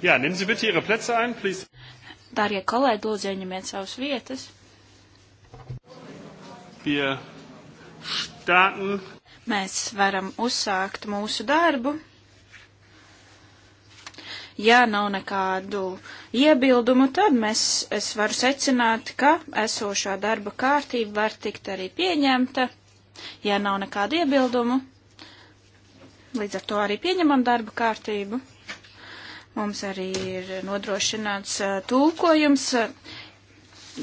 Jā, ja, nimsi bitte Ihre Plätze ein, please. Dārgie kolēģi, lūdzu, ieņemiet savas vietas. Wir starten. Mēs varam uzsākt mūsu darbu. Ja nav nekādu iebildumu, tad mēs, es varu secināt, ka esošā darba kārtība var tikt arī pieņemta. Ja nav nekādu iebildumu, līdz ar to arī pieņemam darba kārtību. Mums arī ir nodrošināts tulkojums.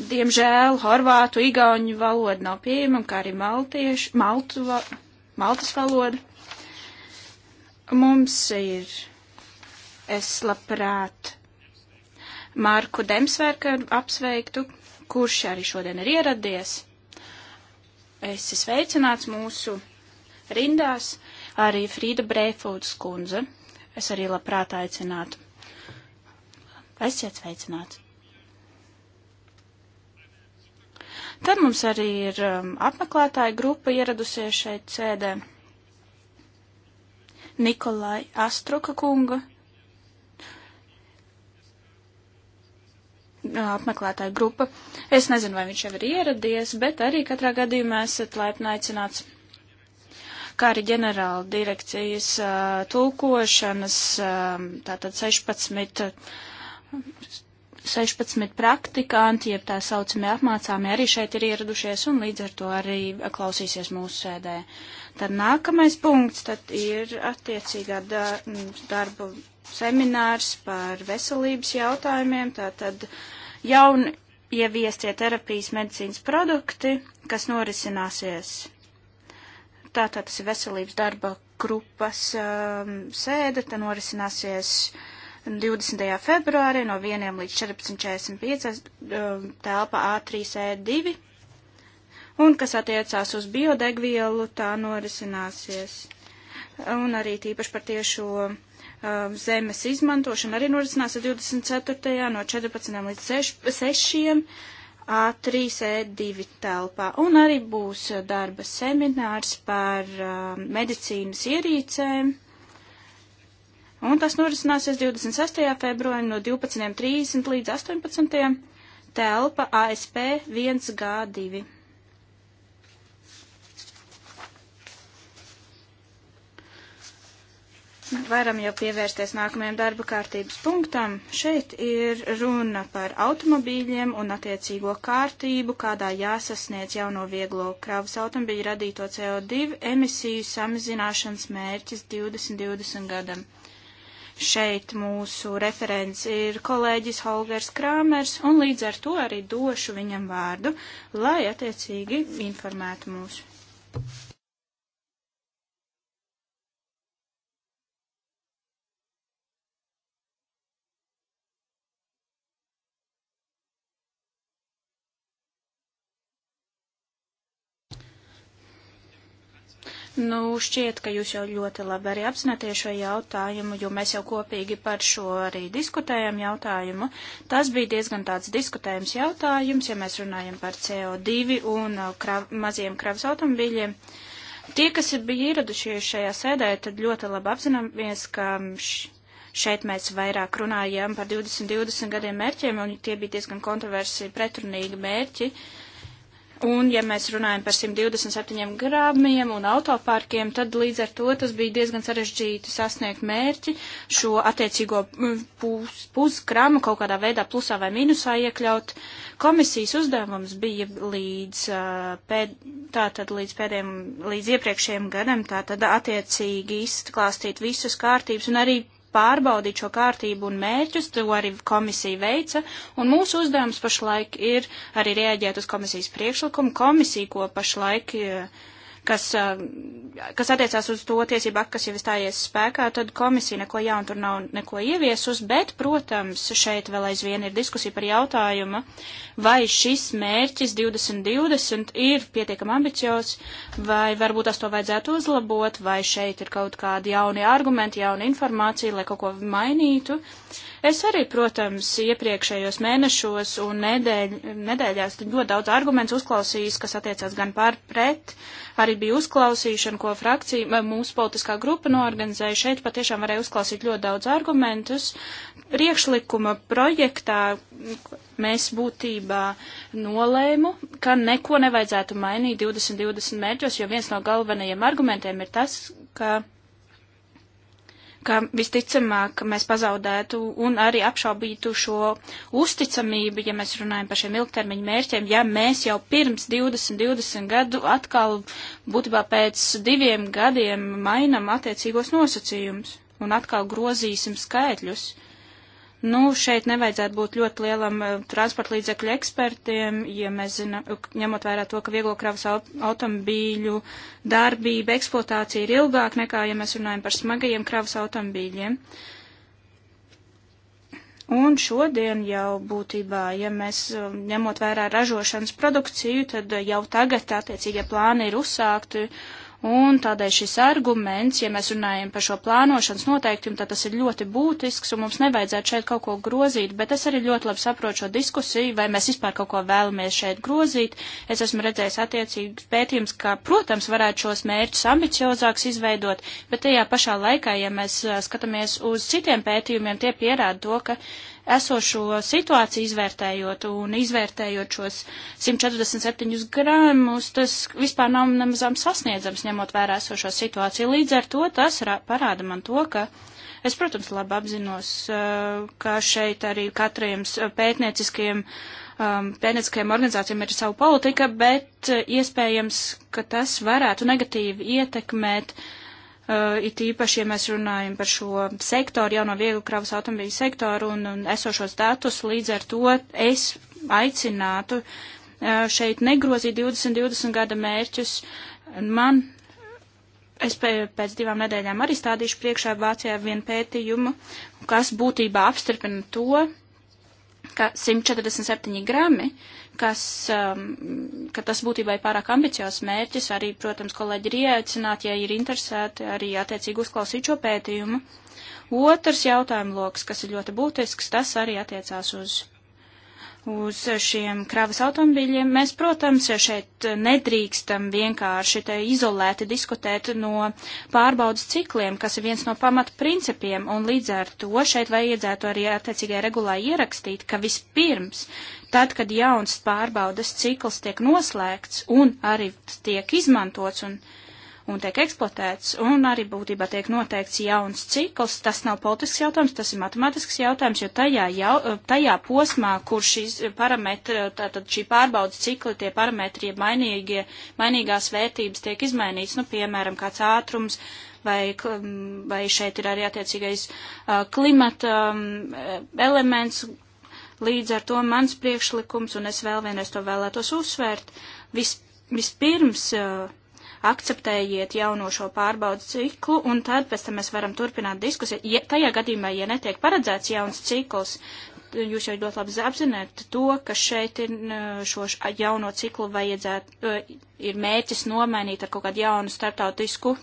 Diemžēl horvātu, igauņu valoda nav pieejama, kā arī maltiešu, maltu, maltas valoda. Mums ir, es labprāt, Marku Demsverku apsveiktu, kurš arī šodien ir ieradies. Es esmu sveicināts mūsu rindās, arī Frīda Brēfūdas kundze. Es arī labprāt aicinātu Esiet sveicināti! Tad mums arī ir um, apmeklētāja grupa ieradusies šeit sēdē. Nikolai Astruka kunga. Apmeklētāja grupa. Es nezinu, vai viņš jau ir ieradies, bet arī katrā gadījumā esat laipni aicināts. Kā arī ģenerāla direkcijas uh, tulkošanas, uh, tātad 16 16 praktikanti, jeb tā saucamie apmācāmie, arī šeit ir ieradušies un līdz ar to arī klausīsies mūsu sēdē. Tad nākamais punkts tad ir attiecīgā darba seminārs par veselības jautājumiem, tātad jauni ieviestie terapijas medicīnas produkti, kas norisināsies. Tātad tas ir veselības darba grupas um, sēde, tā norisināsies uh, 20. februārī no 1 līdz 14.45 um, telpa A3E2, un kas attiecās uz biodegvielu, tā norisināsies. Un arī tīpaši par tiešo um, zemes izmantošanu arī norisināsies 24. no 14. līdz 6. A3E2 telpā. Un arī būs uh, darba seminārs par um, medicīnas ierīcēm un tas norisināsies 26. februārī no 12.30 līdz 18. telpa ASP 1G2. Varam jau pievērsties nākamajam darba kārtības punktam. Šeit ir runa par automobīļiem un attiecīgo kārtību, kādā jāsasniedz jauno vieglo kravas automobīļu radīto CO2 emisiju samazināšanas mērķis 2020 gadam. Šeit mūsu referents ir kolēģis Holgers Krāmers, un līdz ar to arī došu viņam vārdu, lai attiecīgi informētu mūs. Nu, šķiet, ka jūs jau ļoti labi arī apzināties šo jautājumu, jo mēs jau kopīgi par šo arī diskutējam jautājumu. Tas bija diezgan tāds diskutējums jautājums, ja mēs runājam par CO2 un uh, krav, maziem kravas automobīļiem. Tie, kas ir bija ieradušies šajā sēdē, tad ļoti labi apzināmies, ka šeit mēs vairāk runājam par 20-20 gadiem mērķiem, un tie bija diezgan kontroversi pretrunīgi mērķi. Uh, Un, ja mēs runājam par 127 grāmiem un autoparkiem, tad līdz ar to tas bija diezgan sarežģīti sasniegt mērķi šo attiecīgo mm, pus, pusgramu kaut kādā veidā plusā vai minusā iekļaut. Komisijas uzdevums bija līdz, pēd, tātad līdz pēdējiem, līdz iepriekšējiem gadam, tātad attiecīgi izklāstīt visus kārtības un arī pārbaudīt šo kārtību un mērķus, to arī komisija veica, un mūsu uzdevums pašlaik ir arī rēģēt uz komisijas priekšlikumu. Komisija, ko pašlaik uh, kas, eh, kas attiecās uz to tiesību aktu, kas jau izstājies spēkā, tad komisija neko jaunu tur nav neko ieviesus, bet, protams, šeit vēl aizvien ir diskusija par jautājumu, vai šis mērķis 2020 ir pietiekami ambiciozs, vai varbūt tas to vajadzētu uzlabot, vai šeit ir kaut kādi jauni argumenti, jauna informācija, lai kaut ko mainītu. Uh, Es arī, protams, iepriekšējos mēnešos un nedēļ, nedēļās ļoti daudz argumentus uzklausījis, kas attiecās gan pār pret, arī bija uzklausīšana, ko frakcija vai mūsu politiskā grupa noorganizēja. Šeit patiešām varēja uzklausīt ļoti daudz argumentus. Priekšlikuma projektā mēs būtībā nolēmu, ka neko nevajadzētu mainīt 2020 mērķos, jo viens no galvenajiem argumentiem ir tas, ka ka visticamāk mēs pazaudētu un arī apšaubītu šo uzticamību, ja mēs runājam par šiem ilgtermiņu mērķiem, ja mēs jau pirms 20, 20 gadu atkal būtībā pēc diviem gadiem mainam attiecīgos nosacījumus un atkal grozīsim skaitļus. Nu, šeit nevajadzētu būt ļoti lielam eh, transporta līdzekļu ekspertiem, ja mēs zinām, ņemot vērā to, ka vieglo kravas automobīļu darbība, eksploatācija ir ilgāk nekā, ja mēs runājam par smagajiem kravas automobīļiem. Un šodien jau būtībā, ja mēs um, ņemot vērā ražošanas produkciju, tad jau tagad attiecīgie plāni ir uzsākti Un tādēļ šis arguments, ja mēs runājam par šo plānošanas noteikumu, tad tas ir ļoti būtisks un mums nevajadzētu šeit kaut ko grozīt, bet es arī ļoti labi saprotu šo diskusiju, vai mēs vispār kaut ko vēlamies šeit grozīt. Es esmu redzējis attiecīgus pētījums, ka, protams, varētu šos mērķus ambiciozāks izveidot, bet tajā pašā laikā, ja mēs skatāmies uz citiem pētījumiem, tie pierāda to, ka esošo situāciju izvērtējot un izvērtējot šos 147 gramus, tas vispār nav nemazām sasniedzams, ņemot vērā esošo situāciju. Līdz ar to tas parāda man to, ka es, protams, labi apzinos, ka šeit arī katriem pētnieciskiem um, pētnieciskajām organizācijām ir savu politika, bet iespējams, ka tas varētu negatīvi ietekmēt uh, Eh, it īpaši, ja mēs runājam par šo sektoru, jauno vieglu kravas automobīļu sektoru un, un esošos datus, līdz ar to es aicinātu eh, šeit negrozīt 2020 gada mērķus. Man, es pēc divām nedēļām arī stādīšu priekšā Vācijā vienu pētījumu, kas būtībā apstiprina to, ka 147 grami uh, kas, um, ka tas būtībā ir pārāk ambiciozs mērķis, arī, protams, kolēģi ir ieaicināti, ja ir interesēti, arī attiecīgi uzklausīt šo pētījumu. Otrs jautājuma lokus, kas ir ļoti būtisks, tas arī attiecās uz uz šiem kravas automobīļiem. Mēs, protams, šeit nedrīkstam vienkārši te izolēti diskutēt no pārbaudas cikliem, kas ir viens no pamata principiem, un līdz ar to šeit vajadzētu arī attiecīgai regulai ierakstīt, ka vispirms, tad, kad jauns pārbaudas cikls tiek noslēgts un arī tiek izmantots un izmantots, un tiek eksploatēts, un arī būtībā tiek noteikts jauns cikls. Tas nav politisks jautājums, tas ir matemātisks jautājums, jo tajā, jau, tajā posmā, kur šīs parametri, tātad šī pārbaudas cikli, tie parametri, ja mainīgie, mainīgās vērtības tiek izmainīts, nu, piemēram, kāds ātrums, vai, vai šeit ir arī attiecīgais klimata elements. Līdz ar to mans priekšlikums, un es vēl vienreiz to vēlētos uzsvērt, vis, vispirms akceptējiet jauno šo pārbaudas ciklu, un tad pēc tam mēs varam turpināt diskusiju. Ja, tajā gadījumā, ja netiek paredzēts jauns cikls, jūs jau ļoti labi apzināt to, ka šeit ir šo jauno ciklu vajadzētu, ir mērķis nomainīt ar kaut kādu jaunu startautisku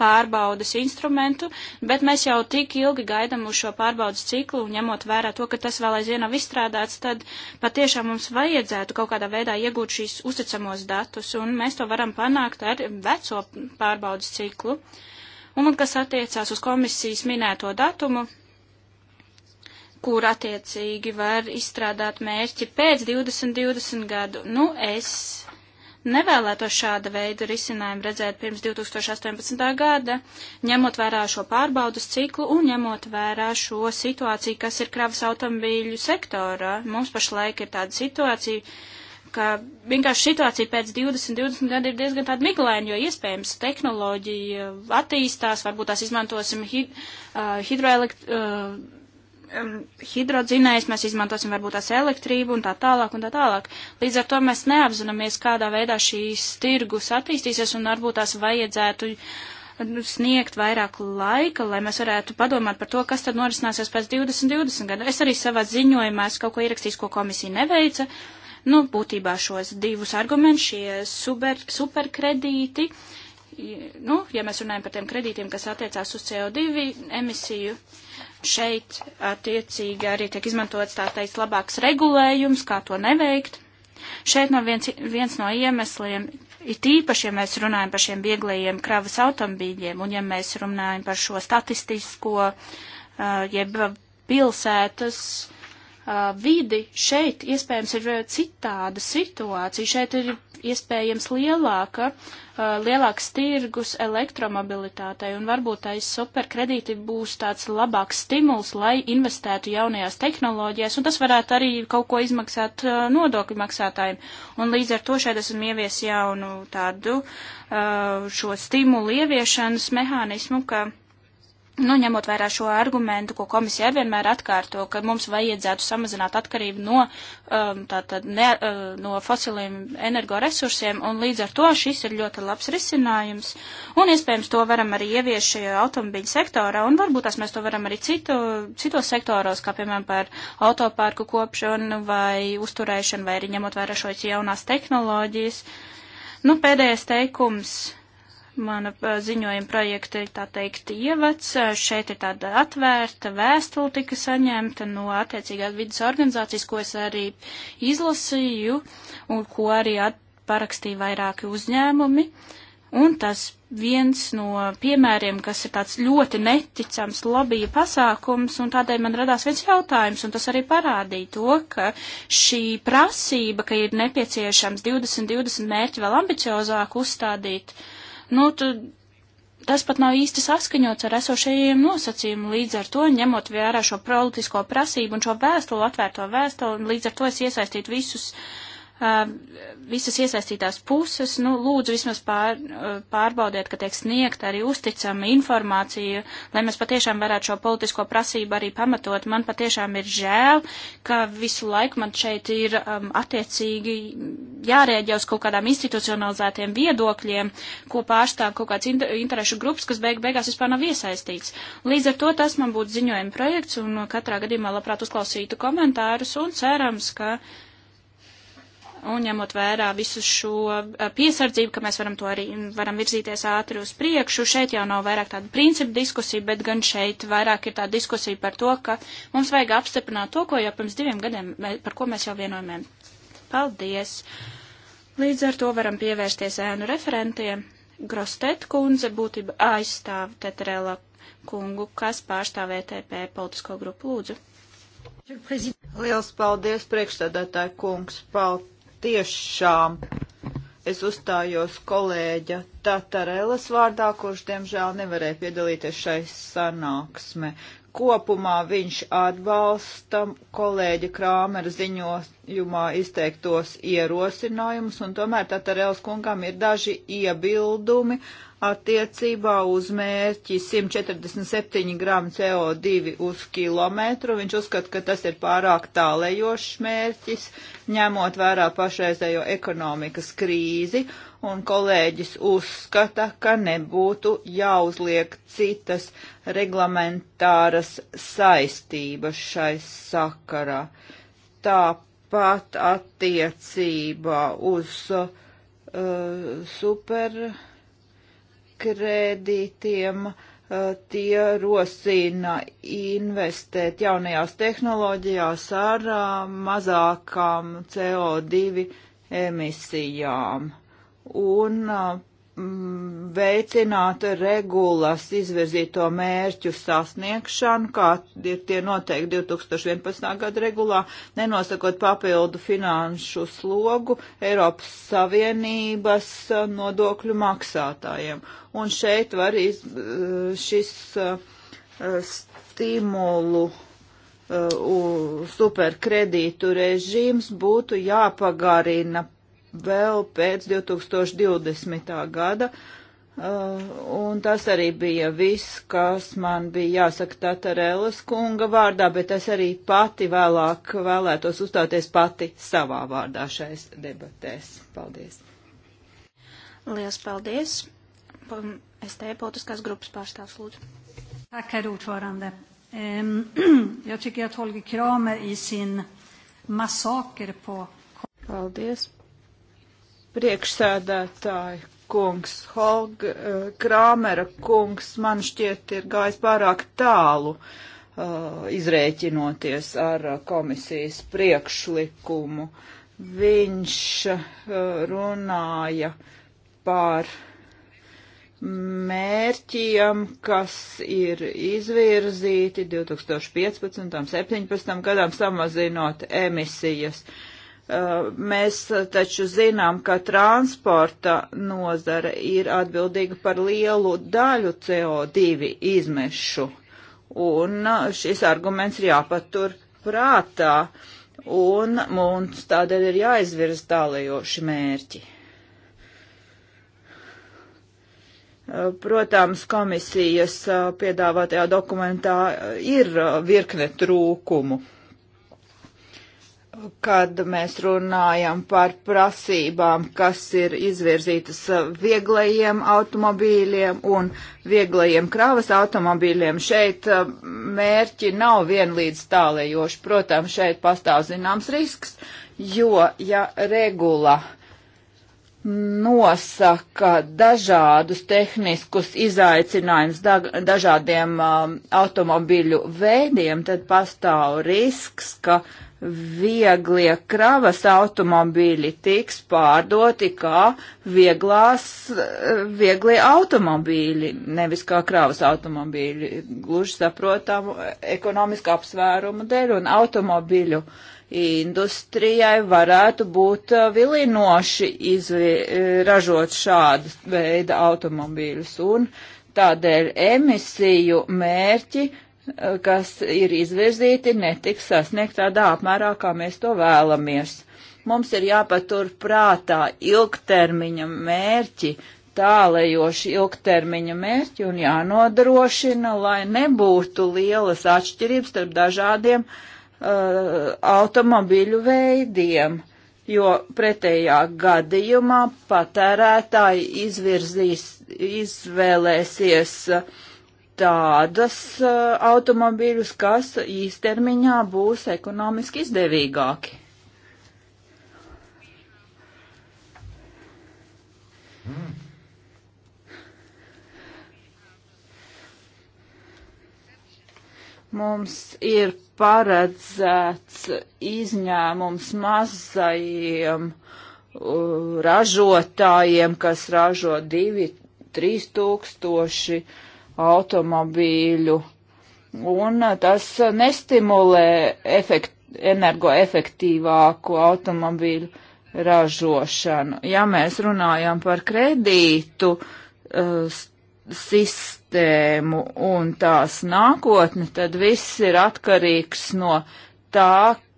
pārbaudas instrumentu, bet mēs jau tik ilgi gaidam uz šo pārbaudas ciklu, un ņemot vērā to, ka tas vēl aizvien nav izstrādāts, tad patiešām mums vajadzētu kaut kādā veidā iegūt šīs uzticamos datus, un mēs to varam panākt ar veco pārbaudas ciklu. Un, kas attiecās uz komisijas minēto datumu, kur attiecīgi var izstrādāt mērķi pēc 20-20 gadu. Nu, es nevēlētos šāda veida risinājumu redzēt pirms 2018. gada, ņemot vērā šo pārbaudas ciklu un ņemot vērā šo situāciju, kas ir kravas automobīļu sektorā. Mums pašlaik ir tāda situācija, ka vienkārši situācija pēc 20, 20 gadu ir diezgan tāda miglaina, jo iespējams tehnoloģija attīstās, varbūt tās izmantosim hid, uh, hidroelekt, uh, Um, hidrodzinējs, mēs izmantosim varbūt tās elektrību un tā tālāk un tā tālāk. Līdz ar to mēs neapzināmies, kādā veidā šīs tirgus attīstīsies un varbūt tās vajadzētu uh, nu, sniegt vairāk laika, lai mēs varētu padomāt par to, kas tad norisināsies pēc 20-20 gadu. Es arī savā ziņojumā esmu kaut ko ierakstījis, ko komisija neveica. Nu, būtībā šos divus argumentus, šie super, superkredīti, nu, ja mēs runājam par tiem kredītiem, kas attiecās uz CO2 emisiju, uh, šeit attiecīgi arī tiek izmantots tā teikt labāks regulējums, kā to neveikt. Šeit no viens, viens no iemesliem ir tīpaši, ja mēs runājam par šiem vieglajiem kravas automobīļiem un ja mēs runājam par šo statistisko, uh, jeb pilsētas uh, vidi, šeit iespējams ir citāda situācija. Šeit ir iespējams lielāka, uh, lielāks tirgus elektromobilitātei, un varbūt aiz superkredīti būs tāds labāks stimuls, lai investētu jaunajās tehnoloģijās, un tas varētu arī kaut ko izmaksāt uh, nodokļu maksātājiem. Un līdz ar to šeit esam ievies jaunu tādu uh, šo stimulu ieviešanas mehānismu, ka Nu, ņemot vērā šo argumentu, ko komisija vienmēr atkārto, ka mums vajadzētu samazināt atkarību no, um, tātad ne, uh, no fosiliem energoresursiem, un līdz ar to šis ir ļoti labs risinājums, un iespējams to varam arī ieviest šajā automobīļu sektorā, un varbūt tās mēs to varam arī citu, citos sektoros, kā piemēram par autopārku kopšanu vai uzturēšanu, vai arī ņemot vērā šos jaunās tehnoloģijas. Nu, pēdējais teikums Mana eh, ziņojuma projekta ir tā teikt ievads. Eh, šeit ir tāda atvērta vēstule tika saņemta no attiecīgās vidas organizācijas, ko es arī izlasīju un ko arī parakstīja vairāki uzņēmumi. Un tas viens no piemēriem, kas ir tāds ļoti neticams lobija pasākums, un tādēļ man radās viens jautājums, un tas arī parādīja to, ka šī prasība, ka ir nepieciešams 2020 mērķi vēl ambiciozāk uzstādīt, uh, nu, tad tas pat nav īsti saskaņots ar esošajiem nosacījumiem. Līdz ar to, ņemot vērā šo politisko prasību un šo vēstuli, atvērto vēstuli, līdz ar to es iesaistītu visus uh, Uh, visas iesaistītās puses, nu, lūdzu vismaz pār, uh, pārbaudiet, ka tiek sniegta arī uzticama informācija, lai mēs patiešām varētu šo politisko prasību arī pamatot. Man patiešām ir žēl, ka visu laiku man šeit ir um, attiecīgi jārēģē uz kaut kādām institucionalizētiem viedokļiem, ko pārstāv kaut kāds inter interešu grupas, kas beig beigās vispār nav iesaistīts. Līdz ar to tas man būtu ziņojuma projekts, un katrā gadījumā labprāt uzklausītu komentārus, un cerams, ka Un ņemot vērā visu šo eh, piesardzību, ka mēs varam to arī varam virzīties ātri uz priekšu, šeit jau nav vairāk tāda principa diskusija, bet gan šeit vairāk ir tā diskusija par to, ka mums vajag apstiprināt to, ko jau pirms diviem gadiem, par ko mēs jau vienojāmies. Paldies! Līdz ar to varam pievērsties ēnu referentiem. Grostet kundze būtība aizstāv Teterela kungu, kas pārstāv ETP politisko grupu lūdzu. Liels paldies, priekšstādātāji kungs, paldies! tiešām es uzstājos kolēģa Tatarelas vārdā, kurš diemžēl nevarēja piedalīties šai sanāksme. Kopumā viņš atbalsta kolēģa Krāmera ziņojumā izteiktos ierosinājumus, un tomēr Tatarelas kungam ir daži iebildumi attiecībā uz mērķi 147 gramu CO2 uz kilometru. Viņš uzskata, ka tas ir pārāk tālējošs mērķis, ņemot vērā pašreizējo ekonomikas krīzi, un kolēģis uzskata, ka nebūtu jāuzliek citas reglamentāras saistības šai sakarā. Tāpat attiecībā uz uh, super kredītiem. Eh, tie rosina investēt jaunajās tehnoloģijās ar eh, mazākām CO2 emisijām. Un eh, Mm, veicināt regulas izvirzīto mērķu sasniegšanu, kā ir tie noteikti 2011. gada regulā, nenosakot papildu finanšu slogu Eiropas Savienības uh, nodokļu maksātājiem. Un šeit var iz, uh, šis uh, stimulu superkredītu režīms būtu jāpagarina vēl pēc 2020. gada. Uh, un tas arī bija viss, kas man bija jāsaka Tatarēlas kunga vārdā, bet es arī pati vēlāk vēlētos uzstāties pati savā vārdā šais debatēs. Paldies! Lielas paldies! Es te politiskās grupas pārstāvs lūdzu. Tack, herr ordförande. Ehm, jag tycker att Holger Kramer i sin massaker på... Paldies, Priekšsēdētāji kungs, Holga, eh, Krāmera kungs, man šķiet, ir gājis pārāk tālu. Uh, izrēķinoties ar eh, komisijas priekšlikumu. Viņš uh, runāja par mērķiem, kas ir izvirzīti 2015. un 2017. gadam samazinot emisijas. Uh, Uh, mēs taču zinām, ka transporta nozara ir atbildīga par lielu daļu CO2 izmešu, un uh, šis arguments ir jāpatur prātā, un mums tādēļ ir jāizvirz tālajoši mērķi. Uh, protams, komisijas piedāvātajā dokumentā ir virkne trūkumu kad mēs runājam par prasībām, kas ir izvirzītas vieglajiem automobīļiem un vieglajiem kravas automobīļiem, šeit uh, mērķi nav vienlīdz tālējoši. Protams, šeit pastāv zināms risks, jo, ja regula nosaka dažādus tehniskus izaicinājumus da dažādiem um, automobīļu veidiem, tad pastāv risks, ka uh, vieglie kravas automobīļi tiks pārdoti kā vieglās, vieglie automobīļi, nevis kā kravas automobīļi, gluži saprotamu ekonomisku apsvērumu dēļ un automobīļu industrijai varētu būt uh, vilinoši izvie, uh, ražot šādu veidu automobīļus un tādēļ emisiju mērķi kas ir izvirzīti, netiks sasniegt tādā apmērā, kā mēs to vēlamies. Mums ir jāpatur prātā ilgtermiņa mērķi, tālējoši ilgtermiņa mērķi un jānodrošina, lai nebūtu lielas atšķirības starp dažādiem uh, automobīļu veidiem, jo pretējā gadījumā patērētāji izvirzīs, izvēlēsies uh, tādas uh, automobīļus, kas īstermiņā būs ekonomiski izdevīgāki. Mm. Mums ir paredzēts izņēmums mazajiem uh, ražotājiem, kas ražo divi, trīs tūkstoši uh, automobīļu. Un uh, tas nestimulē efekt, energoefektīvāku automobīļu ražošanu. Ja mēs runājam par kredītu uh, sistēmu un tās nākotni, tad viss ir atkarīgs no tā,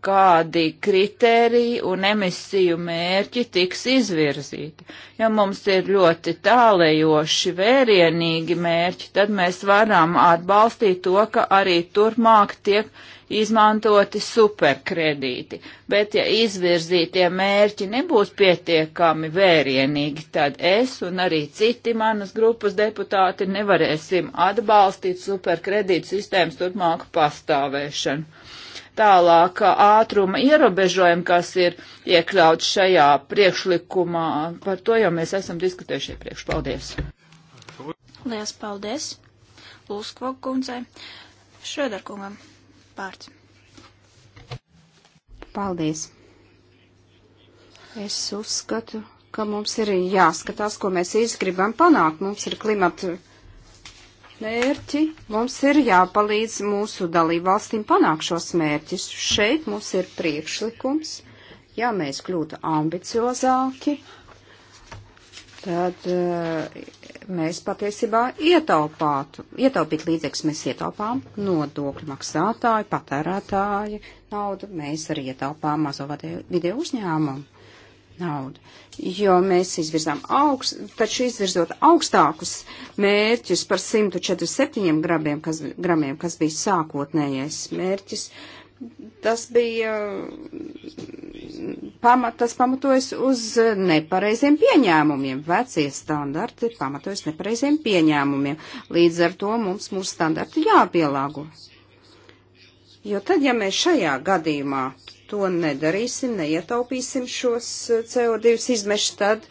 kādi kriteriji un emisiju mērķi tiks izvirzīti. Ja mums ir ļoti tālējoši vērienīgi mērķi, tad mēs varam atbalstīt to, ka arī turpmāk tiek izmantoti superkredīti. Bet ja izvirzītie mērķi nebūs pietiekami vērienīgi, tad es un arī citi manas grupas deputāti nevarēsim atbalstīt superkredītu sistēmas turpmāku pastāvēšanu Tālāk ātruma ierobežojumi, kas ir iekļauts šajā priekšlikumā, par to jau mēs esam diskutējuši iepriekš. Paldies! Lielas paldies! Lūskvokundzei, Šrēdarkungam vārds. Paldies! Es uzskatu, ka mums ir jāskatās, ko mēs īsti gribam panākt. Mums ir klimata mērķi, mums ir jāpalīdz mūsu dalībvalstīm panākt šos mērķus. Šeit mums ir priekšlikums, ja mēs kļūtu ambiciozāki, tad uh, mēs patiesībā ietaupātu, ietaupīt līdzekļus mēs ietaupām nodokļu maksātāju, patērētāju naudu, mēs arī ietaupām mazo video uzņēmumu naudu. Jo mēs izvirzām augst, taču izvirzot augstākus mērķus par 147 gramiem, kas, gramiem, kas bija sākotnējais mērķis, tas bija, pamat, tas pamatojas uz nepareiziem pieņēmumiem. Vecie standarti pamatojas nepareiziem pieņēmumiem. Līdz ar to mums mūsu standarti jāpielāgo. Jo tad, ja mēs šajā gadījumā to nedarīsim, neietaupīsim šos eh, CO2 izmešus, tad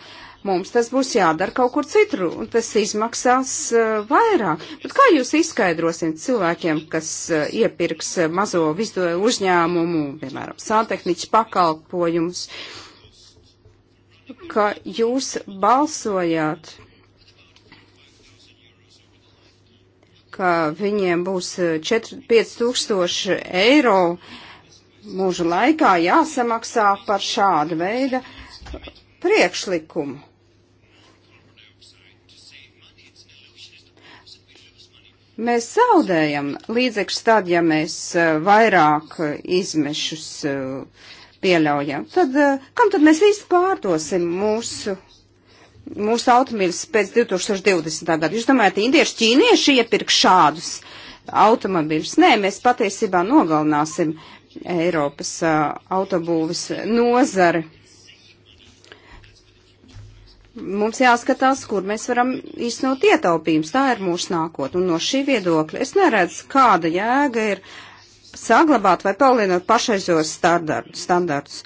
mums tas būs jādara kaut kur citur, un tas izmaksās eh, vairāk. Bet kā jūs izskaidrosim cilvēkiem, kas eh, iepirks mazo vizdoju uzņēmumu, piemēram, sāntehniķu pakalpojumus, ka jūs balsojāt ka viņiem būs 4-5 tūkstoši eiro uh, mūža laikā jāsamaksā par šādu veidu priekšlikumu. Mēs zaudējam līdzekļus tad, ja mēs eh, vairāk eh, izmešus eh, pieļaujam. Tad, kam tad mēs īsti pārdosim mūsu, mūsu automobīļus pēc 2020. gada? Jūs domājat, indieši, ķīnieši iepirks šādus automobīļus? Nē, mēs patiesībā nogalināsim uh, Eiropas autobūvis nozari. Mums jāskatās, kur mēs varam iznot ietaupījums. Tā ir mūsu nākotne. Un no šī viedokļa es neredzu, kāda jēga ir saglabāt vai palielināt pašreizos standartus.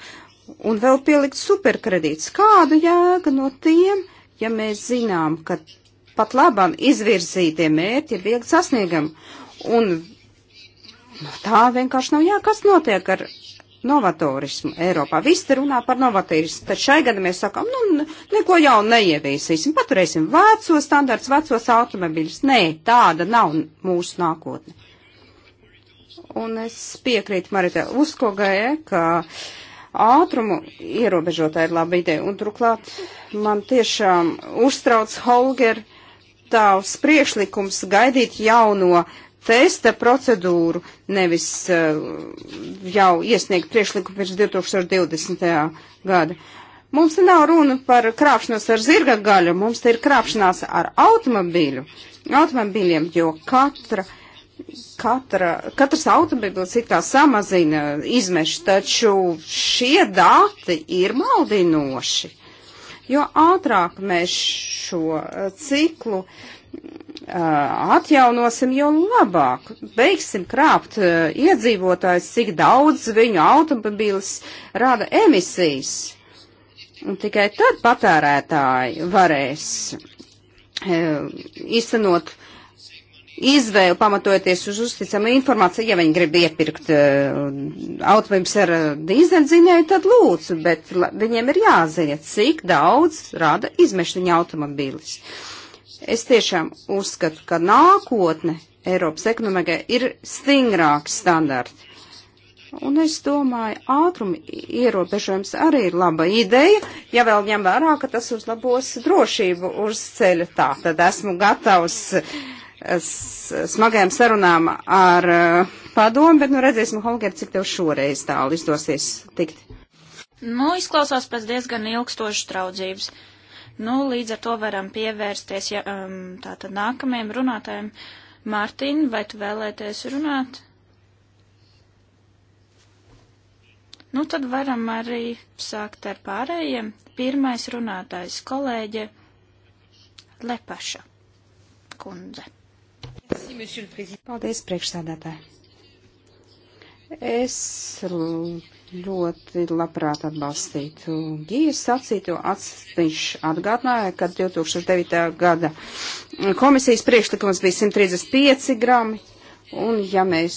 Un vēl pielikt superkredītus. Kāda jēga no tiem, ja mēs zinām, ka pat labam izvirzītie mērķi ir viegli sasniegami? Un Tā vienkārši nav jā, kas notiek ar novatorismu Eiropā. Viss te runā par novatorismu, tad šai gada mēs sakām, nu, neko jaunu neieviesīsim, paturēsim veco standarts, vecos automobiļus. Nē, tāda nav mūsu nākotne. Un es piekrītu Maritē Uskogē, ka ātrumu ierobežotā ir laba ideja, un turklāt man tiešām uztrauc Holger tavs priekšlikums gaidīt jauno testa procedūru, nevis eh, jau iesniegt priekšlikumu pirms 2020. gada. Mums nav runa par krāpšanos ar zirga gaļu, mums te ir krāpšanās ar automobīļu, automobīļiem, jo katra, katra, katrs automobīlis it kā samazina izmešu, taču šie dati ir maldinoši. Jo ātrāk mēs šo eh, ciklu Uh, atjaunosim, jo labāk. Beigsim krāpt uh, iedzīvotājs, cik daudz viņu automobīlis rada emisijas. Un tikai tad patērētāji varēs uh, īstenot izvēlu pamatojoties uz uzticamu informāciju. Ja viņi grib iepirkt automobīļus ar dīzeļdzinēju, tad lūdzu, bet viņiem ir jāzina, cik daudz rada izmešņu automobīlis. Uh, Es tiešām uzskatu, ka nākotne Eiropas ekonomikai ir stingrāki standarti. Un es domāju, ātruma ierobežojums arī ir laba ideja, ja vēl ņem vērā, ka tas uzlabos drošību uz ceļa. Tā tad esmu gatavs smagajām sarunām ar eh, padomu, bet nu redzēsim, Holger, cik tev šoreiz tālu izdosies tikt. Nu, izklausās pēc diezgan ilgstošas traudzības. Uh, Nu, līdz ar to varam pievērsties ja, um, tātad nākamajam runātājiem. Mārtiņ, vai tu vēlēties runāt? Nu, tad varam arī sākt ar pārējiem. Pirmais runātājs kolēģe Lepaša kundze. Paldies, priekšsēdētāji. Es ļoti labprāt atbalstītu Gīras sacīto. Viņš atgādināja, ka 2009. gada komisijas priekšlikums bija 135 grami, un ja mēs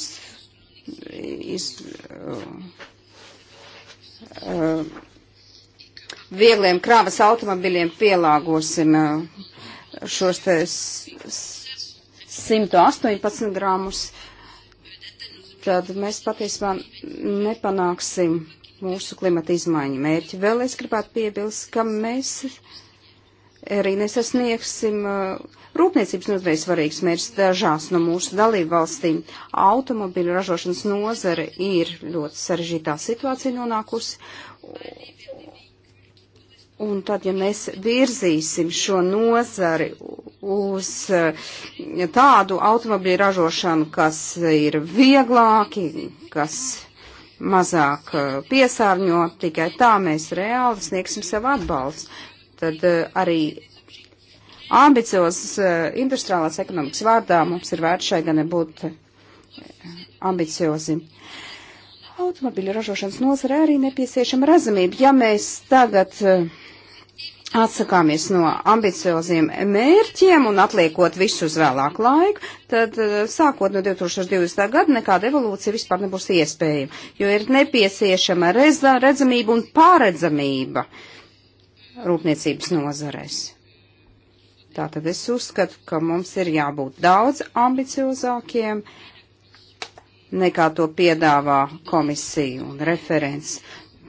iz, uh, uh, viegliem krāvas automobiļiem pielāgosim uh, šos te 118 gramus, uh, tad mēs patiesībā nepanāksim mūsu klimata izmaiņu mērķi. Vēl es gribētu piebilst, ka mēs arī nesasniegsim uh, rūpniecības nozarei svarīgs mērķis dažās no mūsu dalību valstīm. Automobiļu ražošanas nozare ir ļoti sarežģītā situācija nonākusi, Un tad, ja mēs virzīsim šo nozari uz eh, tādu automobīļu ražošanu, kas ir vieglāki, kas mazāk eh, piesārņo, tikai tā mēs reāli sniegsim savu atbalstu. Tad eh, arī ambiciozas industriālās ekonomikas vārdā mums ir vērts šai gan būt ambiciozim automobiļu ražošanas nozarē arī nepieciešama razamība. Ja mēs tagad uh, atsakāmies no ambicioziem mērķiem un atliekot visu uz vēlāku laiku, tad eh, sākot no 2020. gada nekāda evolūcija vispār nebūs iespējama, jo ir nepieciešama reza, redzamība un pāredzamība rūpniecības nozarēs. Tātad es uzskatu, ka mums ir jābūt daudz ambiciozākiem nekā to piedāvā komisija un referents.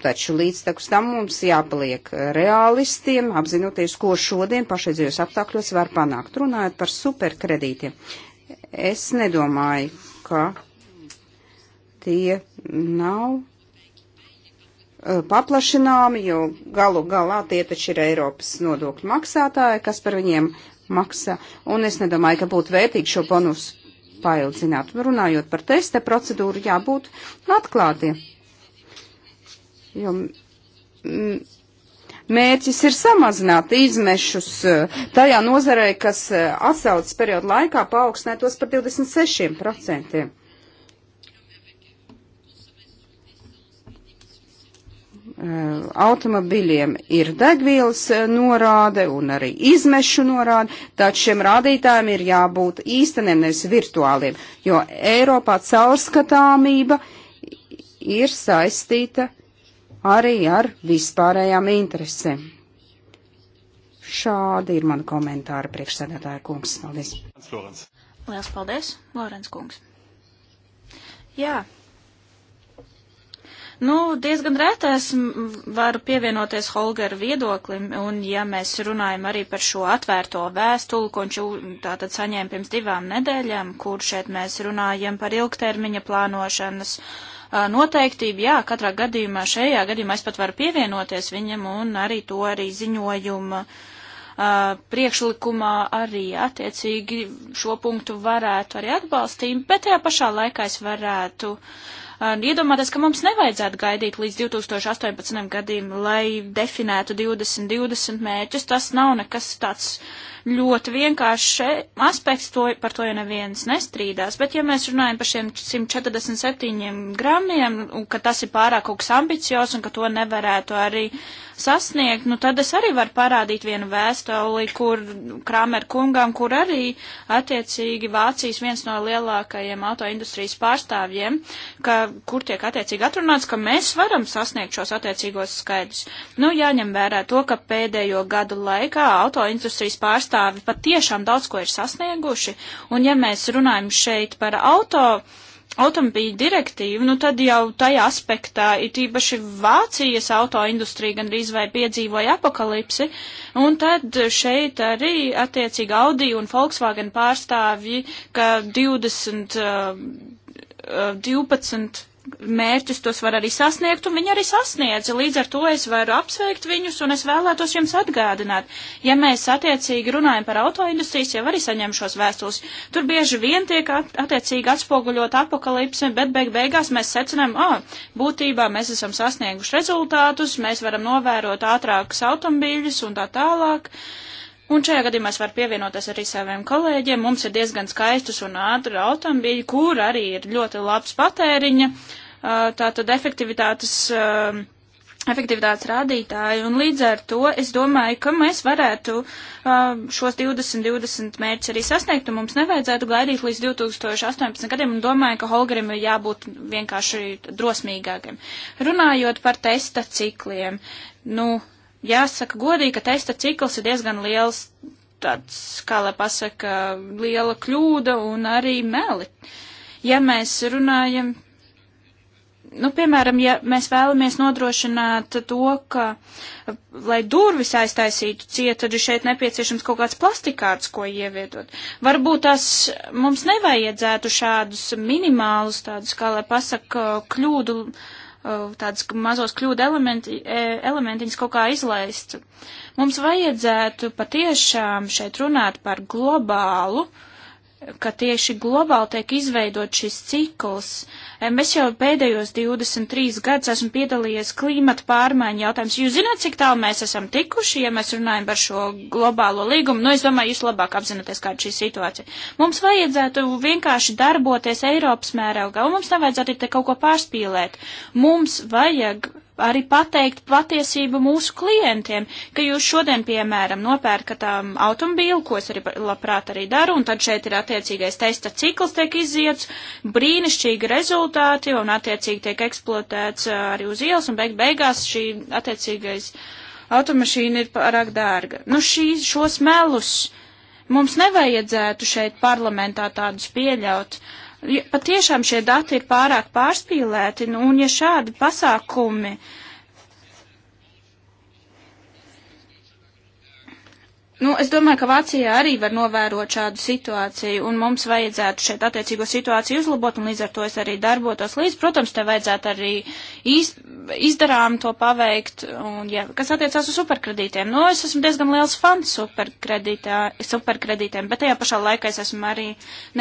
Taču līdztekus tam mums jāpaliek realistiem, apzinoties, ko šodien pašreizējos apstākļos var panākt. Runājot par superkredītiem, es nedomāju, ka tie nav eh, paplašināmi, jo galu galā tie taču ir Eiropas nodokļu maksātāji, kas par viņiem maksā. Un es nedomāju, ka būtu vērtīgi šo bonusu paildzināt. Runājot par testa procedūru, jābūt atklātiem Jo mērķis ir samazināt izmešus e, tajā nozarē, kas e, atsaucas periodu laikā paaugstinētos par 26%. E, automobiļiem ir degvielas norāde un arī izmešu norāde, taču šiem rādītājiem ir jābūt īsteniem, nevis virtuāliem, jo Eiropā caurskatāmība ir saistīta uh, arī ar vispārējām interesēm. Šādi ir mani komentāri priekšsēdētāja kungs. Paldies. Lielas paldies, Lorenz kungs. Jā. Nu, diezgan rētā es varu pievienoties Holgeru viedoklim, un ja mēs runājam arī par šo atvērto vēstuli, ko viņš tātad saņēma pirms divām nedēļām, kur šeit mēs runājam par ilgtermiņa plānošanas uh, noteiktību. Jā, katrā gadījumā šajā gadījumā es pat varu pievienoties viņam un arī to arī ziņojuma priekšlikumā arī attiecīgi šo punktu varētu arī atbalstīt, bet tajā pašā laikā es varētu iedomāties, ka mums nevajadzētu gaidīt līdz 2018 gadiem, lai definētu 2020 mērķus. Tas nav nekas tāds ļoti vienkāršs aspekts, to, par to jau neviens nestrīdās, bet ja mēs runājam par šiem 147 gramiem, un ka tas ir pārāk kaut kas ambiciozs un ka to nevarētu arī uh, sasniegt, nu tad es arī varu parādīt vienu vēstuli, kur Kramer kungam, kur arī attiecīgi Vācijas viens no lielākajiem autoindustrijas pārstāvjiem, ka, kur tiek attiecīgi atrunāts, ka mēs varam sasniegt šos attiecīgos skaidrs. Nu, jāņem vērā to, ka pēdējo gadu laikā autoindustrijas pārstāvi patiešām daudz ko ir sasnieguši, un ja mēs runājam šeit par auto, automobīļu direktīvu, nu tad jau tajā aspektā it īpaši Vācijas autoindustrija gandrīz vai piedzīvoja apakalipsi, un tad šeit arī attiecīgi Audi un Volkswagen pārstāvji, ka 20, 12 eh, eh, mērķus tos var arī sasniegt, un viņi arī sasniedza. Līdz ar to es varu apsveikt viņus, un es vēlētos jums atgādināt. Ja mēs attiecīgi runājam par autoindustrijas, jau arī saņem šos vēstules. Tur bieži vien tiek at attiecīgi atspoguļot apakalipse, bet beig beigās mēs secinām, ah, oh, būtībā mēs esam sasnieguši rezultātus, mēs varam novērot ātrākus automobīļus un tā tālāk. Uh, Un šajā gadījumā es varu pievienoties arī saviem kolēģiem. Mums ir diezgan skaistus un ātri automobīļi, kur arī ir ļoti labs patēriņa, tātad efektivitātes, efektivitātes rādītāji. Un līdz ar to es domāju, ka mēs varētu šos 2020 mērķus arī sasniegt, un mums nevajadzētu gaidīt līdz 2018 gadiem, un domāju, ka Holgerim ir jābūt vienkārši drosmīgākiem. Runājot par testa cikliem, nu, Jāsaka godīgi, ka testa cikls ir diezgan liels, tāds, kā lai pasaka, liela kļūda un arī meli. Ja mēs runājam, nu, piemēram, ja mēs vēlamies nodrošināt to, ka, lai durvis aiztaisītu ciet, tad ir šeit nepieciešams kaut kāds plastikārts, ko ievietot. Varbūt tas mums nevajadzētu šādus minimālus tādus, kā lai pasaka, kļūdu Uh, tādus mazos kļūdu elementi, e, elementiņus kaut kā izlaist. Mums vajadzētu patiešām šeit runāt par globālu uh, ka tieši globāli tiek izveidot šis cikls. Es jau pēdējos 23 gadus esmu piedalījies klimata pārmaiņu jautājums. Jūs zināt, cik tālu mēs esam tikuši, ja mēs runājam par šo globālo līgumu? Nu, es domāju, jūs labāk apzināties, kāda šī situācija. Mums vajadzētu vienkārši darboties Eiropas mērogā, un mums nevajadzētu te kaut ko pārspīlēt. Mums vajag arī pateikt patiesību mūsu klientiem, ka jūs šodien, piemēram, nopērkat um, automobīlu, ko es arī labprāt arī daru, un tad šeit ir attiecīgais testa cikls tiek iziets, brīnišķīgi rezultāti, un attiecīgi tiek eksploatēts uh, arī uz ielas, un beig beigās šī attiecīgais automašīna ir pārāk dārga. Nu, šī, šos melus mums nevajadzētu šeit parlamentā tādus pieļaut. Uh, Patiešām šie dati ir pārāk pārspīlēti, nu, un ja šādi pasākumi uh, Nu, es domāju, ka Vācijā arī var novērot šādu situāciju, un mums vajadzētu šeit attiecīgo situāciju uzlabot, un līdz ar to es arī darbotos līdz. Protams, te vajadzētu arī iz, izdarām to paveikt, un, ja, kas attiecās uz superkredītiem. Nu, es esmu diezgan liels fans superkredītiem, bet tajā pašā laikā es esmu arī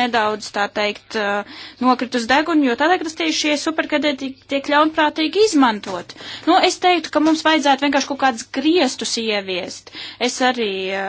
nedaudz, tā teikt, eh, nokritus degunu, jo tādēļ, ka tas tieši šie superkredīti tiek ļaunprātīgi izmantot. Nu, es teiktu, ka mums vajadzētu vienkārši kaut kādus griestus ieviest. Es arī eh,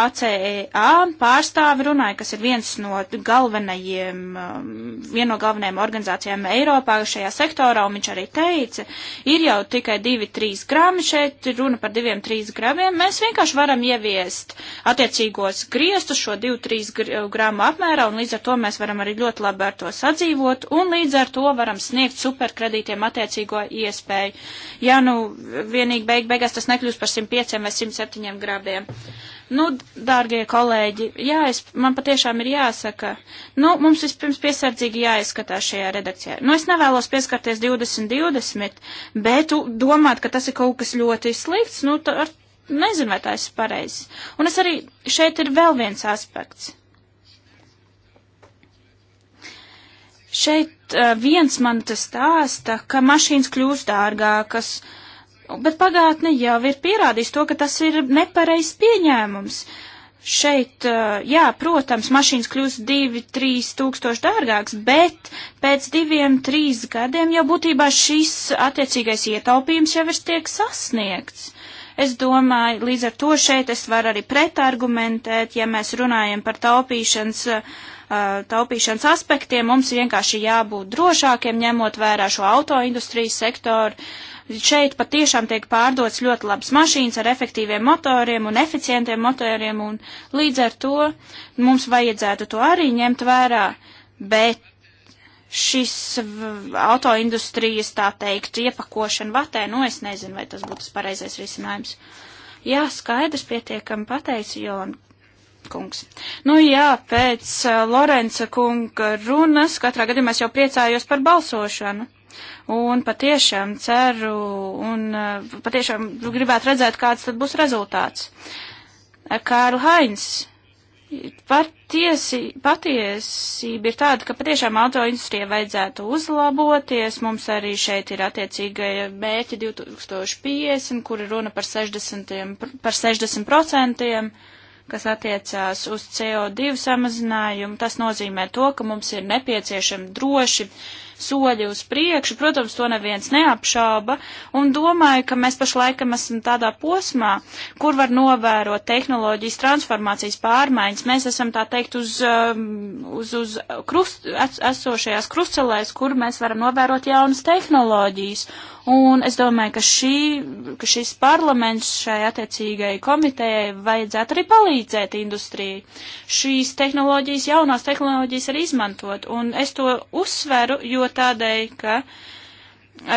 ACEA e pārstāvi runāja, kas ir viens no galvenajiem, um, viena no galvenajām organizācijām Eiropā šajā sektorā, un viņš arī teica, ir jau tikai 2-3 grami šeit, runa par 2-3 gramiem, mēs vienkārši varam ieviest attiecīgos griestus šo 2-3 gramu apmērā, un līdz ar to mēs varam arī ļoti labi ar to sadzīvot, un līdz ar to varam sniegt superkredītiem attiecīgo iespēju. Ja nu vienīgi beig beigās tas nekļūst par 105 vai 107 grādiem. Nu, dārgie kolēģi, jā, es, man patiešām ir jāsaka, nu, mums vispirms piesardzīgi jāizskatās šajā redakcijā. Nu, es nevēlos pieskarties 2020, bet domāt, ka tas ir kaut kas ļoti slikts, nu, tā, nezinu, vai tā ir pareizi. Un es arī, šeit ir vēl viens aspekts. Šeit uh, viens man tas stāsta, ka mašīnas kļūst dārgākas. Uh, bet pagātne jau ir pierādījis to, ka tas ir nepareizs pieņēmums. Šeit, uh, jā, protams, mašīnas kļūst 2-3 tūkstoši dārgāks, bet pēc 2-3 gadiem jau būtībā šis attiecīgais ietaupījums jau ir tiek sasniegts. Es domāju, līdz ar to šeit es varu arī pretargumentēt, ja mēs runājam par taupīšanas, uh, taupīšanas aspektiem, mums vienkārši jābūt drošākiem, ņemot vērā šo autoindustrijas sektoru Šeit patiešām tiek pārdots ļoti labs mašīnas ar efektīviem motoriem un eficientiem motoriem, un līdz ar to mums vajadzētu to arī ņemt vērā, bet šis autoindustrijas, tā teikt, iepakošana vatē, nu es nezinu, vai tas būtu tas pareizais risinājums. Jā, skaidrs pietiekami pateicu, jo kungs. Nu jā, pēc uh, Lorenza kunga runas katrā gadījumā es jau priecājos par balsošanu. Un patiešām ceru un eh, patiešām gribētu redzēt, kāds tad būs rezultāts. Eh, Kārl Hains, Patiesi, patiesība ir tāda, ka patiešām autoindustrija vajadzētu uzlaboties. Mums arī šeit ir attiecīgai mērķi 2050, kur ir runa par 60%, par 60% kas attiecās uz CO2 samazinājumu. Tas nozīmē to, ka mums ir nepieciešami droši uh, soļi uz priekšu. Protams, to neviens neapšāba. Un domāju, ka mēs pašlaikam esam tādā posmā, kur var novērot tehnoloģijas transformācijas pārmaiņas. Mēs esam tā teikt uz, um, uz, uz krust, es, esošajās krustcelēs, kur mēs varam novērot jaunas tehnoloģijas. Un es domāju, ka, šī, ka šis parlaments šai attiecīgai komitejai vajadzētu arī palīdzēt industrijai. Šīs tehnoloģijas, jaunās tehnoloģijas arī izmantot. Un es to uzsveru, jo tādēļ, ka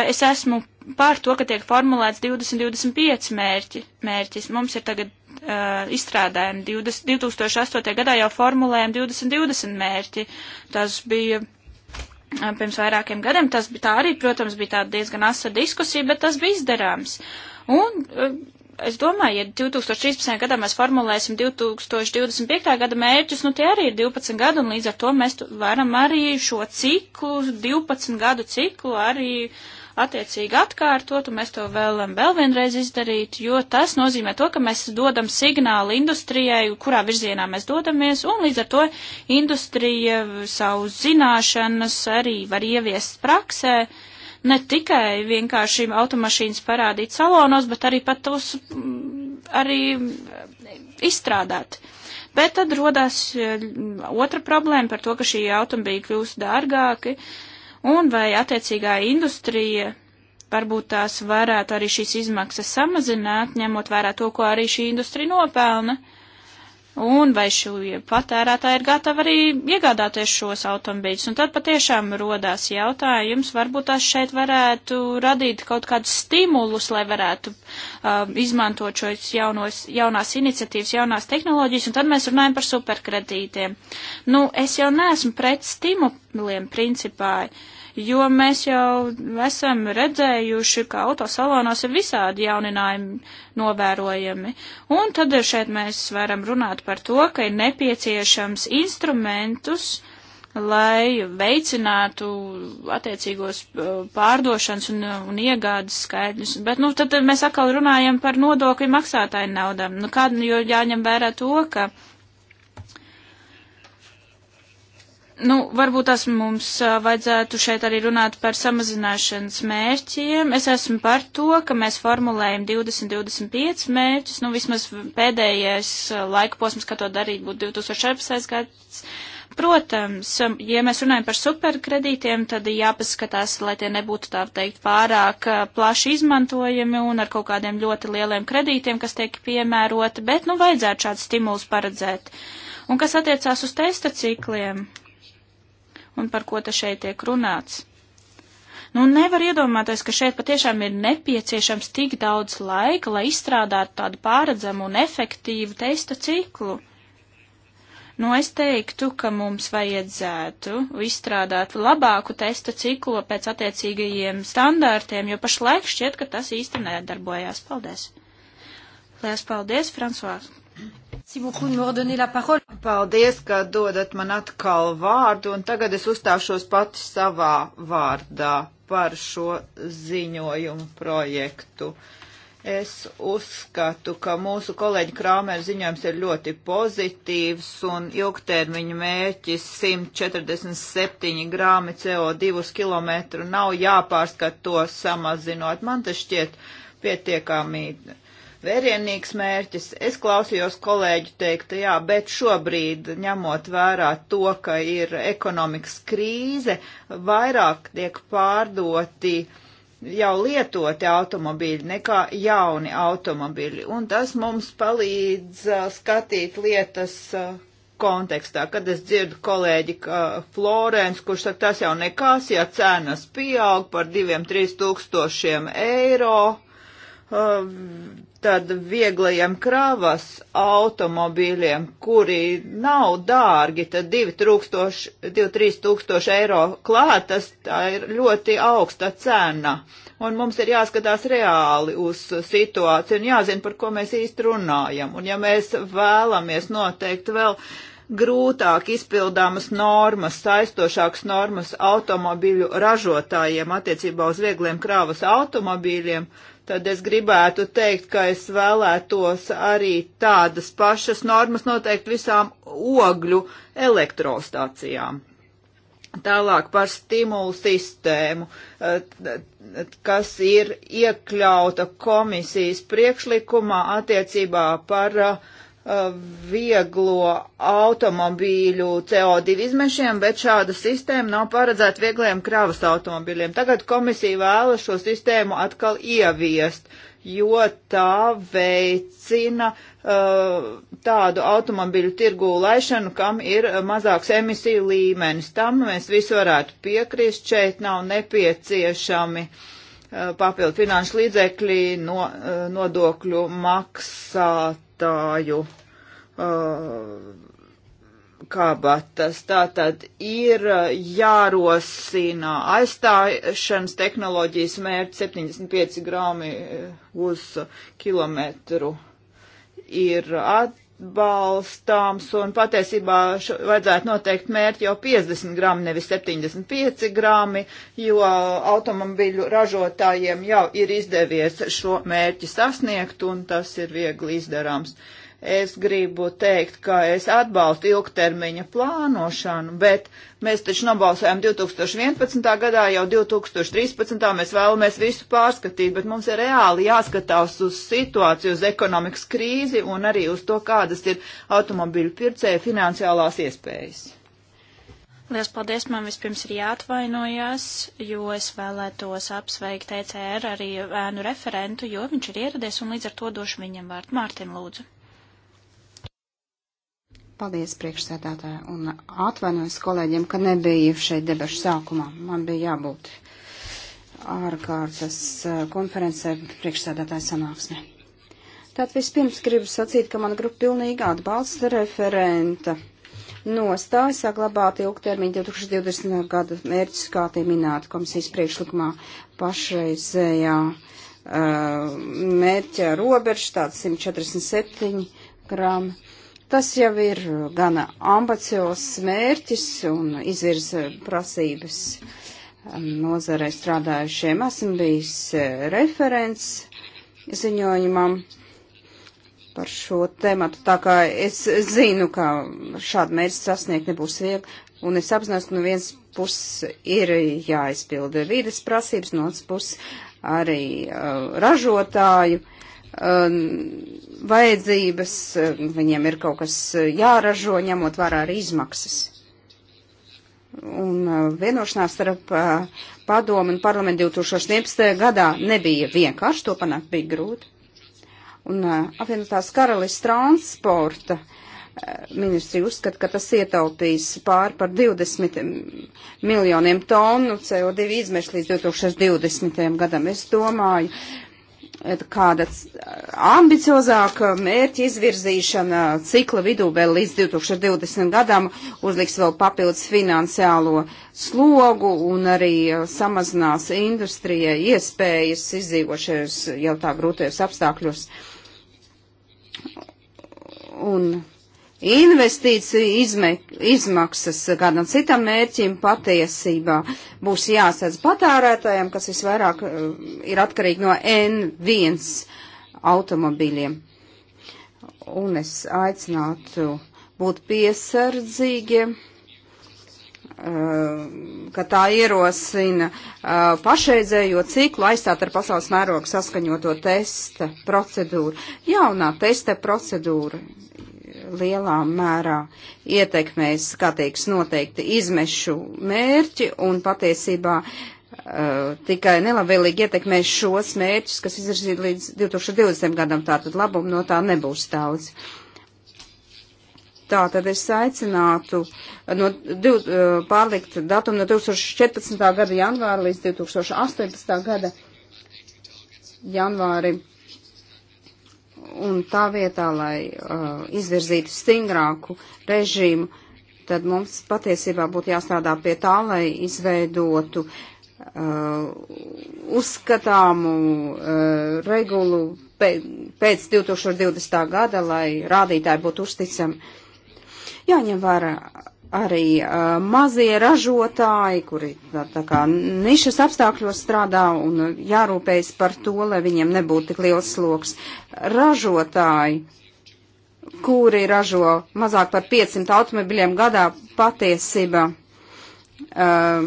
es esmu pār to, ka tiek formulēts 2025 mērķi, mērķis. Mums ir tagad uh, izstrādājami 20, 2008. gadā jau formulējam 2020 mērķi. Tas bija pirms vairākiem gadiem. Tas bija tā arī, protams, bija tāda diezgan asa diskusija, bet tas bija izdarāms. Un e, es domāju, ja 2013. gadā mēs formulēsim 2025. gada mērķus, nu tie arī ir 12 gadi, un līdz ar to mēs varam arī šo ciklu, 12 gadu ciklu arī uh, attiecīgi atkārtot, un mēs to vēlam vēl vienreiz izdarīt, jo tas nozīmē to, ka mēs dodam signālu industrijai, kurā virzienā mēs dodamies, un līdz ar to industrija savu zināšanas arī var ieviest praksē, ne tikai vienkārši automašīnas parādīt salonos, bet arī pat tos mm, arī mm, izstrādāt. Bet tad rodās eh, otra problēma par to, ka šī automobīļa kļūst dārgāki. Uh, un vai attiecīgā industrija varbūt tās varētu arī šīs izmaksas samazināt, ņemot vērā to, ko arī šī industrija nopelna. Un vai šī patērētāja ir gatava arī iegādāties šos automobīļus? Un tad patiešām rodās jautājums, varbūt tās šeit varētu radīt kaut kādus stimulus, lai varētu uh, izmantot šos jaunos, jaunās iniciatīvas, jaunās tehnoloģijas, un tad mēs runājam par superkredītiem. Nu, es jau neesmu pret stimuliem principā. Uh, jo mēs jau esam redzējuši, ka autosalonos ir visādi jauninājumi novērojami. Un tad šeit mēs varam runāt par to, ka ir nepieciešams instrumentus, lai veicinātu attiecīgos uh, pārdošanas un, uh, un iegādes skaidrs. Bet, nu, tad mēs atkal runājam par nodokļu maksātāju naudām. Nu, kādu, jo jāņem vērā to, ka Nu, varbūt tas mums vajadzētu šeit arī runāt par samazināšanas mērķiem. Es esmu par to, ka mēs formulējam 20-25 mērķus. Nu, vismaz pēdējais laika posms, kā to darīt, būtu 2014. gads. Protams, ja mēs runājam par superkredītiem, tad jāpaskatās, lai tie nebūtu tā teikt pārāk plaši izmantojami un ar kaut kādiem ļoti lieliem kredītiem, kas tiek piemēroti, bet, nu, vajadzētu šāds stimuls paredzēt. Un kas attiecās uz testa cikliem? un par ko te šeit tiek runāts. Nu, nevar iedomāties, ka šeit patiešām ir nepieciešams tik daudz laika, lai izstrādātu tādu pāredzamu un efektīvu testa ciklu. Nu, es teiktu, ka mums vajadzētu izstrādāt labāku testa ciklu pēc attiecīgajiem standārtiem, jo pašlaik šķiet, ka tas īsti nedarbojās. Paldies! Lielas paldies, Fransuārs! Paldies, ka dodat man atkal vārdu, un tagad es uzstāšos pati savā vārdā par šo ziņojumu projektu. Es uzskatu, ka mūsu kolēģi Krāmer ziņojums ir ļoti pozitīvs un ilgtermiņa mērķis 147 grāmi CO2 uz kilometru nav jāpārskat to samazinot. Man tas šķiet pietiekami vērienīgs mērķis. Es klausījos kolēģu teikt, jā, bet šobrīd, ņemot vērā to, ka ir ekonomikas krīze, vairāk tiek pārdoti jau lietoti automobīļi nekā jauni automobīļi. Un tas mums palīdz uh, skatīt lietas uh, kontekstā, kad es dzirdu kolēģi uh, Florence, kurš saka, tas jau nekas, ja cenas pieaug par diviem, trīs tūkstošiem eiro. Uh, tad vieglajiem krāvas automobīļiem, kuri nav dārgi, tad 2-3 tūkstoši eiro klātas, tā ir ļoti augsta cena. Un mums ir jāskatās reāli uz situāciju un jāzina, par ko mēs īsti runājam. Un ja mēs vēlamies noteikt vēl grūtāk izpildāmas normas, saistošākas normas automobīļu ražotājiem attiecībā uz viegliem krāvas automobīļiem, uh, tad es gribētu teikt, ka es vēlētos arī tādas pašas normas noteikt visām ogļu elektrostācijām. Tālāk par stimulu sistēmu, eh, kas ir iekļauta komisijas priekšlikumā attiecībā par eh, vieglo automobīļu CO2 izmešiem, bet šāda sistēma nav paredzēta viegliem kravas automobīļiem. Tagad komisija vēlas šo sistēmu atkal ieviest, jo tā veicina uh, tādu automobīļu tirgū laišanu, kam ir mazāks emisiju līmenis. Tam mēs visi varētu piekrist, šeit nav nepieciešami uh, papildu finanšu līdzekļi no uh, nodokļu maksāt lietotāju uh, kabatas. Tātad ir uh, jārosina aizstāšanas tehnoloģijas mērķi 75 grāmi uh, uz kilometru. Ir at, atbalstāms un patiesībā vajadzētu noteikt mērķi jau 50 grami, nevis 75 grami, jo automobiļu ražotājiem jau ir izdevies šo mērķi sasniegt un tas ir viegli izdarāms. Uh, Es gribu teikt, ka es atbalstu ilgtermiņa plānošanu, bet mēs taču nobalsojām 2011. gadā, jau 2013. mēs vēlamies visu pārskatīt, bet mums ir reāli jāskatās uz situāciju, uz ekonomikas krīzi un arī uz to, kādas ir automobīļu pircēja finansiālās iespējas. Lielas paldies, man vispirms ir jāatvainojas, jo es vēlētos apsveikt ECR arī ēnu referentu, jo viņš ir ieradies un līdz ar to došu viņam vārdu. Mārtiņ, lūdzu. Paldies priekšsēdētāji un atvainojos kolēģiem, ka nebija šeit debašu sākumā. Man bija jābūt ārkārtas eh, konferencē priekšsēdētāja sanāksmē. Tātad vispirms gribu sacīt, ka mana grupa pilnīgi atbalsta referenta nostāja saglabāt ilgtermiņa 2020. gada mērķus, kā tie minēti komisijas priekšlikumā pašreizējā uh, mērķa robeža, tāds 147 gramu. Tas jau ir gana ambiciozs mērķis un izvirza prasības nozarei strādājušiem. Esmu bijis eh, referents ziņojumam par šo tēmatu, tā kā es zinu, ka šādu mērķi sasniegt nebūs viegli, un es apzinos, ka no nu viens puses ir jāizpilda vides prasības, no otras puses arī uh, ražotāju Um, vajadzības, um, viņiem ir kaut kas uh, jāražo, ņemot vērā arī izmaksas. Un uh, vienošanās starp uh, padomu un parlamentu 2011. gadā nebija vienkārši, to panākt bija grūti. Un apvienotās karalists transporta ministri uzskata, ka tas ietaupīs pār par 20 um, miljoniem tonu CO2 izmešu līdz 2020. gadam. Es domāju, kāda ambiciozāka mērķa izvirzīšana cikla vidū vēl līdz 2020 gadam uzliks vēl papildus finansiālo slogu un arī uh, samazinās industrijai iespējas izdzīvošajos jau tā grūtajos apstākļos. Un investīciju izme, izmaksas kādam citam mērķim patiesībā būs jāsadz patērētājiem, kas visvairāk eh, ir atkarīgi no N1 automobiļiem. Un es aicinātu būt piesardzīgiem eh, ka tā ierosina eh, pašreizējo ciklu aizstāt ar pasaules mērogu saskaņoto testa procedūru. Jaunā testa procedūra lielā mērā ietekmēs, kā teiks, noteikti izmešu mērķi un patiesībā uh, tikai nelabvēlīgi ietekmēs šos mērķus, kas izvirzīt līdz 2020. gadam, tātad labumu no tā nebūs daudz. Tā tad es aicinātu uh, no, div, uh, pārlikt datumu no 2014. gada janvāra līdz 2018. gada janvārim un tā vietā, lai uh, izvirzītu stingrāku režīmu, tad mums patiesībā būtu jāstrādā pie tā, lai izveidotu uh, uzskatāmu uh, regulu pēc 2020. gada, lai rādītāji būtu uzticami. Jāņem vērā arī uh, mazie ražotāji, kuri tā, tā kā nišas apstākļos strādā un jārūpējas par to, lai viņiem nebūtu tik liels sloks. Ražotāji, kuri ražo mazāk par 500 automobiļiem gadā, patiesība uh, uh,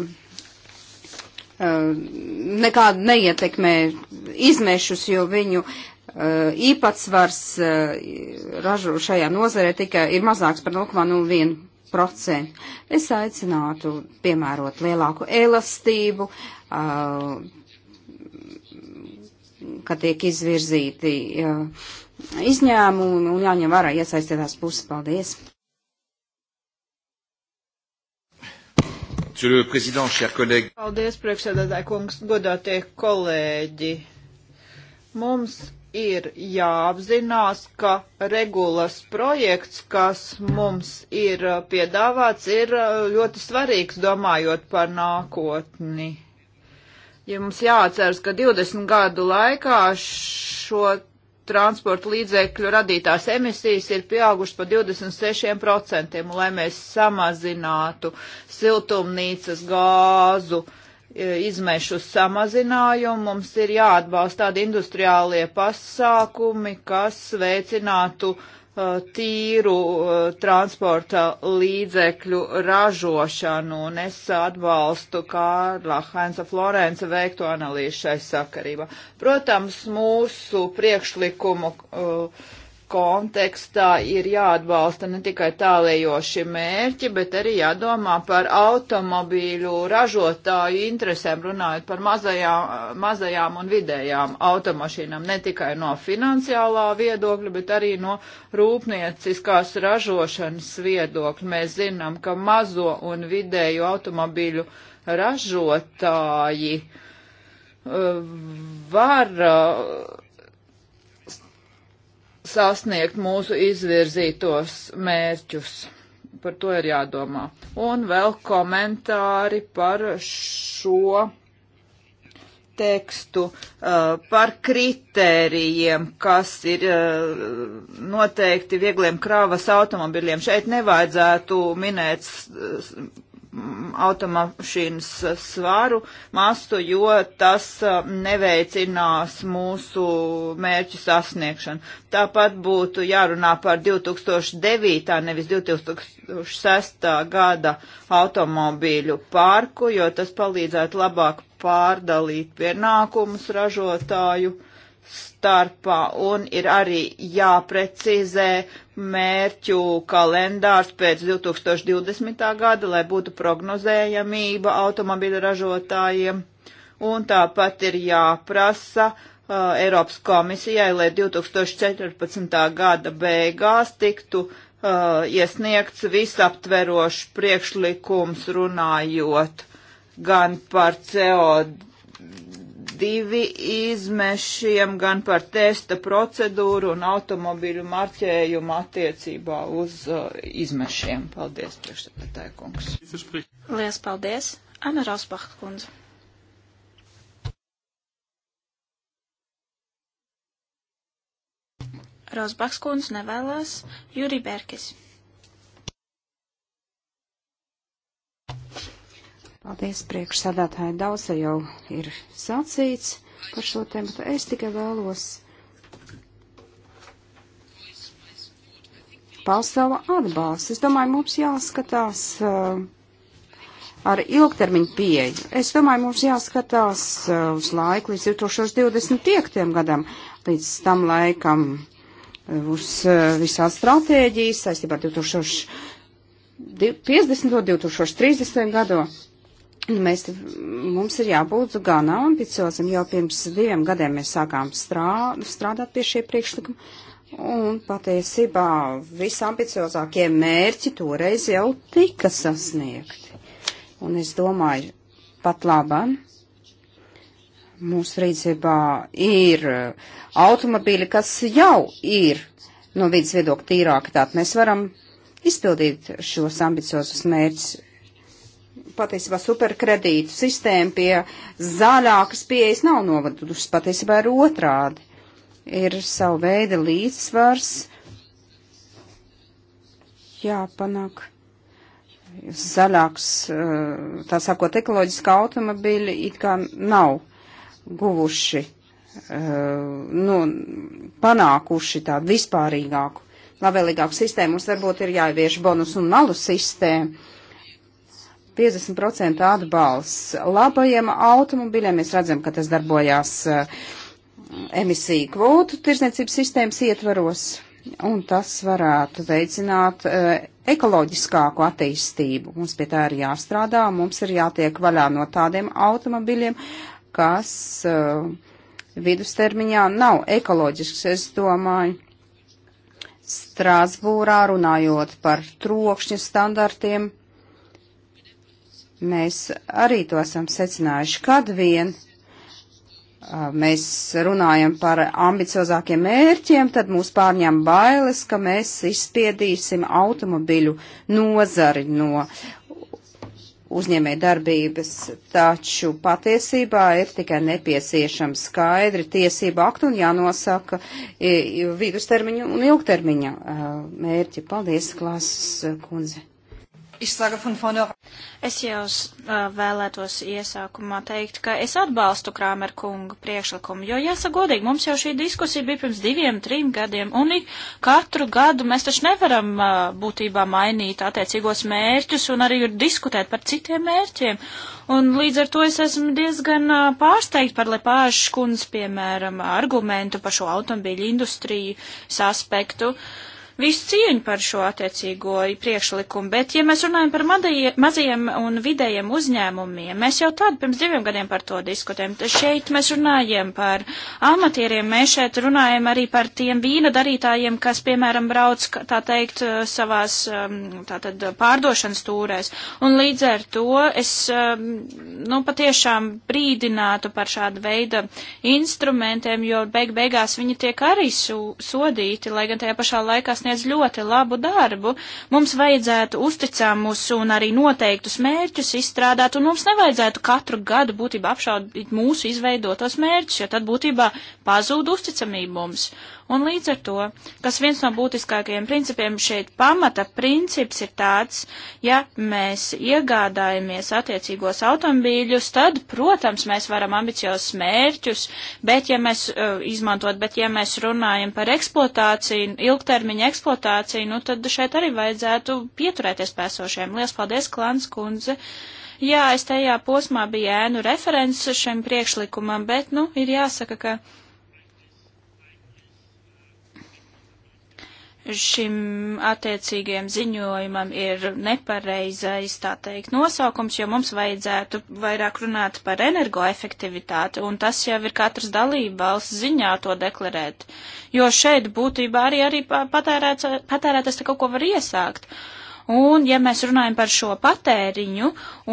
nekādu neietekmē izmešus, jo viņu uh, īpatsvars ražu šajā nozarē tikai ir mazāks par 0,01 10%. Es aicinātu piemērot lielāku elastību, ka tiek izvirzīti izņēmumi un jāņem vērā iesaistītās puses. Paldies! Paldies, priekšsēdētāji kungs, godātie kolēģi! Mums ir jāapzinās, ka regulas projekts, kas mums ir piedāvāts, ir uh, ļoti svarīgs domājot par nākotni. Ja mums jāatceras, ka 20 gadu laikā šo transporta līdzekļu radītās emisijas ir pieaugušas pa 26%, un, lai mēs samazinātu siltumnīcas gāzu uh, izmešu samazinājumu, mums ir jāatbalsta tādi industriālie pasākumi, kas veicinātu uh, tīru uh, transporta līdzekļu ražošanu, un es atbalstu Kārla Heinza Florence veikto analīzi šai sakarībā. Protams, mūsu priekšlikumu uh, kontekstā ir jāatbalsta ne tikai tālējoši mērķi, bet arī jādomā par automobīļu ražotāju interesēm, runājot par mazajām, mazajām un vidējām automašīnām, ne tikai no finansiālā viedokļa, bet arī no rūpnieciskās ražošanas viedokļa. Mēs zinām, ka mazo un vidēju automobīļu ražotāji uh, var uh, sasniegt mūsu izvirzītos mērķus. Par to ir jādomā. Un vēl komentāri par šo tekstu uh, par kritērijiem, kas ir uh, noteikti viegliem krāvas automobiļiem. Šeit nevajadzētu minēt Mm, automašīnas svaru masu, jo tas uh, neveicinās mūsu mērķu sasniegšanu. Tāpat būtu jārunā par 2009. nevis 2006. gada automobīļu parku, jo tas palīdzētu labāk pārdalīt pienākumus ražotāju starpā un ir arī jāprecizē mērķu kalendārs pēc 2020. gada, lai būtu prognozējamība automobīļu ražotājiem. Un tāpat ir jāprasa uh, Eiropas komisijai, lai 2014. gada beigās tiktu uh, iesniegts visaptverošs priekšlikums runājot gan par CO2 divi izmešiem gan par testa procedūru un automobīļu marķējumu attiecībā uz uh, izmešiem. Paldies, priekšstādātāja kungs. Lielas paldies, Anna Rosbach kundze. Rosbachs kundze nevēlas Juri Berkis. Paldies, priekšsādātāji. Daudz jau ir sacīts par šo tēmu. Es tikai vēlos paust savu atbalstu. Es domāju, mums jāskatās uh, ar ilgtermiņu pieeju. Es domāju, mums jāskatās uh, uz laiku līdz 2025. gadam, līdz tam laikam uh, uz uh, visās stratēģijas saistībā ar 2050. un 2030. gadu. Mēs, mums ir jābūt gan ambiciozam, jo pirms diviem gadiem mēs sākām strā, strādāt pie šie priekšlikumi, un patiesībā visambiciozākie mērķi toreiz jau tika sasniegti. Un es domāju, pat labam, mūsu rīcībā ir automobīļi, kas jau ir no vidas viedokļa tīrāki, tātad mēs varam izpildīt šos ambiciozus mērķus patiesībā superkredītu sistēma pie zaļākas pieejas nav novadusi, patiesībā ir otrādi. Ir savu veidu līdzsvars jāpanāk zaļāks, eh, tā sakot, ekoloģiskā automobīļa it kā nav guvuši, eh, nu, panākuši tādu vispārīgāku, labvēlīgāku sistēmu. Mums varbūt ir jāievieš bonus un malu sistēmu 50% atbalsts labajiem automobiļiem. Mēs redzam, ka tas darbojās eh, emisiju kvotu tirsniecības sistēmas ietvaros, un tas varētu veicināt eh, ekoloģiskāku attīstību. Mums pie tā ir jāstrādā, mums ir jātiek vaļā no tādiem automobiļiem, kas eh, vidustermiņā nav ekoloģisks, es domāju. Strāsbūrā runājot par trokšņa standartiem, Mēs arī to esam secinājuši, kad vien mēs runājam par ambiciozākiem mērķiem, tad mūs pārņem bailes, ka mēs izspiedīsim automobiļu nozari no uzņēmē darbības, taču patiesībā ir tikai nepieciešams skaidri tiesību aktu un jānosaka vidustermiņu un ilgtermiņa mērķi. Paldies, klāsas kundze! Es jau vēlētos iesākumā teikt, ka es atbalstu Krāmer kunga priekšlikumu, jo jāsaka godīgi, mums jau šī diskusija bija pirms diviem, trim gadiem, un katru gadu mēs taču nevaram būtībā mainīt attiecīgos mērķus un arī diskutēt par citiem mērķiem. Un līdz ar to es esmu diezgan pārsteigta par Lepāžas kundzes, piemēram, argumentu par šo automobīļu industrijas aspektu. Uh, visu cieņu par šo attiecīgo priekšlikumu, bet ja mēs runājam par madaja, mazajiem un vidējiem uzņēmumiem, mēs jau tad pirms diviem gadiem par to diskutējam. Tad šeit mēs runājam par amatieriem, mēs šeit runājam arī par tiem vīna darītājiem, kas, piemēram, brauc, tā teikt, savās um, tātad pārdošanas tūrēs. Un līdz ar to es, um, nu, patiešām brīdinātu par šādu veidu instrumentiem, jo beig beigās viņi tiek arī sodīti, lai gan tajā pašā laikā sniedz sasniedz ļoti labu darbu. Mums vajadzētu uzticamus un arī noteiktus mērķus izstrādāt, un mums nevajadzētu katru gadu būtībā apšaudīt mūsu izveidotos mērķus, jo tad būtībā pazūd uzticamība mums. Un līdz ar to, kas viens no būtiskākajiem principiem šeit pamata princips ir tāds, ja mēs iegādājamies attiecīgos automobīļus, tad, protams, mēs varam ambiciozus mērķus, bet ja mēs uh, izmantot, bet ja mēs runājam par eksploatāciju, ilgtermiņa eksploatāciju, nu tad šeit arī vajadzētu pieturēties pēsošiem. Lielas paldies, Klans kundze! Jā, es tajā posmā biju ēnu referents šim priekšlikumam, bet, nu, ir jāsaka, ka šim attiecīgajam ziņojumam ir nepareizais, tā teikt, nosaukums, jo mums vajadzētu vairāk runāt par energoefektivitāti, un tas jau ir katras dalība valsts ziņā to deklarēt. Jo šeit būtībā arī, arī patērētas te kaut ko var iesākt. Uh, Un, ja mēs runājam par šo patēriņu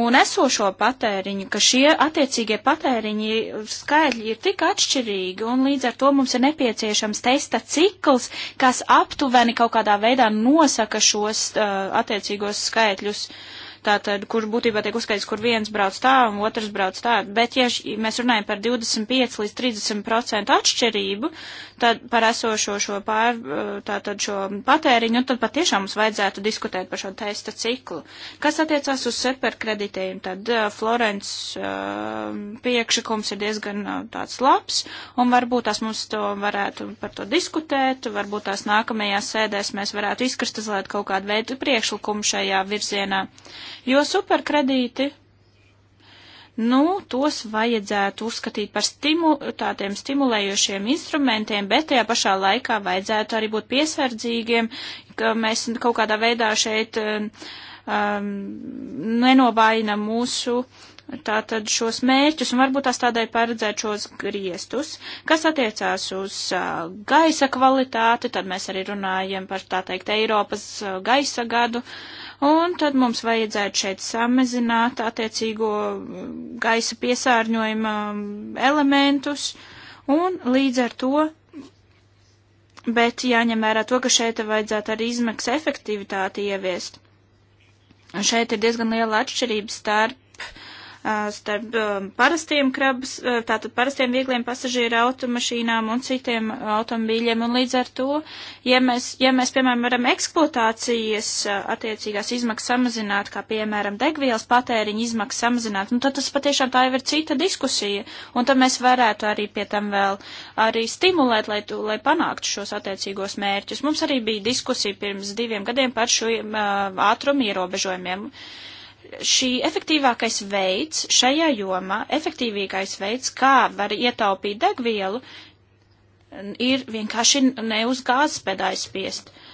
un esošo patēriņu, ka šie attiecīgie patēriņi skaidri ir tik atšķirīgi, un līdz ar to mums ir nepieciešams testa cikls, kas aptuveni kaut kādā veidā nosaka šos uh, attiecīgos skaitļus. Uh, tātad, kur būtībā tiek uzskaits, kur viens brauc tā un otrs brauc tā, bet ja š, mēs runājam par 25 līdz 30 procentu atšķirību, tad par esošo šo pār, tātad šo patēriņu, tad patiešām mums vajadzētu diskutēt par šo testa ciklu. Kas attiecās uz superkreditējumu, tad Florence uh, priekšakums ir diezgan uh, tāds labs, un varbūt tās mums to varētu par to diskutēt, varbūt tās nākamajās sēdēs mēs varētu izkristalizēt kaut kādu veidu priekšlikumu šajā virzienā. Uh, jo superkredīti, nu, tos vajadzētu uzskatīt par stimu, tādiem stimulējošiem instrumentiem, bet tajā pašā laikā vajadzētu arī būt piesardzīgiem, ka mēs kaut kādā veidā šeit um, um nenovaina mūsu tātad šos mērķus un varbūt tās tādēļ paredzēt šos griestus, kas attiecās uz uh, gaisa kvalitāti, tad mēs arī runājam par tā teikt Eiropas uh, gaisa gadu. Uh, un tad mums vajadzētu šeit samazināt attiecīgo mm, gaisa piesārņojuma mm, elementus, un līdz ar to, bet jāņem vērā to, ka šeit vajadzētu arī izmaksu efektivitāti ieviest. Un šeit ir diezgan liela atšķirība starp starp parastiem krabas, tātad parastiem viegliem pasažieru automašīnām un citiem automobīļiem. Un līdz ar to, ja mēs, ja mēs piemēram, varam eksploatācijas attiecīgās izmaksas samazināt, kā piemēram degvielas patēriņa izmaksas samazināt, nu, tad tas patiešām tā jau ir cita diskusija. Un tad mēs varētu arī pie tam vēl arī stimulēt, lai, tu, lai panāktu šos attiecīgos mērķus. Mums arī bija diskusija pirms diviem gadiem par šo uh, ātrumu ierobežojumiem. Uh, šī efektīvākais veids šajā jomā, efektīvākais veids, kā var ietaupīt degvielu, ir vienkārši ne uz gāzes pedāļu spiest. Uh,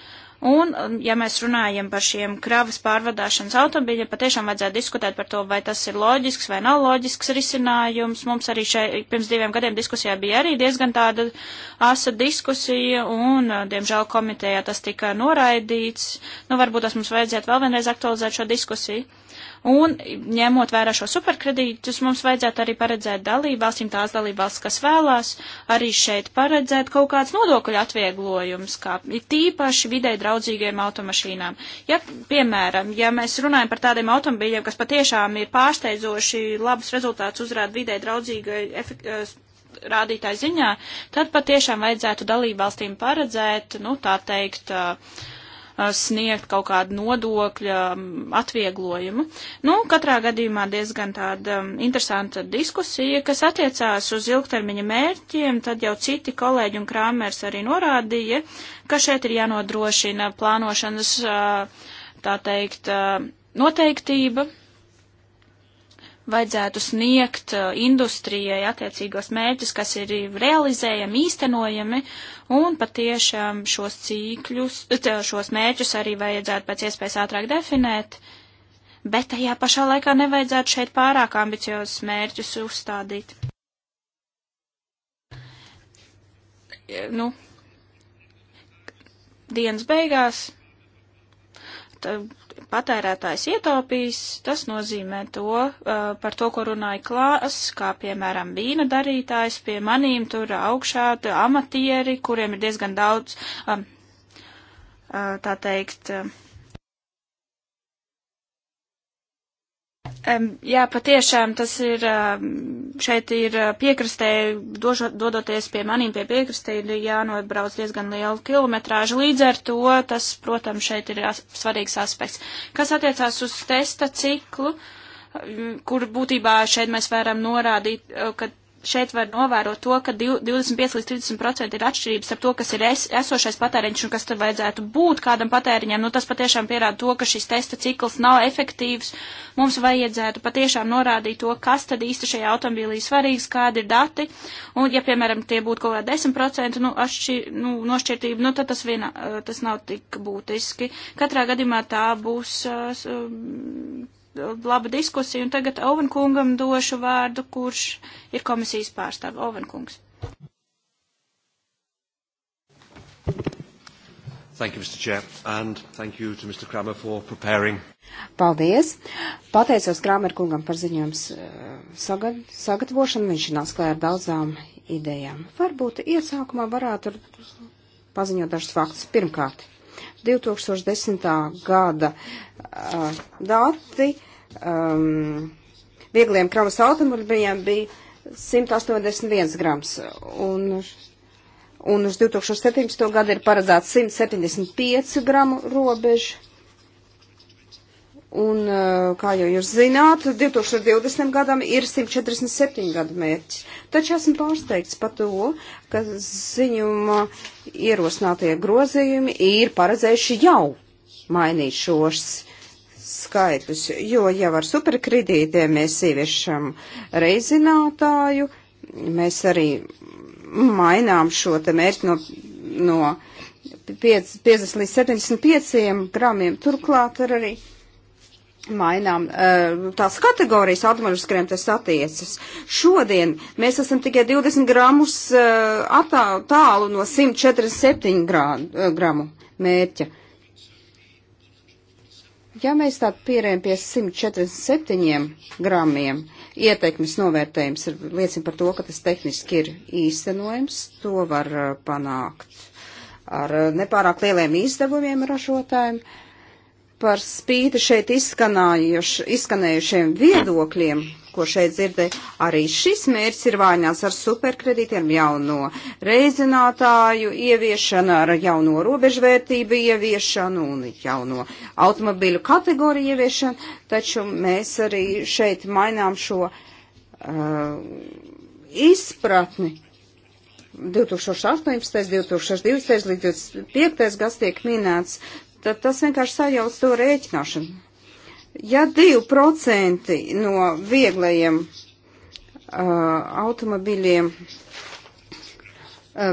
Un, um, ja mēs runājam par šiem kravas pārvadāšanas automobīļiem, patiešām vajadzētu diskutēt par to, vai tas ir loģisks vai nav loģisks risinājums. Mums arī šeit pirms diviem gadiem diskusijā bija arī diezgan tāda asa diskusija, un, uh, diemžēl, komitejā tas tika noraidīts. Nu, varbūt tas mums vajadzētu vēl vienreiz aktualizēt šo diskusiju. Un, ņemot vērā šo superkredītus, mums vajadzētu arī paredzēt dalībvalstīm tās dalībvalsts, kas vēlās, arī šeit paredzēt kaut kāds nodokļu atvieglojums, kā tīpaši videi draudzīgs draudzīgiem automašīnām. Ja, piemēram, ja mēs runājam par tādiem automobīļiem, kas patiešām ir pārsteidzoši labus rezultātus uzrāda vidē draudzīgai eh, rādītāju ziņā, tad patiešām vajadzētu dalībvalstīm paredzēt, nu, tā teikt, uh, Uh, sniegt kaut kādu nodokļa um, atvieglojumu. Nu, katrā gadījumā diezgan tāda um, interesanta diskusija, kas attiecās uz ilgtermiņa mērķiem, tad jau citi kolēģi un krāmērs arī norādīja, ka šeit ir jānodrošina plānošanas, uh, tā teikt, uh, noteiktība vajadzētu sniegt uh, industrijai attiecīgos mērķus, kas ir realizējami, īstenojami, un patiešām šos cīkļus, šos mērķus arī vajadzētu pēc iespējas ātrāk definēt, bet tajā pašā laikā nevajadzētu šeit pārāk ambiciozus mērķus uzstādīt. Nu, dienas beigās patērētājs ietaupīs, tas nozīmē to, uh, par to, ko runāja klās, kā piemēram vīna darītājs pie manīm, tur augšā amatieri, kuriem ir diezgan daudz, um, uh, tā teikt, uh, Jā, patiešām tas ir, šeit ir eh, piekrastē, dodoties pie maniem pie piekrastē, ir jānobrauc diezgan liela kilometrāža. Līdz ar to tas, protams, šeit ir as svarīgs aspekts. Kas attiecās uz testa ciklu, kur būtībā šeit mēs varam norādīt, eh, ka šeit var novērot to, ka 25 līdz 30% ir atšķirības ar to, kas ir es, esošais patēriņš un kas tur vajadzētu būt kādam patēriņam. Nu, tas patiešām pierāda to, ka šis testa cikls nav efektīvs. Mums vajadzētu patiešām norādīt to, kas tad īsti šajā automobīlī svarīgs, kādi ir dati. Un, ja, piemēram, tie būtu kaut kādā 10% nu, atšķir, nu, nošķirtība, nu, tad tas, viena, tas nav tik būtiski. Katrā gadījumā tā būs. Uh, um, laba diskusija, un tagad Ovenkungam došu vārdu, kurš ir komisijas pārstāv. Ovenkungs. Thank you, Mr. Chair, and thank you to Mr. Kramer for preparing. Paldies. Pateicos Kramer kungam par ziņojums eh, sagad, sagatavošanu. Viņš nāks klāt ar daudzām idejām. Varbūt iesākumā varētu paziņot dažus faktus. Pirmkārt, 2010. gada uh, dati um, viegliem kravas automobiļiem bija 181 grams, un, un uz 2017. gadu ir paredzēts 175 gramu robežu Un, eh, kā jau jūs zināt, 2020. gadam ir 147 gadu mērķis. Taču esmu pārsteigts par to, ka ziņuma ierosinātie grozījumi ir paredzējuši jau mainīt šos skaitļus, jo jau ar superkredītiem mēs ieviešam reizinātāju, mēs arī mainām šo te mērķi no. no 50 līdz 75 gramiem. Turklāt ir arī uh, mainām eh, tās kategorijas atmažas, kuriem tas attiecas. Šodien mēs esam tikai 20 gramus eh, tālu no 147 eh, gramu mērķa. Ja mēs tā pierējam pie 147 gramiem, ieteikmes novērtējums liecina par to, ka tas tehniski ir īstenojams, to var panākt ar nepārāk lieliem izdevumiem ražotājiem. Uh, par spīti šeit izskanējušiem viedokļiem, ko šeit dzirdēju, arī šis mērķis ir vājņās ar superkredītiem, jauno reizinātāju ieviešanu, ar jauno robežvērtību ieviešanu un jauno automobiļu kategoriju ieviešanu, taču mēs arī šeit mainām šo uh, izpratni 2018, 2020 līdz 2025 gads tiek minēts tad tas vienkārši sajauc to rēķināšanu. Ja 2% no vieglajiem uh, automobiļiem, uh,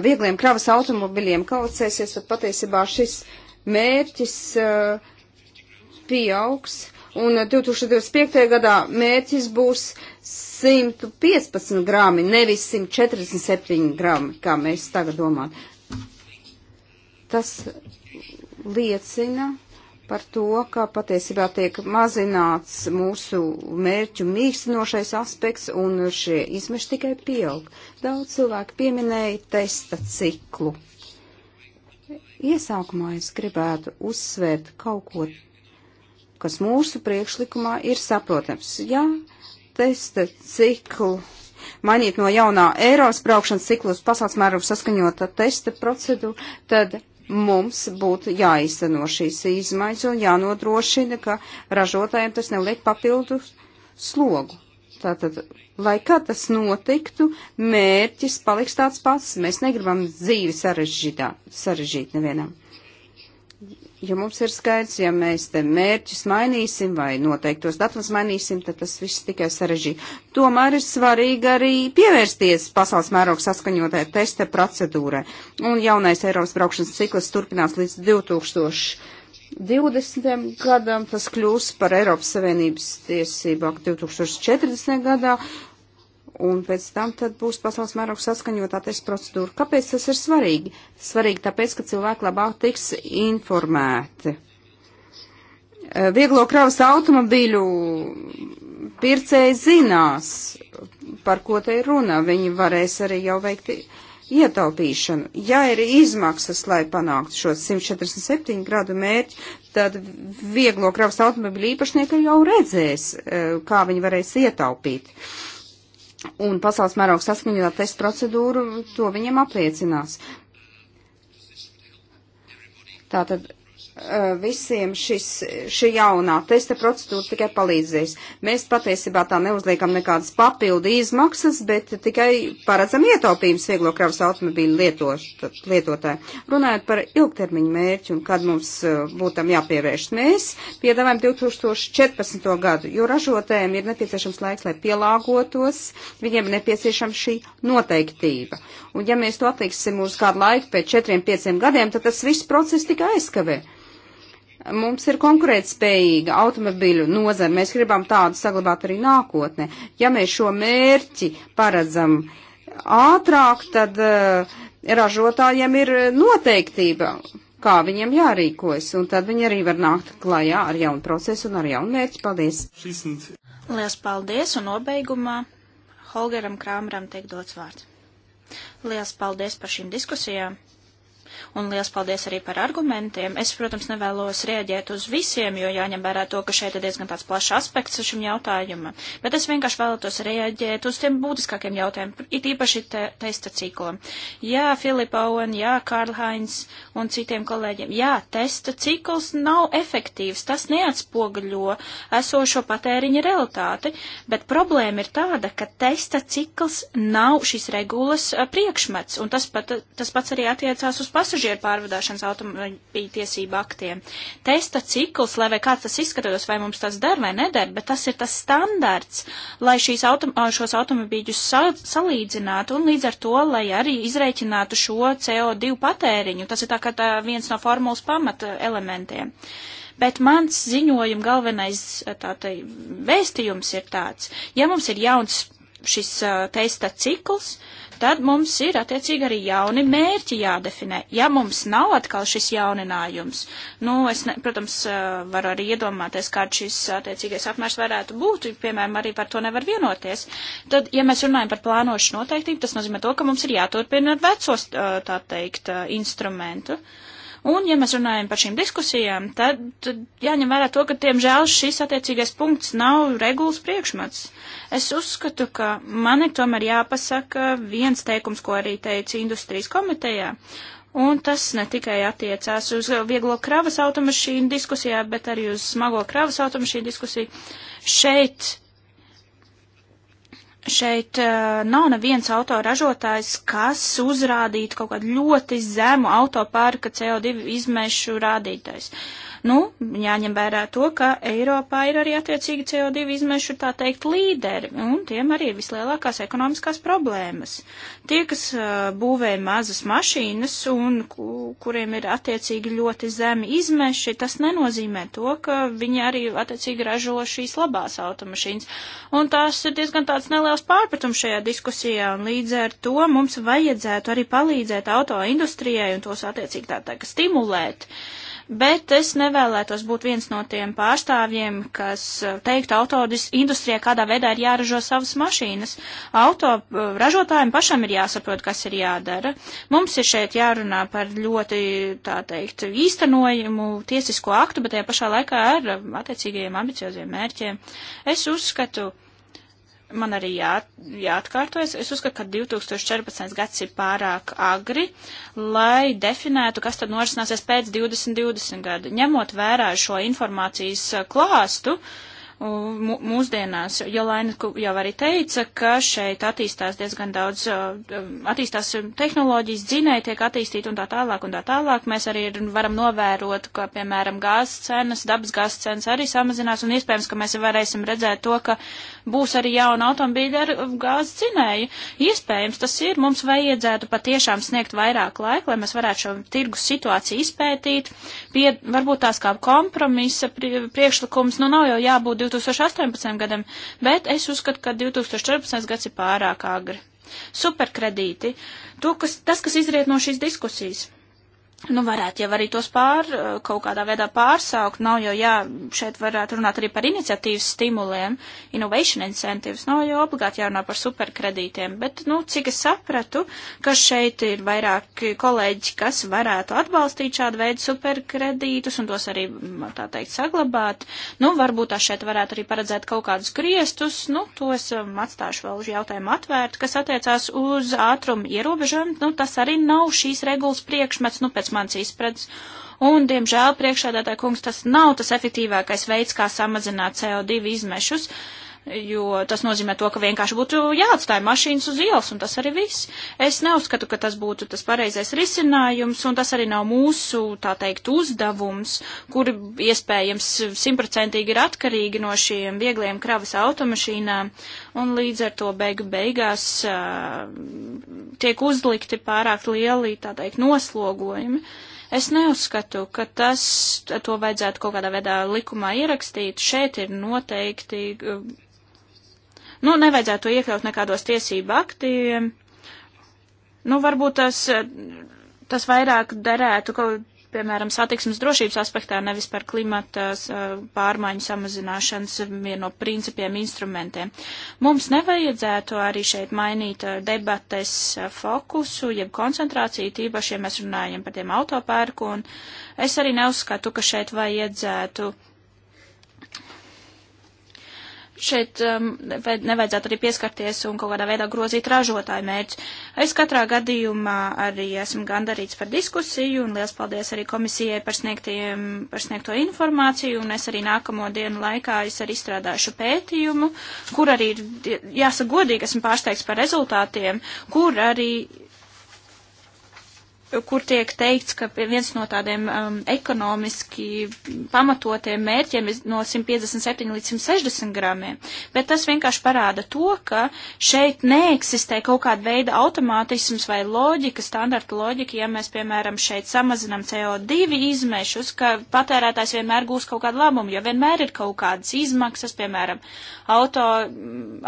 viegliem kravas automobiļiem kaucēsies, tad patiesībā šis mērķis uh, pieaugs. Un 2025. gadā mērķis būs 115 grāmi, nevis 147 grāmi, kā mēs tagad domājam. Tas liecina par to, ka patiesībā tiek mazināts mūsu mērķu mīkstinošais aspekts un šie izmeši tikai pieaug. Daudz cilvēku pieminēja testa ciklu. Iesākumā es gribētu uzsvērt kaut ko, kas mūsu priekšlikumā ir saprotams. Jā, testa ciklu mainīt no jaunā Eiros braukšanas ciklus pasaules mērogu saskaņota testa procedūru, tad mums būtu jāizteno šīs izmaiņas un jānodrošina, ka ražotājiem tas neliek papildu slogu. Tātad, lai kā tas notiktu, mērķis paliks tāds pats. Mēs negribam dzīvi sarežģīt nevienam ja mums ir skaidrs, ja mēs te mērķus mainīsim vai noteiktos datums mainīsim, tad tas viss tikai sarežģīja. Tomēr ir svarīgi arī pievērsties pasaules mēroga saskaņotai testa procedūrai. Un jaunais Eiropas braukšanas cikls turpinās līdz 2020. gadam, tas kļūs par Eiropas Savienības tiesību aktu 2040. gadā, un pēc tam tad būs pasaules mērogs saskaņotāties procedūra. Kāpēc tas ir svarīgi? Svarīgi tāpēc, ka cilvēki labāk tiks informēti. Eh, vieglo kravas automobīļu pircēji zinās, par ko te ir runa. Viņi varēs arī jau veikt ietaupīšanu. Ja ir izmaksas, lai panāktu šo 147 gradu mērķi, tad vieglo kravas automobīļu īpašnieki jau redzēs, eh, kā viņi varēs ietaupīt. Uh, un pasaules mēroga saskaņotā testa procedūru to viņiem apliecinās. Tātad Eh, visiem šis, šī jaunā testa procedūra tikai palīdzēs. Mēs patiesībā tā neuzliekam nekādas papildu izmaksas, bet tikai paredzam ietaupījums vieglo kravas automobīļu lietotāju. Runājot par ilgtermiņu mērķi un kad mums eh, būtam jāpievērš, mēs piedāvājam 2014. gadu, jo ražotējiem ir nepieciešams laiks, lai pielāgotos, viņiem ir nepieciešama šī noteiktība. Un ja mēs to atliksim uz kādu laiku pēc 4-5 gadiem, tad tas viss process tikai aizskavē. Mums ir konkurētspējīga automobīļu nozara. Mēs gribam tādu saglabāt arī nākotnē. Ja mēs šo mērķi paredzam ātrāk, tad uh, ražotājiem ir noteiktība, kā viņiem jārīkojas, un tad viņi arī var nākt klajā ar jaunu procesu un ar jaunu mērķi. Paldies! Lielas paldies, un nobeigumā Holgeram Krāmeram tiek dots vārds. Lielas paldies par šīm diskusijām! un liels paldies arī par argumentiem. Es, protams, nevēlos rieģēt uz visiem, jo jāņem vērā to, ka šeit ir diezgan tāds plašs aspekts šim jautājumam, bet es vienkārši vēlētos rieģēt uz tiem būtiskākiem jautājumiem, it īpaši te, testa ciklam. Jā, Filipa Owen, jā, Karl Heinz un citiem kolēģiem, jā, testa cikls nav efektīvs, tas neatspoguļo esošo patēriņa realitāti, bet problēma ir tāda, ka testa cikls nav šīs regulas priekšmets, un tas, pat, tas pats arī attiecās uz pasažieriem pasažieru pārvadāšanas automobīļu tiesību aktiem. Testa cikls, lai vai kāds tas izskatos, vai mums tas der vai neder, bet tas ir tas standarts, lai šīs autom šos automobīļus sa salīdzinātu un līdz ar to, lai arī izreikinātu šo CO2 patēriņu. Tas ir tā kā tā viens no formulas pamata elementiem. Bet mans ziņojuma galvenais tātai vēstījums ir tāds, ja mums ir jauns šis uh, testa cikls, uh, tad mums ir attiecīgi arī jauni mērķi jādefinē. Ja mums nav atkal šis jauninājums, nu, es, ne, protams, eh, varu arī iedomāties, kāds šis attiecīgais apmērs varētu būt, piemēram, arī par to nevar vienoties, tad, ja mēs runājam par plānošanu noteiktību, tas nozīmē to, ka mums ir jāturpina vecos, eh, tā teikt, eh, instrumentu. Uh, Un, ja mēs runājam par šīm diskusijām, tad, tad jāņem vērā to, ka, diemžēl, šis attiecīgais punkts nav regulas priekšmats. Es uzskatu, ka man ir tomēr jāpasaka viens teikums, ko arī teica industrijas komitejā. Un tas ne tikai attiecās uz vieglo kravas automašīnu diskusijā, bet arī uz smago kravas automašīnu diskusiju. Šeit šeit uh, nav neviens autoražotājs, kas uzrādītu kaut kādu ļoti zemu autopārka CO2 izmešu rādītājs. Uh, Nu, jāņem vērā to, ka Eiropā ir arī attiecīgi CO2 izmešu, tā teikt, līderi, un tiem arī ir vislielākās ekonomiskās problēmas. Tie, kas uh, būvē mazas mašīnas un ku, kuriem ir attiecīgi ļoti zemi izmeši, tas nenozīmē to, ka viņi arī attiecīgi ražo šīs labās automašīnas. Un tās ir diezgan tāds neliels pārpratums šajā diskusijā, un līdz ar to mums vajadzētu arī palīdzēt autoindustrijai un tos attiecīgi tā tā kā stimulēt. Uh, bet es nevēlētos būt viens no tiem pārstāvjiem, kas eh, teiktu autodis industrijā, kādā veidā ir jāražo savas mašīnas. Auto eh, ražotājiem pašam ir jāsaprot, kas ir jādara. Mums ir šeit jārunā par ļoti, tā teikt, īstenojumu tiesisko aktu, bet tajā pašā laikā ar eh, attiecīgajiem ambicioziem mērķiem. Es uzskatu, man arī jā, jāatkārtojas. Es uzskatu, ka 2014. gads ir pārāk agri, lai definētu, kas tad norisināsies pēc 2020 gada. Ņemot vērā šo informācijas eh, klāstu, mūsdienās, jo Laina jau arī teica, ka šeit attīstās diezgan daudz, eh, eh, attīstās tehnoloģijas, dzinēji tiek attīstīti un tā tālāk un tā tālāk. Mēs arī varam novērot, ka, piemēram, gāzes cenas, dabas gāzes cenas arī samazinās un iespējams, ka mēs varēsim redzēt to, ka būs arī jauna automobīļa ar gāzes dzinēju. Iespējams, tas ir. Mums vajadzētu patiešām sniegt vairāk laika, lai mēs varētu šo tirgus situāciju izpētīt. Pie, varbūt tās kā kompromisa priekšlikums, nu nav jau jābūt 2018. gadam, bet es uzskatu, ka 2014. gads ir pārāk agri. Superkredīti. To, kas, tas, kas izriet no šīs diskusijas. Nu, varētu jau arī tos pār, kaut kādā veidā pārsaukt. Nav jau, jā, šeit varētu runāt arī par iniciatīvas stimuliem, innovation incentives. Nav jau obligāti jārunā par superkredītiem, bet, nu, cik es sapratu, ka šeit ir vairāki kolēģi, kas varētu atbalstīt šādu veidu superkredītus un tos arī, tā teikt, saglabāt. Nu, varbūt tā šeit varētu arī paredzēt kaut kādus griestus. Nu, to es um, atstāšu vēl uz jautājumu atvērtu, kas attiecās uz ātrumu ierobežojumu. Nu, tas arī nav šīs regulas priekšmets. Nu, pēc pēc mans izpratnes. Un, diemžēl, priekšādātāja kungs, tas nav tas efektīvākais veids, kā samazināt CO2 izmešus. Uh, jo tas nozīmē to, ka vienkārši būtu jāatstāja mašīnas uz ielas, un tas arī viss. Es neuzskatu, ka tas būtu tas pareizais risinājums, un tas arī nav mūsu, tā teikt, uzdevums, kuri iespējams simtprocentīgi ir atkarīgi no šiem viegliem kravas automašīnām, un līdz ar to beigu beigās uh, tiek uzlikti pārāk lieli, tā teikt, noslogojumi. Es neuzskatu, ka tas, to vajadzētu kaut kādā veidā likumā ierakstīt. Šeit ir noteikti uh, Nu, nevajadzētu to iekļaut nekādos tiesību aktīviem. Nu, varbūt tas, tas vairāk derētu, ka, piemēram, satiksmes drošības aspektā, nevis par klimata pārmaiņu samazināšanas vienu no principiem instrumentiem. Mums nevajadzētu arī šeit mainīt eh, debates eh, fokusu, jeb koncentrāciju, tīpaši, ja mēs runājam par tiem autopērku, un es arī neuzskatu, ka šeit vajadzētu uh, šeit um, nevajadzētu arī pieskarties un kaut kādā veidā grozīt ražotāju mērķus. Es katrā gadījumā arī esmu gandarīts par diskusiju un liels paldies arī komisijai par, par sniegto informāciju un es arī nākamo dienu laikā es arī izstrādāšu pētījumu, kur arī, jāsaka godīgi, esmu pārsteigts par rezultātiem, kur arī kur tiek teikts, ka viens no tādiem um, ekonomiski pamatotiem mērķiem ir no 157 līdz 160 gramiem, bet tas vienkārši parāda to, ka šeit neeksistē kaut kāda veida automātisms vai loģika, standarta loģika, ja mēs, piemēram, šeit samazinam CO2 izmešus, ka patērētājs vienmēr gūs kaut kādu labumu, jo vienmēr ir kaut kādas izmaksas, piemēram, auto,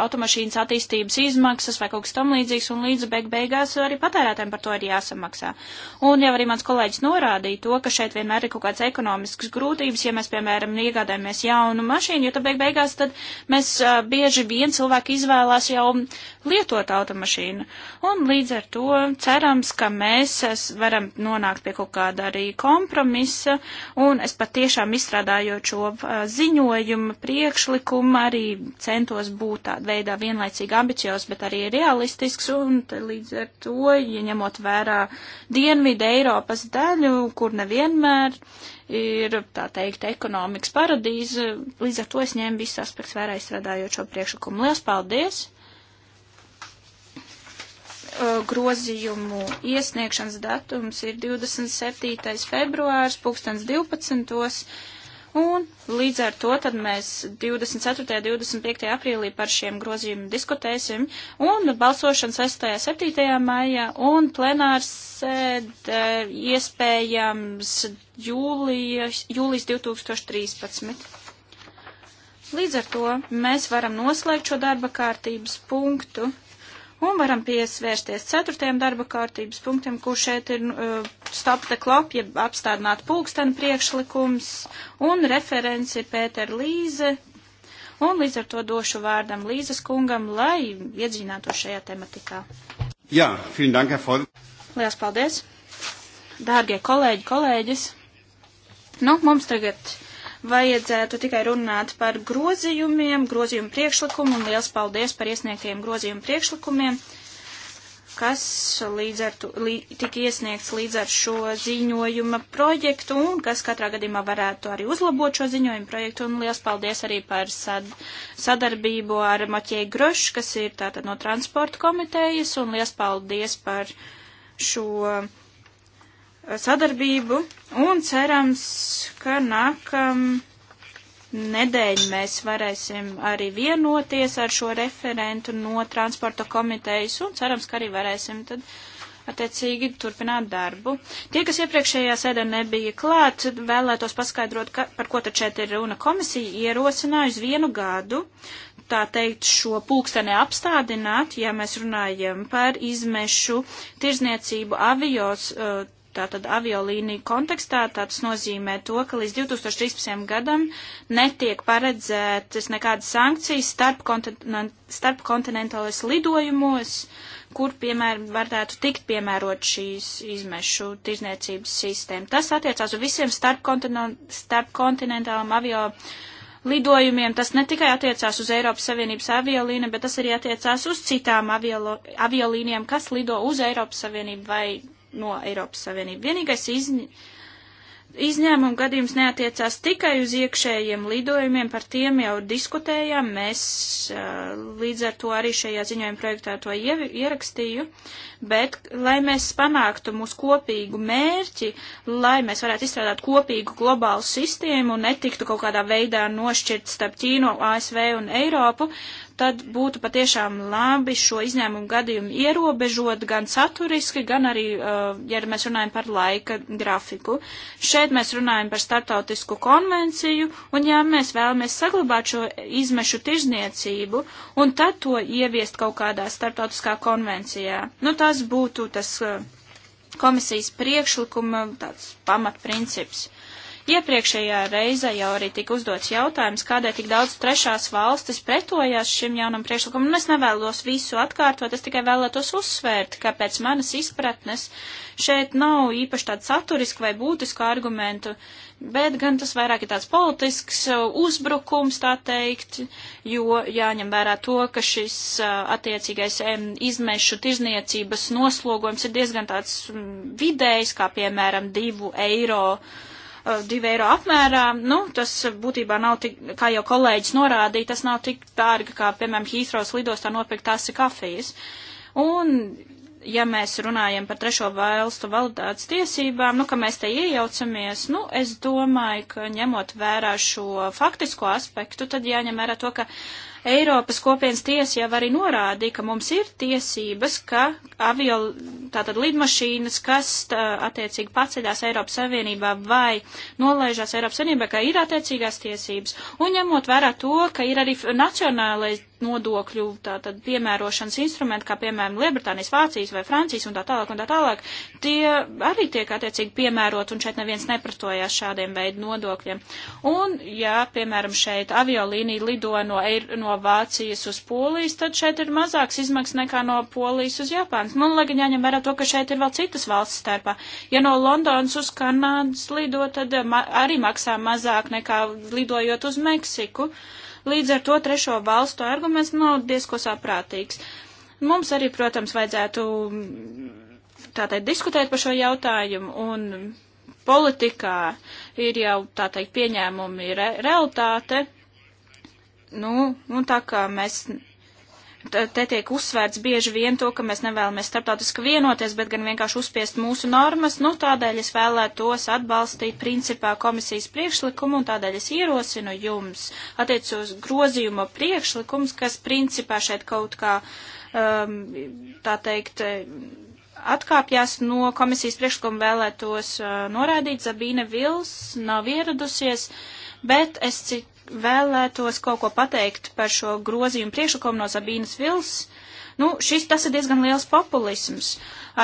automašīnas attīstības izmaksas vai kaut kas tam līdzīgs, un līdz beig beigās arī patērētājiem par to ir jāsamaksā. Un jau arī mans kolēģis norādīja to, ka šeit vienmēr ir kaut kāds ekonomisks grūtības, ja mēs, piemēram, iegādājamies jaunu mašīnu, jo tad beig beigās tad mēs uh, bieži vien cilvēki izvēlās jau lietot automašīnu. Un līdz ar to cerams, ka mēs varam nonākt pie kaut kāda arī kompromisa, un es patiešām izstrādājot šo uh, ziņojumu priekšlikumu arī centos būt tādā veidā vienlaicīgi ambiciozs, bet arī realistisks, un līdz ar to, ja ņemot vērā dienvidu Eiropas daļu, kur nevienmēr ir, tā teikt, ekonomikas paradīze. Līdz ar to es ņēmu visus aspektus vērā izstrādājot šo priekšlikumu. Lielas paldies! Grozījumu iesniegšanas datums ir 27. februārs, 2012. Un līdz ar to tad mēs 24. un 25. aprīlī par šiem grozījumiem diskutēsim, un balsošana 6. un 7. maijā, un plenārs sēde eh, iespējams jūlijas, jūlijas 2013. Līdz ar to mēs varam noslēgt šo darba kārtības punktu. Un varam piesvērsties ceturtajam darba kārtības punktam, kur šeit ir uh, stop the clock, jeb apstādināt pulksteni priekšlikums, un referents ir Pēter Līze, un līdz ar to došu vārdam Līzes kungam, lai iedzinātu šajā tematikā. Jā, vielen dank, Herr Ford. Lielas paldies. Dārgie kolēģi, kolēģis. Nu, mums tagad vajadzētu tikai runāt par grozījumiem, grozījumu priekšlikumu un liels paldies par iesniegtiem grozījumu priekšlikumiem, kas līdz ar tu, lī, tika iesniegts līdz ar šo ziņojuma projektu un kas katrā gadījumā varētu arī uzlabot šo ziņojumu projektu un liels paldies arī par sad, sadarbību ar Maķēju Grošu, kas ir tātad no transporta komitejas un liels paldies par šo sadarbību un cerams, ka nākam nedēļ mēs varēsim arī vienoties ar šo referentu no transporta komitejas un cerams, ka arī varēsim tad attiecīgi turpināt darbu. Tie, kas iepriekšējā sēdē nebija klāt, vēlētos paskaidrot, ka, par ko tad šeit ir runa. Komisija ierosināja uz vienu gadu, tā teikt, šo pulksteni apstādināt, ja mēs runājam par izmešu tirzniecību avijos. Uh, tātad aviolīniju kontekstā, tāds nozīmē to, ka līdz 2013. gadam netiek paredzētas nekādas sankcijas starp, kontinent, starp kontinentālais lidojumos, kur, piemēram, varētu tikt piemērot šīs izmešu tirzniecības sistēma. Tas attiecās uz visiem starp, kontinent, starp kontinentālam avio lidojumiem. Tas ne tikai attiecās uz Eiropas Savienības aviolīnu, bet tas arī attiecās uz citām aviolīnijām, kas lido uz Eiropas Savienību vai no Eiropas Savienības. Vienīgais izņ... izņēmuma gadījums neatiecās tikai uz iekšējiem lidojumiem, par tiem jau diskutējām. Mēs uh, līdz ar to arī šajā ziņojuma projektā to ierakstīju, bet lai mēs panāktu mūsu kopīgu mērķi, lai mēs varētu izstrādāt kopīgu globālu sistēmu un netiktu kaut kādā veidā nošķirt starp Ķīnu, ASV un Eiropu, tad būtu patiešām labi šo izņēmumu gadījumu ierobežot gan saturiski, gan arī, uh, ja mēs runājam par laika grafiku. Šeit mēs runājam par startautisku konvenciju, un ja mēs vēlamies saglabāt šo izmešu tirzniecību, un tad to ieviest kaut kādā startautiskā konvencijā, nu tas būtu tas uh, komisijas priekšlikuma tāds pamatprincips. Iepriekšējā reizē jau arī tika uzdots jautājums, kādēļ tik daudz trešās valstis pretojās šim jaunam priekšlikumam, un nu, es nevēlos visu atkārtot, es tikai vēlētos uzsvērt, ka pēc manas izpratnes šeit nav īpaši tādu saturisku vai būtisku argumentu, bet gan tas vairāk ir tāds politisks uh, uzbrukums, tā teikt, jo jāņem vērā to, ka šis uh, attiecīgais izmešu tirzniecības noslogojums ir diezgan tāds mm, vidējs, kā piemēram divu eiro uh, 2 eh, eiro apmērā. Nu, tas būtībā nav tik, kā jau kolēģis norādīja, tas nav tik dārgi, kā, piemēram, Hītros lidostā nopirkt tasi kafijas. Un, ja mēs runājam par trešo valstu valdātas tiesībām, nu, ka mēs te iejaucamies, nu, es domāju, ka ņemot vērā šo faktisko aspektu, tad jāņem vērā to, ka uh, Eiropas kopienas tiesa jau arī norādīja, ka mums ir tiesības, ka avio, tātad lidmašīnas, kas tā, attiecīgi paceļās Eiropas Savienībā vai nolaižās Eiropas Savienībā, ka ir attiecīgās tiesības. Un ņemot vērā to, ka ir arī nacionālais nodokļu tātad piemērošanas instrumenti, kā piemēram Lielbritānijas, Vācijas vai Francijas un tā tālāk un tā tālāk, tie arī tiek attiecīgi piemērot un šeit neviens nepratojās šādiem veidu nodokļiem. Un, ja, piemēram, šeit aviolīnija lido no, no no Vācijas uz Polijas, tad šeit ir mazāks izmaksas nekā no Polijas uz Japānas. Nu, lai gan jāņem vērā to, ka šeit ir vēl citas valsts starpā. Ja no Londonas uz Kanādas lido, tad eh, ma arī maksā mazāk nekā lidojot uz Meksiku. Līdz ar to trešo valstu arguments nav nu, diezko saprātīgs. Mums arī, protams, vajadzētu mm, tātad diskutēt par šo jautājumu un politikā ir jau, tā teikt, pieņēmumi re realitāte Nu, un tā kā mēs te tiek uzsvērts bieži vien to, ka mēs nevēlamies starptautiski vienoties, bet gan vienkārši uzspiest mūsu normas, nu tādēļ es vēlētos atbalstīt principā komisijas priekšlikumu un tādēļ es ierosinu jums attiecos grozījuma priekšlikums, kas principā šeit kaut kā, um, tā teikt, atkāpjās no komisijas priekšlikuma vēlētos uh, norādīt, Zabīne Vils nav ieradusies, bet es cit vēlētos kaut ko pateikt par šo grozījumu priekšlikumu no Sabīnas Vils. Nu, šis tas ir diezgan liels populisms.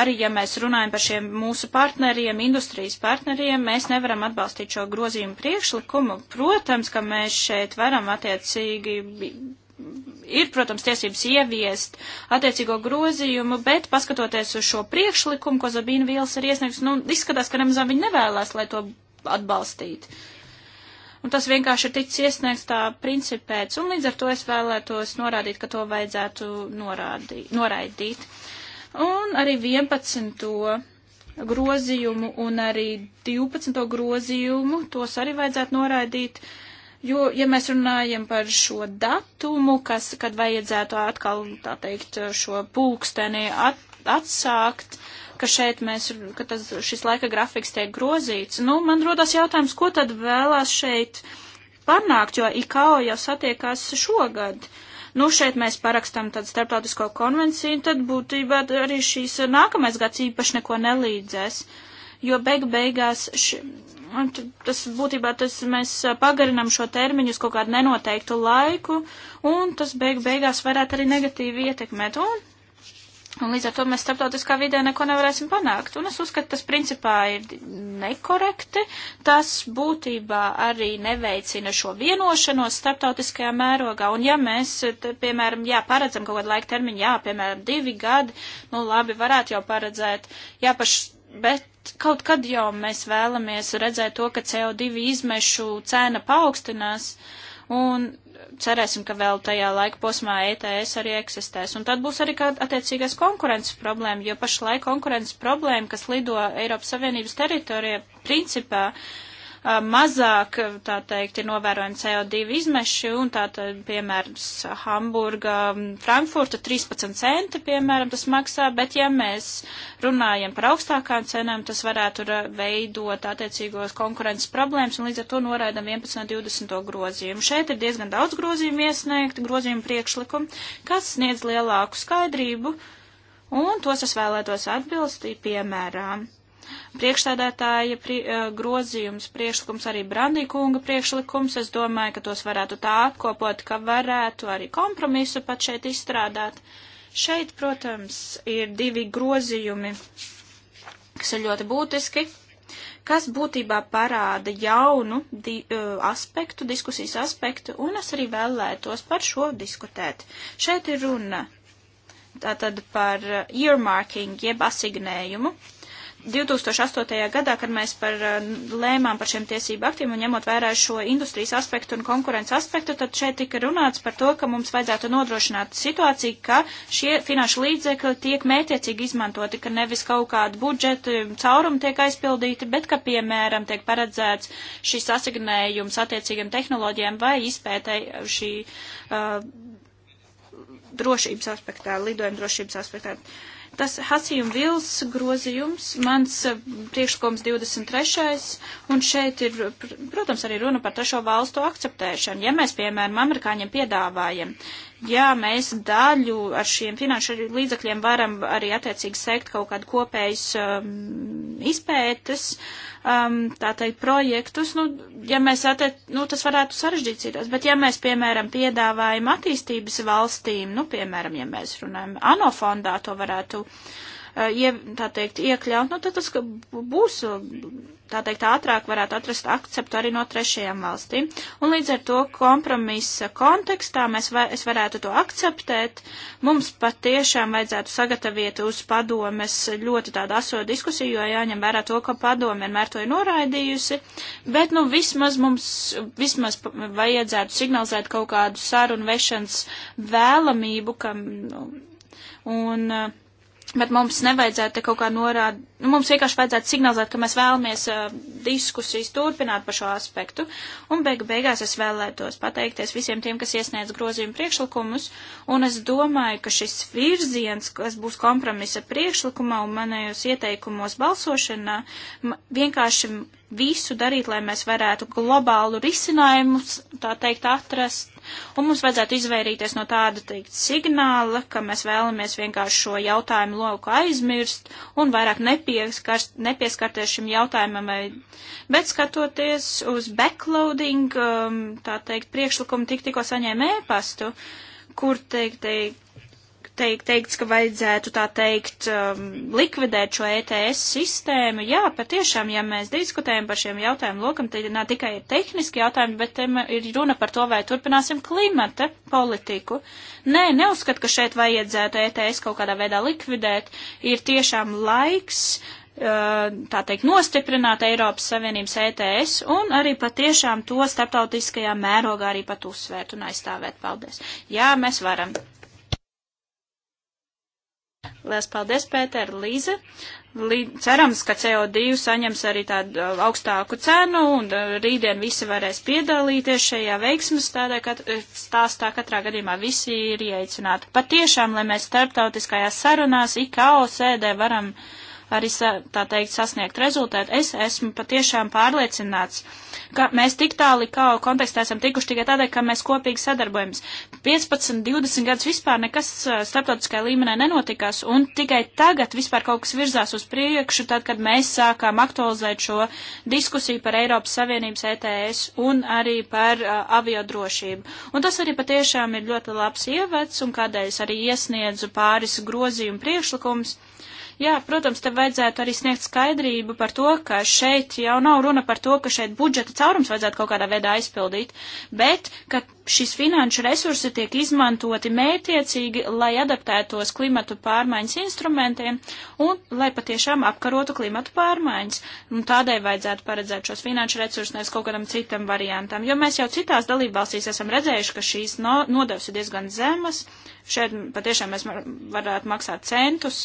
Arī, ja mēs runājam par šiem mūsu partneriem, industrijas partneriem, mēs nevaram atbalstīt šo grozījumu priekšlikumu. Protams, ka mēs šeit varam attiecīgi ir, protams, tiesības ieviest attiecīgo grozījumu, bet paskatoties uz šo priekšlikumu, ko Zabīna Vīls ir iesniegs, nu, izskatās, ka nemazām viņa nevēlas, lai to atbalstītu un tas vienkārši ir ticis iesniegts tā principēts, un līdz ar to es vēlētos norādīt, ka to vajadzētu norādīt, noraidīt. Un arī 11. grozījumu un arī 12. grozījumu tos arī vajadzētu noraidīt, jo, ja mēs runājam par šo datumu, kas, kad vajadzētu atkal, tā teikt, šo pulksteni at, atsākt, ka šeit mēs, ka tas, šis laika grafiks tiek grozīts. Nu, man rodas jautājums, ko tad vēlās šeit panākt, jo IKO jau satiekās šogad. Nu, šeit mēs parakstam tādu starptautisko konvenciju, tad būtībā arī šīs nākamais gads īpaši neko nelīdzēs, jo beig beigās š... tas būtībā tas mēs pagarinam šo termiņu uz kaut kādu nenoteiktu laiku, un tas beig beigās varētu arī negatīvi ietekmēt. Un Un līdz ar to mēs starptautiskā vidē neko nevarēsim panākt. Un es uzskatu, tas principā ir nekorekti. Tas būtībā arī neveicina šo vienošanos starptautiskajā mērogā. Un ja mēs, te, piemēram, jā, paredzam kaut kādu laika termiņu, jā, piemēram, divi gadi, nu labi, varētu jau paredzēt, jā, paš, bet kaut kad jau mēs vēlamies redzēt to, ka CO2 izmešu cena paaugstinās. Un cerēsim, ka vēl tajā laika posmā ETS arī eksistēs. Un tad būs arī kāda attiecīgās konkurences problēma, jo pašlaik konkurences problēma, kas lido Eiropas Savienības teritorijā, principā mazāk, tā teikt, ir novērojami CO2 izmeši, un tātad, piemēram, Hamburga, Frankfurta 13 centi, piemēram, tas maksā, bet ja mēs runājam par augstākām cenām, tas varētu veidot attiecīgos konkurences problēmas, un līdz ar to noraidam 11. un 20. grozījumu. Šeit ir diezgan daudz grozījumu iesniegt, grozījumu priekšlikumu, kas sniedz lielāku skaidrību, un tos es vēlētos atbilstīt, piemēram priekšsēdētāja pri, eh, grozījums, priekšlikums, arī Brandīkunga priekšlikums. Es domāju, ka tos varētu tā apkopot, ka varētu arī kompromisu pat šeit izstrādāt. Šeit, protams, ir divi grozījumi, kas ir ļoti būtiski, kas būtībā parāda jaunu di eh, aspektu, diskusijas aspektu, un es arī vēlētos par šo diskutēt. Šeit ir runa tātad par earmarking, jeb asignējumu, 2008. gadā, kad mēs par, eh, lēmām par šiem tiesību aktiem un ņemot vērā šo industrijas aspektu un konkurences aspektu, tad šeit tika runāts par to, ka mums vajadzētu nodrošināt situāciju, ka šie finanšu līdzekļi tiek mētiecīgi izmantoti, ka nevis kaut kādu budžetu mm, caurumu tiek aizpildīti, bet ka, piemēram, tiek paredzēts šis asignējums attiecīgiem tehnoloģiem vai izpētēji šī uh, drošības aspektā, lidojuma drošības aspektā. Uh, Tas Hasijum Vils grozījums, mans eh, priekšlikums 23. un šeit ir, protams, arī runa par trešo valstu akceptēšanu. Ja mēs, piemēram, amerikāņiem piedāvājam, ja mēs daļu ar šiem finanšu līdzakļiem varam arī attiecīgi sekt kaut kādu kopējus um, ehm, izpētes, um, tā teikt, projektus, nu, ja mēs attiec, nu, tas varētu sarežģīt citās, bet ja mēs, piemēram, piedāvājam attīstības valstīm, nu, piemēram, ja mēs runājam ANO fondā, to varētu Uh, tā teikt, iekļaut, nu, tad tas būs, uh, tā teikt, ātrāk varētu atrast akceptu arī no trešajām valstīm. Un līdz ar to kompromisa kontekstā mēs var, es varētu to akceptēt. Mums patiešām vajadzētu sagatavot uz padomes ļoti tādu aso diskusiju, jo jāņem vērā to, ka padome vienmēr to ir noraidījusi. Bet, nu, vismaz mums, vismaz vajadzētu signalizēt kaut kādu sarunu vešanas vēlamību, kam, nu, un, uh, Bet mums nevajadzētu kaut kā norādīt, nu, mums vienkārši vajadzētu signalizēt, ka mēs vēlamies uh, diskusijas turpināt par šo aspektu. Un beigu beigās es vēlētos pateikties visiem tiem, kas iesniedz grozījumu priekšlikumus. Un es domāju, ka šis virziens, kas būs kompromisa priekšlikumā un manējos ieteikumos balsošanā, vienkārši visu darīt, lai mēs varētu globālu risinājumus, tā teikt, atrast Un mums vajadzētu izvairīties no tāda, teikt, signāla, ka mēs vēlamies vienkārši šo jautājumu lauku aizmirst un vairāk nepieskarst, nepieskarties šim jautājumam, bet skatoties uz backloading, um, tā teikt, priekšlikumu tik tikko saņēma ēpastu, kur, teikt, teikt, teik, teikts, ka vajadzētu tā teikt um, likvidēt šo ETS sistēmu. Jā, patiešām, ja mēs diskutējam par šiem jautājumu lokam, tad ne tikai ir tehniski jautājumi, bet ir runa par to, vai turpināsim klimata politiku. Nē, neuzskat, ka šeit vajadzētu ETS kaut kādā veidā likvidēt. Ir tiešām laiks uh, tā teikt, nostiprināt Eiropas Savienības ETS un arī patiešām to starptautiskajā mērogā arī pat uzsvērt un aizstāvēt. Paldies! Jā, mēs varam. Lielas paldies, Pēter, Līze. Lī, cerams, ka CO2 saņems arī tādu uh, augstāku cenu un uh, rītdien visi varēs piedalīties šajā veiksmas tādā kat uh, stāstā. Katrā gadījumā visi ir ieicināti. Pat tiešām, lai mēs starptautiskajās sarunās IKO sēdē varam uh, arī, tā teikt, sasniegt rezultātu. Es esmu patiešām pārliecināts, ka mēs tik tālu kā kontekstā esam tikuši tikai tādēļ, ka mēs kopīgi sadarbojamies. 15, 20 gadus vispār nekas uh, starptautiskajā līmenī nenotikās, un tikai tagad vispār kaut kas virzās uz priekšu, tad, kad mēs sākām aktualizēt šo diskusiju par Eiropas Savienības ETS un arī par uh, aviodrošību. Un tas arī patiešām ir ļoti labs ievads, un kādēļ es arī iesniedzu pāris grozījumu priekšlikumus Jā, protams, te vajadzētu arī sniegt skaidrību par to, ka šeit jau nav runa par to, ka šeit budžeta caurums vajadzētu kaut kādā veidā aizpildīt, bet ka šis finanšu resursi tiek izmantoti mētiecīgi, lai adaptētos klimatu pārmaiņas instrumentiem un lai patiešām apkarotu klimatu pārmaiņas. Un tādēļ vajadzētu paredzēt šos finanšu resursus nevis kaut kādam citam variantam, jo mēs jau citās dalībvalstīs esam redzējuši, ka šīs no, nodevs ir diezgan zemas Šeit patiešām mēs varētu maksāt centus.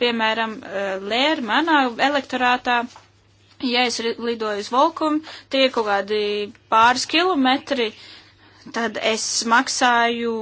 Piemēram, eh, Lēra manā elektorātā, ja es lidoju uz Volkumu, tie ir kaut kādi pāris kilometri, tad es maksāju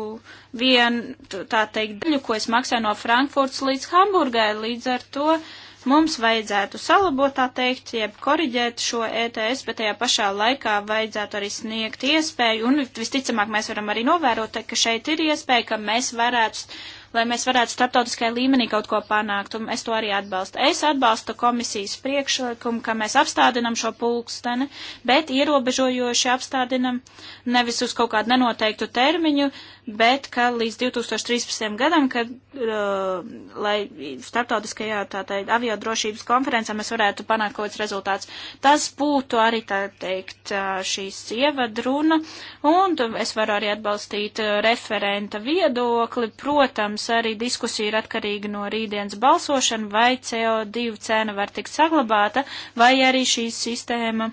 vienu, tā teikt, daļu, ko es maksāju no Frankfurts līdz Hamburgai, līdz ar to. Uh, Mums vajadzētu salabot, tā teikt, jeb koriģēt šo ETS, bet tajā pašā laikā vajadzētu arī sniegt iespēju, un visticamāk mēs varam arī novērot, ka šeit ir iespēja, ka mēs varētu lai mēs varētu starptautiskajā līmenī kaut ko panākt, un es to arī atbalstu. Es atbalstu komisijas priekšlikumu, ka mēs apstādinam šo pulksteni, bet ierobežojoši apstādinam nevis uz kaut kādu nenoteiktu termiņu, bet ka līdz 2013. gadam, kad, uh, lai starptautiskajā tātad aviodrošības konferencē mēs varētu panākt kaut kāds rezultāts. Tas būtu arī tā teikt uh, šīs ievadruna, un es varu arī atbalstīt uh, referenta viedokli, protams, arī diskusija ir atkarīga no rītdienas balsošana, vai CO2 cena var tikt saglabāta, vai arī šī sistēma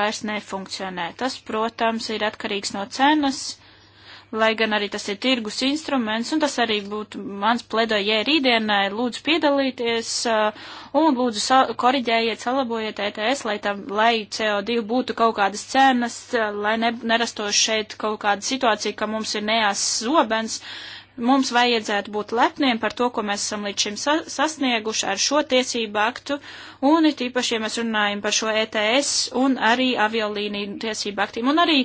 vairs nefunkcionē. Tas, protams, ir atkarīgs no cenas, lai gan arī tas ir tirgus instruments, un tas arī būtu mans pledojē rītdienai, lūdzu piedalīties uh, un lūdzu sa koriģējiet, salabojiet ETS, lai, tam, lai CO2 būtu kaut kādas cenas, uh, lai ne, nerastos šeit kaut kāda situācija, ka mums ir neās zobens, Mums vajadzētu būt lepniem par to, ko mēs esam līdz šim sa sasnieguši ar šo tiesību aktu, un it īpaši, ja mēs runājam par šo ETS un arī aviolīniju tiesību aktiem, un arī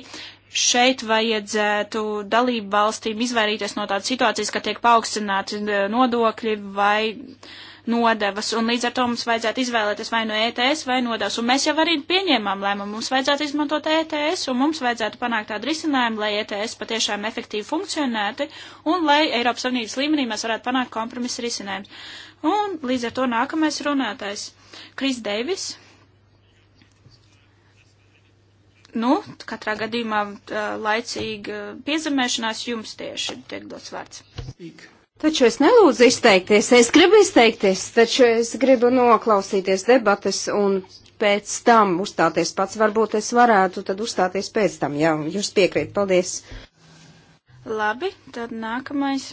šeit vajadzētu dalību valstīm izvairīties no tādas situācijas, ka tiek paaugstināti eh, nodokļi vai uh, nodevas, un līdz ar to mums vajadzētu izvēlēties vai no nu ETS vai nodevas, un mēs jau arī pieņēmām lēmumu, mums vajadzētu izmantot ETS, un mums vajadzētu panākt tādu risinājumu, lai ETS patiešām efektīvi funkcionētu, un lai Eiropas Savienības līmenī mēs varētu panākt kompromisu risinājumus. Un līdz ar to nākamais runātais - Kris Deivis. Nu, katrā gadījumā uh, laicīga piezemēšanās jums tieši tiek dots vārds. Speak. Taču es nelūdzu izteikties, es gribu izteikties, taču es gribu noklausīties debates un pēc tam uzstāties pats. Varbūt es varētu tad uzstāties pēc tam, jā, jūs piekrīt, paldies. Labi, tad nākamais.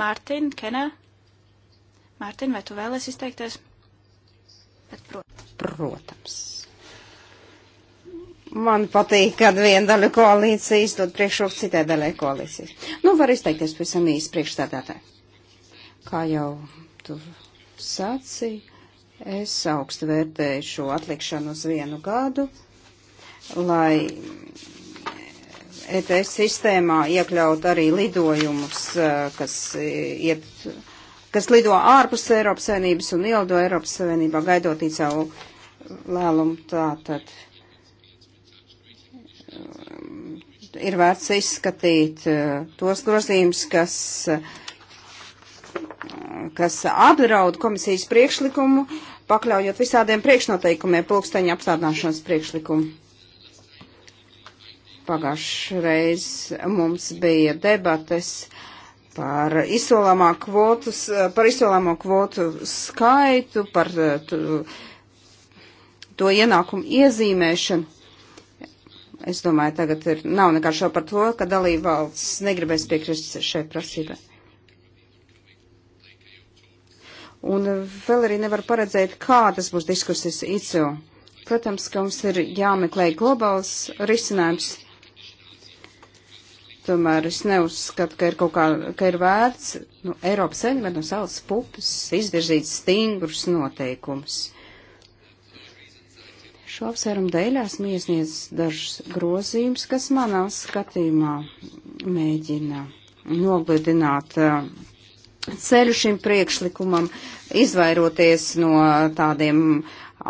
Mārtiņ, Kenē. Mārtiņ, vai tu vēlies izteikties? Bet, protams. protams. Man patīk, kad viena daļa koalīcija izdod priekšroku citai daļai koalīcijas. Nu, var izteikties pavisam īsi priekšstādātāji. Kā jau tu sacīji, es augstu vērtēju šo atlikšanu uz vienu gadu, lai ETS sistēmā iekļaut arī lidojumus, eh, kas, iet, kas lido ārpus Eiropas Savienības un ielido Eiropas Savienībā, gaidot savu lēlumu. Tātad eh, ir vērts izskatīt eh, tos grozījumus, kas kas apdraud komisijas priekšlikumu, pakļaujot visādiem priekšnoteikumiem pulksteņa apstādināšanas priekšlikumu. Pagājušreiz mums bija debates par izsolamā kvotus, par izsolāmo kvotu skaitu, par eh, to, to ienākumu iezīmēšanu. Es domāju, tagad ir, nav nekā šo par to, ka dalībvalsts negribēs piekrist šai prasībai. Un vēl arī nevar paredzēt, kādas būs diskusijas ICO. Protams, ka mums ir jāmeklē globāls risinājums. Tomēr es neuzskatu, ka ir kaut kā, ka ir vērts nu, Eiropas Savienībai no savas pupas izvirzīt stingrus noteikumus. Šo apsvērumu dēļ esmu iesniedzis dažus grozījumus, kas manā skatījumā mēģina noglidināt uh, ceļu šim priekšlikumam, izvairoties no tādiem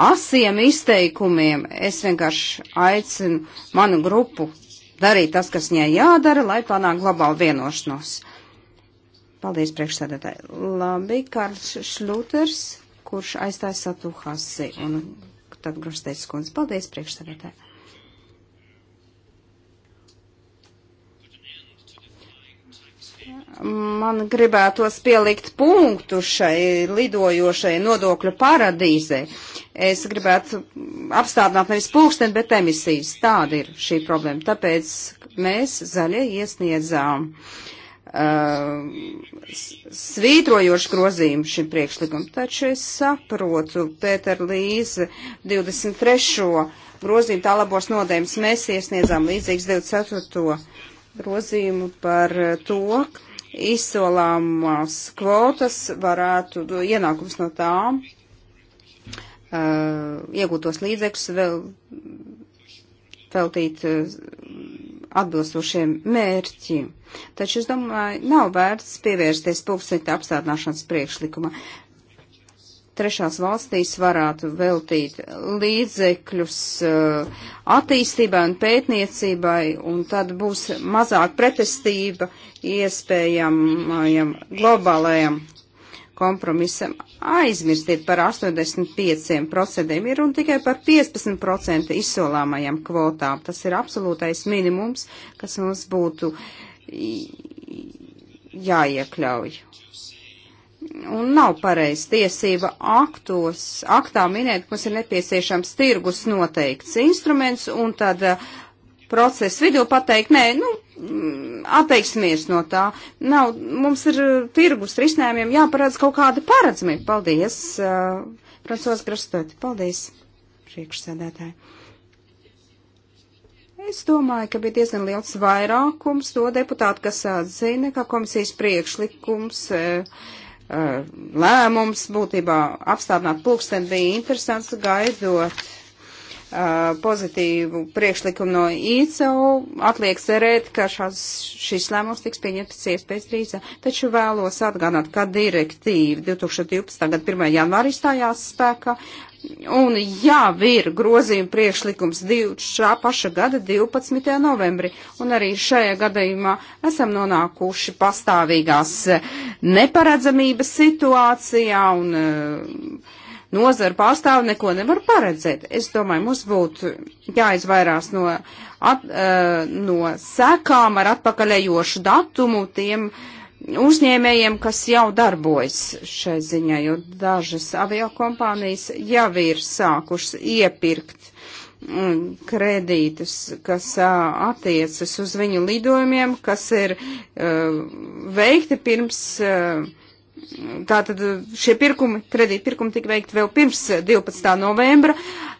asiem izteikumiem. Es vienkārši aicinu manu grupu darīt tas, kas viņai jādara, lai panāk globālu vienošanos. Paldies priekšsēdētāji. Labi, Karls Šļūters, kurš aizstāja Satu Hasi un tad Grosteiskundze. Paldies priekšsēdētāji. Man gribētos pielikt punktu šai lidojošai nodokļu paradīzē. Es gribētu apstādināt nevis pulksteni, bet emisijas. Tāda ir šī problēma. Tāpēc mēs zaļie iesniedzām uh, svītrojošu grozījumu šim priekšlikumam. Taču es saprotu, Pēter Līze 23. grozījumu tā labos nodējums mēs iesniedzām līdzīgs 24. grozījumu par to, ka izsolāmās kvotas varētu, ienākums no tām, uh, iegūtos līdzekļus vēl veltīt uh, atbilstošiem mērķiem. Taču es domāju, nav vērts pievērsties pulksteņa apstādināšanas priekšlikuma trešās valstīs varētu veltīt līdzekļus uh, attīstībai un pētniecībai, un tad būs mazāk pretestība iespējamajam globālajam kompromisam. Aizmirstiet par 85% ir un tikai par 15% izsolāmajam kvotām. Tas ir absolūtais minimums, kas mums būtu jāiekļauj un nav pareizi tiesība aktos, aktā minēt, ka mums ir nepieciešams tirgus noteikts instruments, un tad eh, procesa vidū pateikt, nē, nu, mm, atteiksimies no tā. Nav, mums ir eh, tirgus risinājumiem jāparādz kaut kāda paredzmi. Paldies, uh, eh, Francos Grastoti, paldies, priekšsēdētāji. Es domāju, ka bija diezgan liels vairākums to deputātu, kas atzina, ka komisijas priekšlikums uh, Eh, lēmums būtībā apstādināt pulksteni bija interesants gaidot pozitīvu priekšlikumu no ICAU, e atliek cerēt, ka šās, šis lēmums tiks pieņemts iespējas drīzāk. Taču vēlos atgādināt, ka direktīva 2012. gada 1. janvārī stājās spēkā. Un jā, ir grozījuma priekšlikums div, šā paša gada 12. novembrī, un arī šajā gadījumā esam nonākuši pastāvīgās neparedzamības situācijā un uh, nozara pārstāvi neko nevar paredzēt. Es domāju, mums būtu jāizvairās no, at, uh, no sekām ar atpakaļējošu datumu tiem uzņēmējiem, kas jau darbojas šai ziņā, jo dažas aviokompānijas jau ir sākušas iepirkt mm, kredītus, kas attiecas uz viņu lidojumiem, kas ir uh, veikti pirms uh, Tātad šie pirkumi, kredīti pirkumi tika veikti vēl pirms 12. novembra,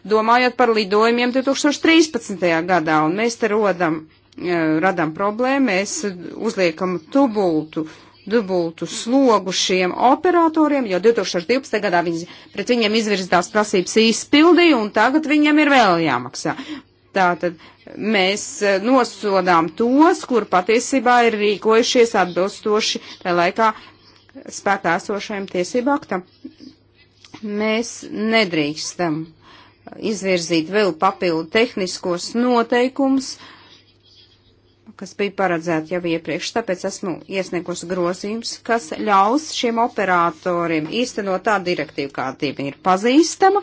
domājot par lidojumiem 2013. gadā, un mēs te rodam, e, radam problēmu, mēs uzliekam dubultu, dubultu slogu šiem operatoriem, jo 2012. gadā viņi, pret viņiem izvirzītās prasības izpildīja, un tagad viņiem ir vēl jāmaksā. Tātad mēs e, nosodām tos, kur patiesībā ir rīkojušies atbilstoši tajā laikā spēkā esošajam tiesību aktam. Mēs nedrīkstam izvirzīt vēl papildu tehniskos noteikumus, kas bija paredzēti jau iepriekš, tāpēc esmu iesniegus grozījums, kas ļaus šiem operatoriem īstenot tā direktīvu, kā tie ir pazīstama,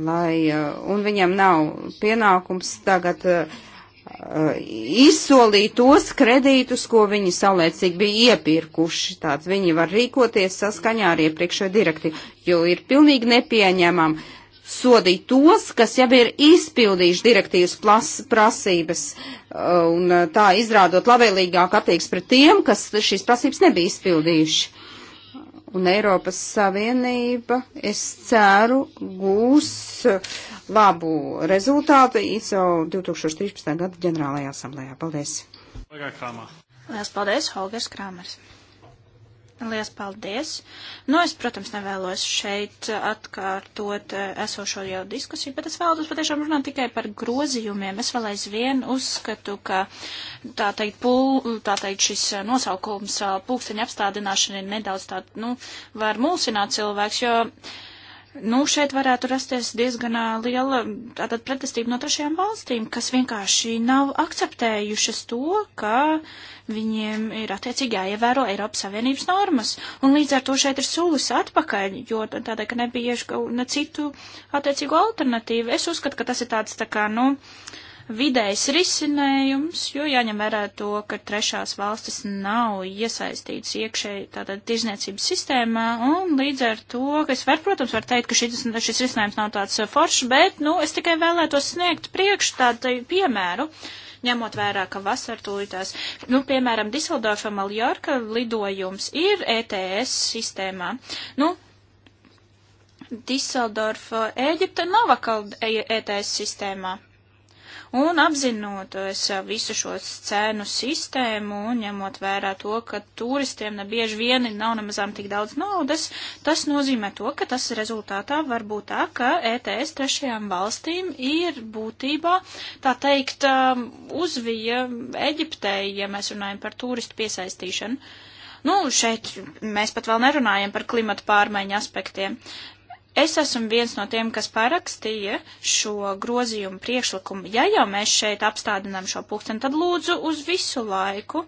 lai, uh, un viņam nav pienākums tagad uh, Uh, izsolīt tos kredītus, ko viņi saulēcīgi bija iepirkuši. Tāds viņi var rīkoties saskaņā ar iepriekšējo direktīvu, jo ir pilnīgi nepieņemam sodīt tos, kas jau ir izpildījuši direktīvas plas, prasības uh, un uh, tā izrādot labvēlīgāk attieks pret tiem, kas šīs prasības nebija izpildījuši un Eiropas Savienība, es ceru, gūs labu rezultātu ISO 2013. gada ģenerālajā asamblējā. Paldies! Lielas paldies, Holgers Krāmers! Lielas paldies! Nu, es, protams, nevēlos šeit atkārtot eh, esošo jau diskusiju, bet es vēlos patiešām runāt tikai par grozījumiem. Es vēl aizvien uzskatu, ka tā teikt, pul, tā teikt šis eh, nosaukums eh, pulksteņa apstādināšana ir nedaudz tāda, nu, var mulsināt cilvēks, jo. Nu, šeit varētu rasties diezgan liela tātad pretestība no trešajām valstīm, kas vienkārši nav akceptējušas to, ka uh, Viņiem ir attiecīgi jāievēro Eiropas Savienības normas, un līdz ar to šeit ir solis atpakaļ, jo tādēļ, ka nebija ne citu attiecīgo alternatīvu. Es uzskatu, ka tas ir tāds tā kā, nu, vidējs risinējums, jo jāņem vērā to, ka trešās valstis nav iesaistītas iekšēji tātad tirzniecības sistēmā, un līdz ar to, ka es varu, protams, var teikt, ka šis, šis risinājums nav tāds foršs, bet, nu, es tikai vēlētos sniegt priekš tādu piemēru. Uh, ņemot vērā, ka vasar tūlītās, nu, piemēram, Diseldorfa Maljorka lidojums ir ETS sistēmā. Nu, Diseldorfa Ēģipte nav atkal ETS sistēmā. Un apzinoties visu šo cēnu sistēmu un ņemot vērā to, ka turistiem ne bieži vieni nav nemazām tik daudz naudas, tas nozīmē to, ka tas rezultātā var būt tā, ka ETS trešajām valstīm ir būtībā, tā teikt, um, uzvija Eģiptei, ja mēs runājam par turistu piesaistīšanu. Nu, šeit mēs pat vēl nerunājam par klimatu pārmaiņu aspektiem. Es esmu viens no tiem, kas parakstīja šo grozījumu priekšlikumu. Ja jau mēs šeit apstādinām šo pulksteni, tad lūdzu uz visu laiku.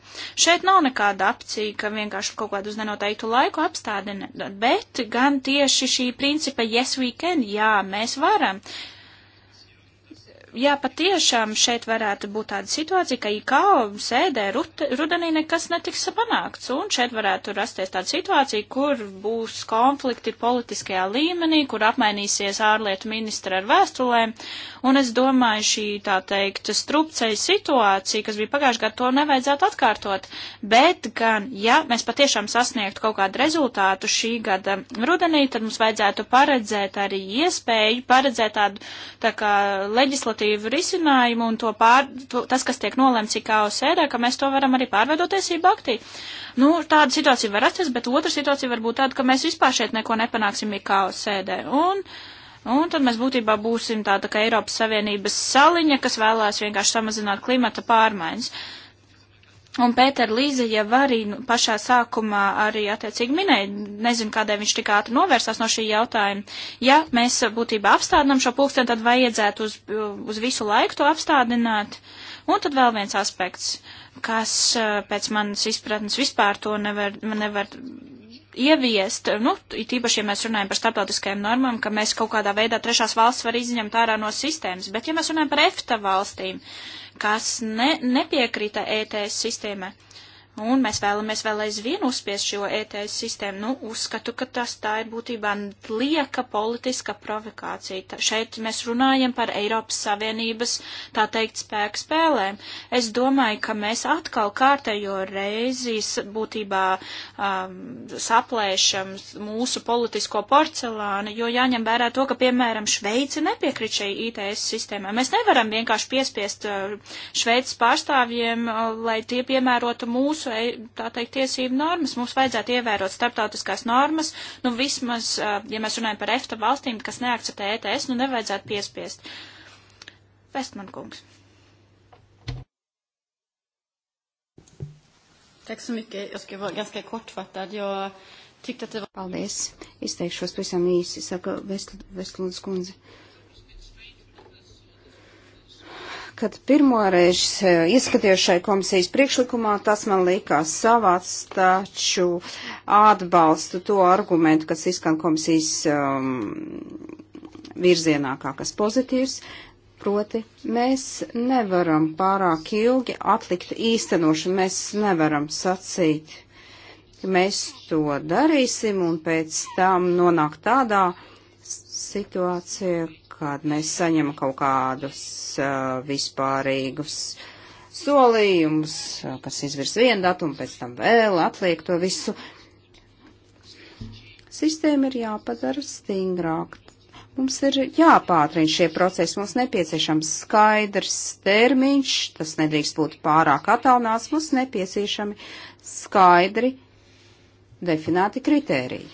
Šeit nav nekāda apcija, ka vienkārši kaut kādu uz nenoteiktu laiku apstādināt, bet gan tieši šī principa yes we can, jā, mēs varam. Uh, jā, patiešām šeit varētu būt tāda situācija, ka IKO sēdē rut, rudenī nekas netiks panākts, un šeit varētu rasties tāda situācija, kur būs konflikti politiskajā līmenī, kur apmainīsies ārlietu ministra ar vēstulēm, Un es domāju, šī tā teikt strupceļa situācija, kas bija pagājušajā gadā, to nevajadzētu atkārtot. Bet gan, ja mēs patiešām sasniegtu kaut kādu rezultātu šī gada rudenī, tad mums vajadzētu paredzēt arī iespēju, paredzēt tādu tā kā leģislatīvu risinājumu un to pār, to, tas, kas tiek nolemts IKO sēdē, ka mēs to varam arī pārvedot tiesību aktī. Nu, tāda situācija var rasties, bet otra situācija var būt tāda, ka mēs vispār šeit neko nepanāksim IKO sēdē. Un, uh, Un tad mēs būtībā būsim tāda kā Eiropas Savienības saliņa, kas vēlēs vienkārši samazināt klimata pārmaiņas. Un Pēter Līze jau arī nu, pašā sākumā arī attiecīgi minēja, nezinu, kādēļ viņš tik ātri novērsās no šī jautājuma. Ja mēs būtībā apstādinām šo pulksteni, tad vajadzētu uz, uz visu laiku to apstādināt. Un tad vēl viens aspekts, kas eh, pēc manas izpratnes vispār to nevar, nevar ieviest, nu, tīpaši, ja mēs runājam par starptautiskajām normām, ka mēs kaut kādā veidā trešās valsts var izņemt ārā no sistēmas, bet ja mēs runājam par EFTA valstīm, kas ne, nepiekrita ETS sistēmai, un mēs vēlamies vēl aizvien uzspies šo ETS sistēmu, nu, uzskatu, ka tas tā ir būtībā lieka politiska provokācija. Tā, šeit mēs runājam par Eiropas Savienības, tā teikt, spēku spēlēm. Es domāju, ka mēs atkal kārtējo reizis būtībā um, saplēšam mūsu politisko porcelānu, jo jāņem vērā to, ka, piemēram, Šveice nepiekrīt šai ITS sistēmai. Mēs nevaram vienkārši piespiest uh, Šveices pārstāvjiem, uh, lai tie piemērotu mūsu mūsu, tā teikt, tiesību normas. Mums vajadzētu ievērot starptautiskās normas. Nu, vismaz, ja mēs runājam par EFTA valstīm, kas neakceptē ETS, nu, nevajadzētu piespiest. Vestman kungs. Tack så mycket. Jag ska vara ganska kortfattad. Jag tyckte att det var... Paldies. Izteikšos pavisam īsi, saka Vestlunds kundze. Uh, Kad pirmoreiz eh, ieskatīju šai komisijas priekšlikumā, tas man likās savāds, taču atbalstu to argumentu, kas izskan komisijas um, virzienā kā kas pozitīvs. Proti, mēs nevaram pārāk ilgi atlikt īstenošanu, mēs nevaram sacīt, ka mēs to darīsim un pēc tam nonāk tādā situācijā, kad mēs saņemam kaut kādus uh, vispārīgus solījumus, kas izvirs vienu datumu, pēc tam vēl atliek to visu. Sistēma ir jāpadara stingrāk. Mums ir jāpātrina šie procesi, mums nepieciešams skaidrs termiņš, tas nedrīkst būt pārāk attālināts, mums nepieciešami skaidri definēti kritēriji.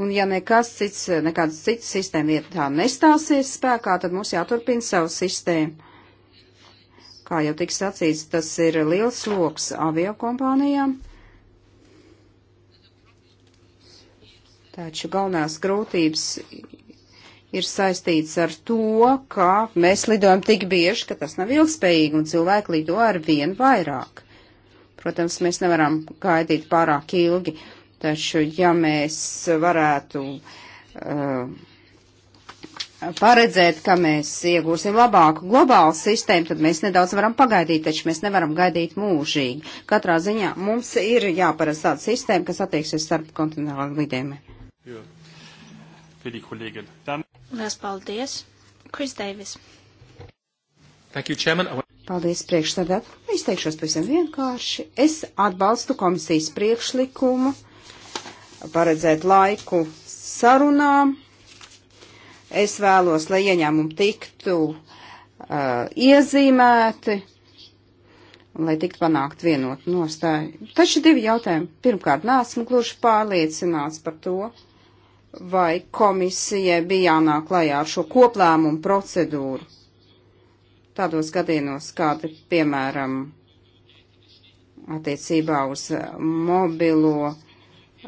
Un ja nekas cits, nekādas citas sistēma vietā nestāsies spēkā, tad mums jāturpina savu sistēmu. Kā jau tika sacīts, tas ir liels sloks aviokompānijām. Taču galvenās grūtības ir saistīts ar to, ka mēs lidojam tik bieži, ka tas nav ilgspējīgi un cilvēki lido ar vien vairāk. Protams, mēs nevaram gaidīt pārāk ilgi. Uh, Taču, ja mēs varētu uh, paredzēt, ka mēs iegūsim labāku globālu sistēmu, tad mēs nedaudz varam pagaidīt, taču mēs nevaram gaidīt mūžīgi. Katrā ziņā mums ir jāparedz tāda sistēma, kas attieksies starp kontinentālām lidēm. Lielas paldies! Kris Deivis. Thank you, Chairman. Paldies priekšstādāt. Izteikšos pavisam vienkārši. Es atbalstu komisijas priekšlikumu paredzēt laiku sarunām. Es vēlos, lai ieņēmumi tiktu uh, iezīmēti, lai tiktu panākt vienotu nostāju. Taču divi jautājumi. Pirmkārt, neesmu gluži pārliecināts par to, vai komisijai bija jānāk klajā ar šo koplēmumu procedūru. Tādos gadījumos, kādi, piemēram, attiecībā uz mobilo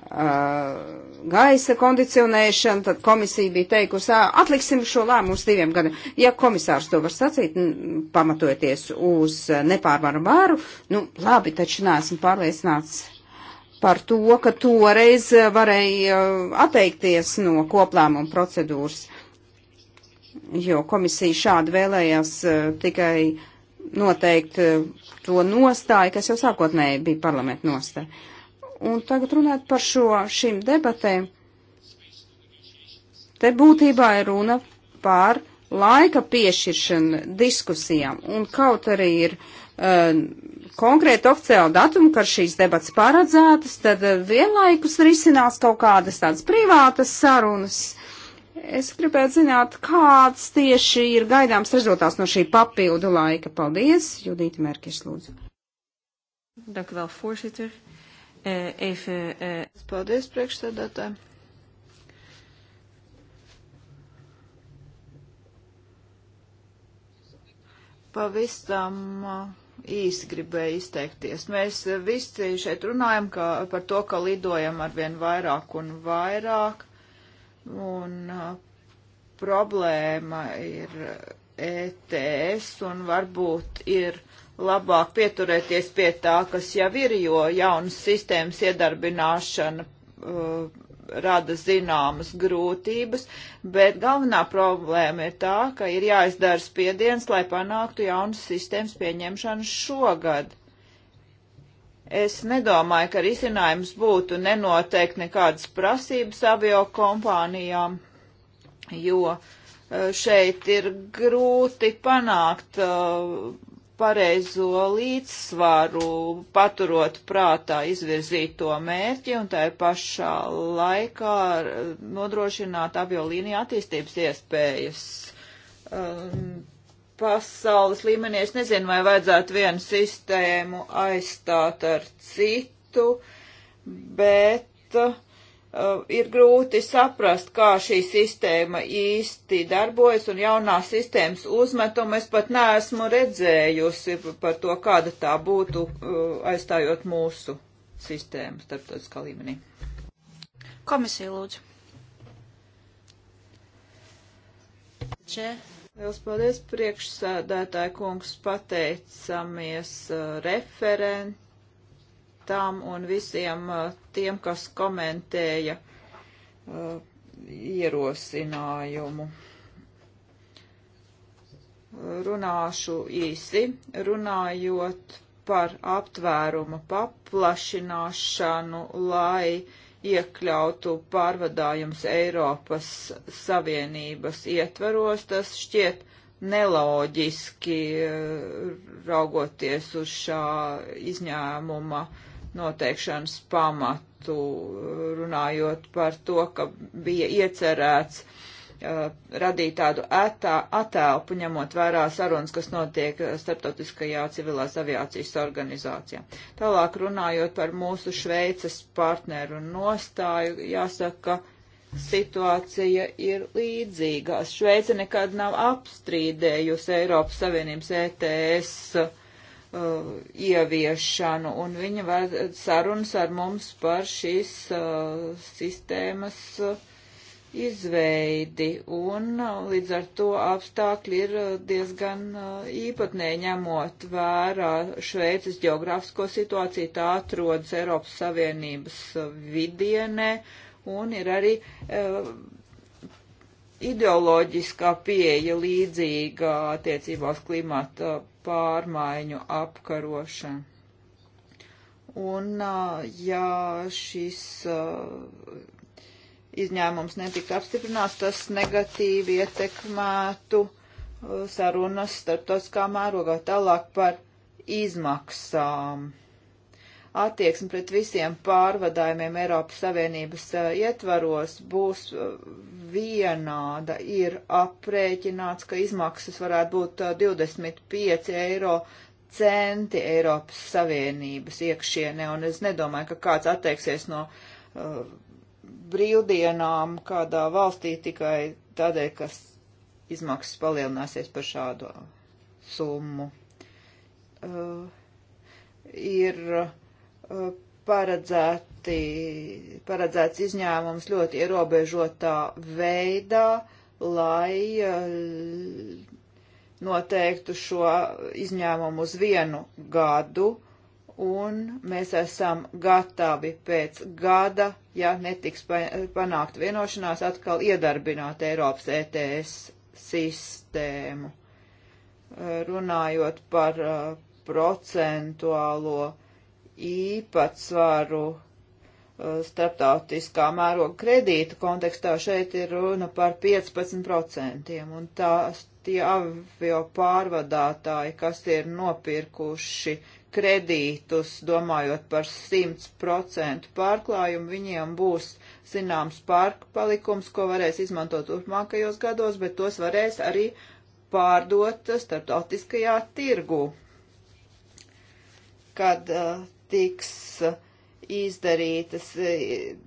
Uh, gaisa kondicionēšanu, tad komisija bija teikusi, atliksim šo lēmumu uz diviem gadiem. Ja komisārs to var sacīt, pamatojoties uz uh, nepārvaru vāru, nu labi, taču neesmu pārliecināts par to, ka toreiz uh, varēja atteikties no koplēmuma procedūras, jo komisija šādi vēlējās tikai noteikt to nostāju, kas jau sākotnēji bija parlamenta nostāja. Un tagad runāt par šo, šīm debatēm. Te būtībā ir runa par laika piešķiršanu diskusijām, un kaut arī ir uh, konkrēti oficiāli datumi, kad šīs debats paredzētas, tad eh, vienlaikus risinās kaut kādas tādas privātas sarunas. Es gribētu zināt, kāds tieši ir gaidāms rezultāts no šī papildu laika. Paldies, Judīte Merkis, lūdzu. Dank u wel, voorzitter. Uh, Efe. Eh, eh. Paldies, priekšsēdētāji. Pavisam eh, īsi gribēju izteikties. Mēs visi šeit runājam ka, par to, ka lidojam arvien vairāk un vairāk, un problēma ir ETS, e un varbūt ir labāk pieturēties pie tā, kas jau ir, jo jaunas sistēmas iedarbināšana uh, rada zināmas grūtības, bet galvenā problēma ir tā, ka ir jāizdara spiediens, lai panāktu jaunas sistēmas pieņemšanu šogad. Es nedomāju, ka risinājums būtu nenoteikt nekādas prasības avio kompānijām, jo uh, šeit ir grūti panākt uh, pareizo līdzsvaru, paturot prātā izvirzīto mērķi un tai pašā laikā nodrošināt aviolīniju attīstības iespējas. Um, pasaules līmenī es nezinu, vai vajadzētu vienu sistēmu aizstāt ar citu, bet uh, Uh, ir grūti saprast, kā šī sistēma īsti darbojas, un jaunā sistēmas uzmetuma es pat neesmu redzējusi par to, kāda tā būtu uh, aizstājot mūsu sistēmu starptautiskā līmenī. Komisija lūdzu. Če. Liels paldies priekšsēdētāji kungs, pateicamies uh, referent tam un visiem eh, tiem, kas komentēja uh, ierosinājumu. Runāšu īsi, runājot par aptvērumu paplašināšanu, lai iekļautu pārvadājums Eiropas Savienības ietvaros, tas šķiet neloģiski eh, raugoties uz šā izņēmuma uh, noteikšanas pamatu, runājot par to, ka bija iecerēts uh, radīt tādu attēlpu, ņemot vērā sarunas, kas notiek uh, starptautiskajā civilās aviācijas organizācijā. Tālāk runājot par mūsu Šveices partneru nostāju, jāsaka, ka situācija ir līdzīga. Šveice nekad nav apstrīdējusi Eiropas Savienības ETS uh, uh, ieviešanu, un viņa vēd sarunas ar mums par šīs uh, sistēmas uh, izveidi, un uh, līdz ar to apstākļi ir uh, diezgan uh, īpatnēji ņemot vērā Šveices geogrāfisko situāciju, tā atrodas Eiropas Savienības vidienē, un ir arī ideoloģiskā pieeja līdzīga attiecībā uz klimata pārmaiņu apkarošanu. Un, ja šis izņēmums netika apstiprināts, tas negatīvi ietekmētu sarunas starptautiskā mērogā tālāk par izmaksām attieksme pret visiem pārvadājumiem Eiropas Savienības uh, ietvaros būs uh, vienāda. Ir aprēķināts, ka izmaksas varētu būt uh, eh, 25 eiro centi Eiropas Savienības iekšienē, un es nedomāju, ka kāds atteiksies no brīvdienām kādā valstī tikai tādēļ, ka izmaksas palielināsies par šādu summu. Uh, ir uh, paredzēti, paredzēts izņēmums ļoti ierobežotā veidā, lai eh, noteiktu šo izņēmumu uz vienu gadu, un mēs esam gatavi pēc gada, ja netiks panākt vienošanās, atkal iedarbināt Eiropas ETS sistēmu. Eh, runājot par eh, procentuālo īpatsvaru uh, starptautiskā mēroga kredītu kontekstā šeit ir runa par 15%, un tās tie avio pārvadātāji, kas ir nopirkuši kredītus, domājot par 100% pārklājumu, viņiem būs zināms pārpalikums, ko varēs izmantot turpmākajos gados, bet tos varēs arī pārdot starptautiskajā tirgu. Kad uh, tiks eh, izdarītas eh,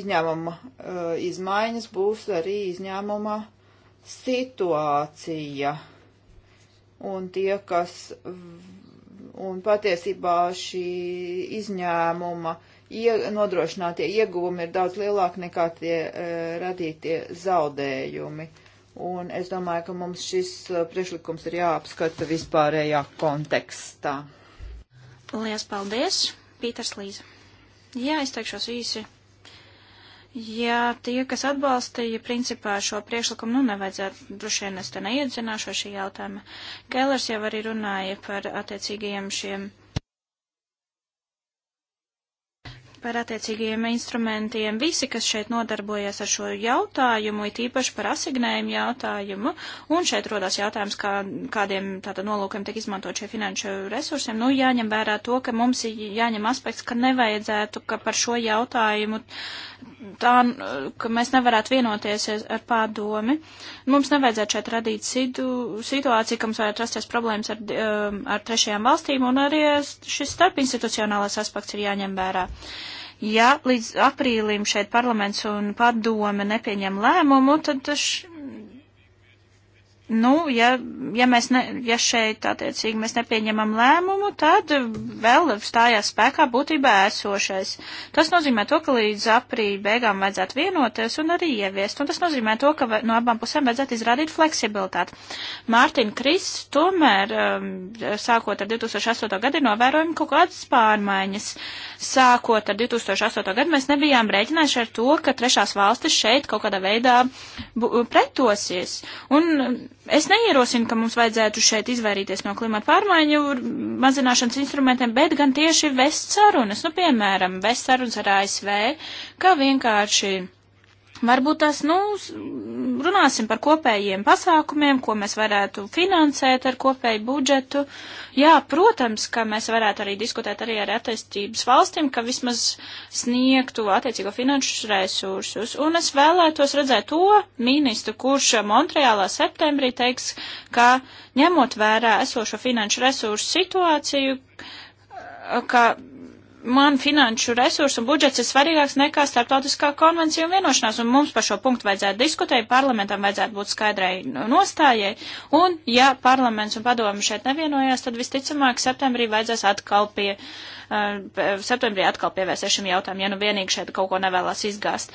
izņēmuma eh, izmaiņas, būs arī izņēmuma situācija. Un tie, kas, un patiesībā šī izņēmuma ie, nodrošinātie ieguvumi ir daudz lielāki nekā tie radītie zaudējumi. Un es domāju, ka mums šis priekšlikums ir jāapskata vispārējā kontekstā. Lielas paldies, Pīters Līze. Jā, es teikšos īsi. Jā, tie, kas atbalstīja principā šo priekšlikumu, nu nevajadzētu, droši vien es te neiedzināšu šī jautājuma. Kēlers jau arī runāja par attiecīgajiem šiem par attiecīgajiem instrumentiem. Visi, kas šeit nodarbojas ar šo jautājumu, it īpaši par asignējumu jautājumu, un šeit rodas jautājums, kā, kādiem tātad nolūkiem tiek izmantot šie finanšu resursiem, nu jāņem vērā to, ka mums ir jāņem aspekts, ka nevajadzētu, ka par šo jautājumu uh, tā, ka mēs nevarētu vienoties ar pārdomi. Mums nevajadzētu šeit radīt situ, situāciju, ka mums varētu rasties problēmas ar, um, ar trešajām valstīm, un arī šis starpinstitucionālais aspekts ir jāņem vērā. Ja līdz aprīlim šeit parlaments un padome nepieņem lēmumu, tad š, nu, ja, ja, mēs ne, ja šeit attiecīgi mēs nepieņemam lēmumu, tad vēl stājās spēkā būtībā esošais. Tas nozīmē to, ka līdz aprīļa beigām vajadzētu vienoties un arī ieviest, un tas nozīmē to, ka no abām pusēm vajadzētu izrādīt fleksibilitāti. Mārtiņ Kris tomēr, um, sākot ar 2008. gadu, ir novērojami kaut kādas pārmaiņas. Sākot ar 2008. gadu mēs nebijām rēķinājuši ar to, ka trešās valstis šeit kaut kādā veidā pretosies. Un Es neierosinu, ka mums vajadzētu šeit izvairīties no klimata pārmaiņu mazināšanas instrumentiem, bet gan tieši vest sarunas, nu, piemēram, vest sarunas ar ASV, kā vienkārši Varbūt tas, nu, runāsim par kopējiem pasākumiem, ko mēs varētu finansēt ar kopēju budžetu. Jā, protams, ka mēs varētu arī diskutēt arī ar attīstības valstīm, ka vismaz sniegtu attiecīgo finanšu resursus. Un es vēlētos redzēt to ministru, kurš Montreālā septembrī teiks, ka ņemot vērā esošo finanšu resursu situāciju, ka man finanšu resursu un budžets ir svarīgāks nekā starptautiskā konvencija un vienošanās, un mums par šo punktu vajadzētu diskutēt, parlamentam vajadzētu būt skaidrai nostājai, un ja parlaments un padomi šeit nevienojās, tad visticamāk septembrī vajadzēs atkal pie, uh, septembrī atkal pievērsēšam jautājumu, ja nu vienīgi šeit kaut ko nevēlas izgāst.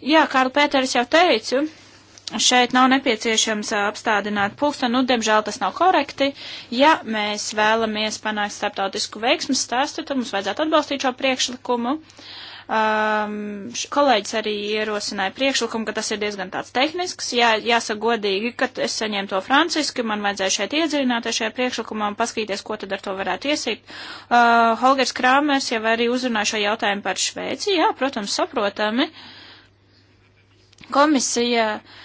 Jā, Kārl Pēteris jau teicu, šeit nav nepieciešams apstādināt pulksteni, nu, diemžēl tas nav korekti. Ja mēs vēlamies panākt starptautisku veiksmu stāstu, tad mums vajadzētu atbalstīt šo priekšlikumu. Um, kolēģis arī ierosināja priekšlikumu, ka tas ir diezgan tāds tehnisks. Jā, jāsaka godīgi, kad es saņēmu to franciski, man vajadzēja šeit iedziļināties šajā priekšlikumā un paskatīties, ko tad ar to varētu iesīt. Uh, Holgers Krāmers jau arī uzrunāja šo jautājumu par Šveici. Jā, protams, saprotami. Komisija uh,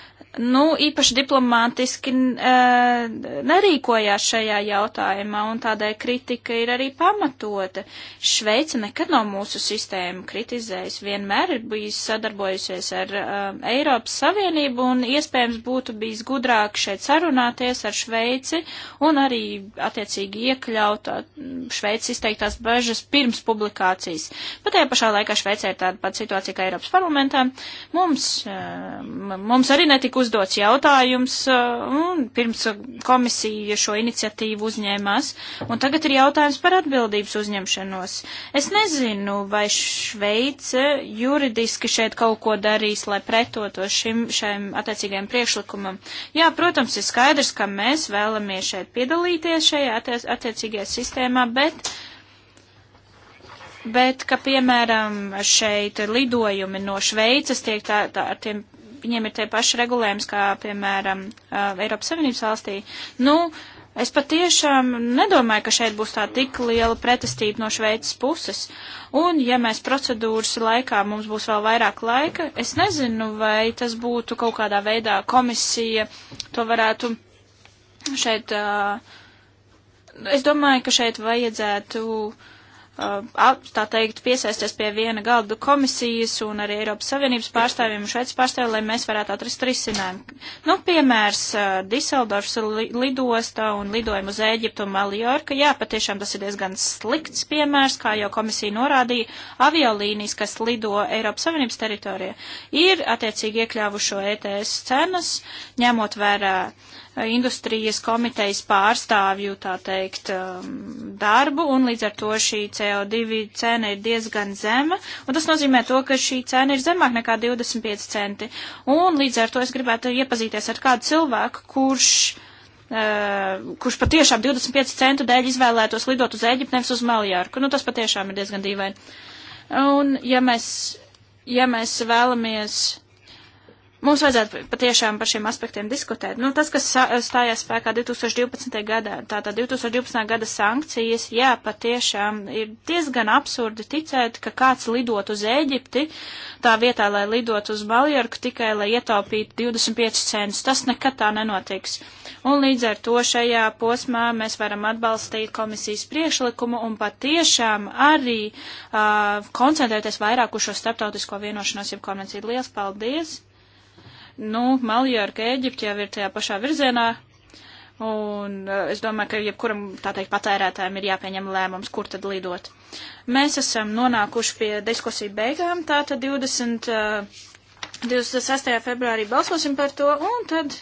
nu, īpaši diplomātiski eh, nerīkojās šajā jautājumā, un tādai kritika ir arī pamatota. Šveica nekad nav mūsu sistēmu kritizējusi, vienmēr ir bijis sadarbojusies ar um, Eiropas Savienību, un iespējams būtu bijis gudrāk šeit sarunāties ar Šveici, un arī attiecīgi iekļaut eh, Šveicis izteiktās bažas pirms publikācijas. Bet tajā pašā laikā Šveicē ir tāda pati situācija kā Eiropas parlamentā. Mums, um, mums arī netika uzdots jautājums, uh, un pirms komisija šo iniciatīvu uzņēmās, un tagad ir jautājums par atbildības uzņemšanos. Es nezinu, vai Šveice juridiski šeit kaut ko darīs, lai pretoto šim, šajam attiecīgajam priekšlikumam. Jā, protams, ir skaidrs, ka mēs vēlamies šeit piedalīties šajā attiecīgajā sistēmā, bet bet ka, piemēram, šeit lidojumi no Šveices tiek tā, tā ar tiem viņiem ir tie paši regulējums, kā, piemēram, Eiropas Savienības valstī. Nu, es patiešām nedomāju, ka šeit būs tā tik liela pretestība no Šveices puses. Un, ja mēs procedūras laikā mums būs vēl vairāk laika, es nezinu, vai tas būtu kaut kādā veidā komisija to varētu šeit. Es domāju, ka šeit vajadzētu uh, tā teikt, piesaisties pie viena galda komisijas un arī Eiropas Savienības pārstāvjiem un Šveicis pārstāvjiem, lai mēs varētu atrast risinājumu. Nu, piemērs Diseldorfs lidosta un lidojumu uz Ēģiptu un Maljorka. Jā, patiešām tas ir diezgan slikts piemērs, kā jau komisija norādīja. Aviolīnijas, kas lido Eiropas Savienības teritorijā, ir attiecīgi iekļāvušo ETS cenas, ņemot vērā uh, industrijas komitejas pārstāvju, tā teikt, um, darbu, un līdz ar to šī CO2 cena ir diezgan zema, un tas nozīmē to, ka šī cena ir zemāk nekā 25 centi. Un līdz ar to es gribētu iepazīties ar kādu cilvēku, kurš Uh, kurš patiešām 25 centu dēļ izvēlētos lidot uz Eģiptu, nevis uz Maljārku. Nu, tas patiešām ir diezgan dīvaini. Un, ja mēs, ja mēs vēlamies Mums vajadzētu patiešām par šiem aspektiem diskutēt. Nu, tas, kas stājās spēkā 2012. gadā, tātad 2012. gada sankcijas, jā, patiešām ir diezgan absurdi ticēt, ka kāds lidot uz Ēģipti, tā vietā, lai lidot uz Baljorku, tikai lai ietaupītu 25 centus. Tas nekad tā nenotiks. Un līdz ar to šajā posmā mēs varam atbalstīt komisijas priekšlikumu un patiešām arī uh, koncentrēties vairāk uz šo starptautisko vienošanos, jeb konvenciju. Liels paldies! nu, Maljorka Eģipte jau ir tajā pašā virzienā, un eh, es domāju, ka jebkuram, tā teikt, patērētājiem ir jāpieņem lēmums, kur tad lidot. Mēs esam nonākuši pie diskusiju beigām, tātad 20, 26. Eh, februārī balsosim par to, un tad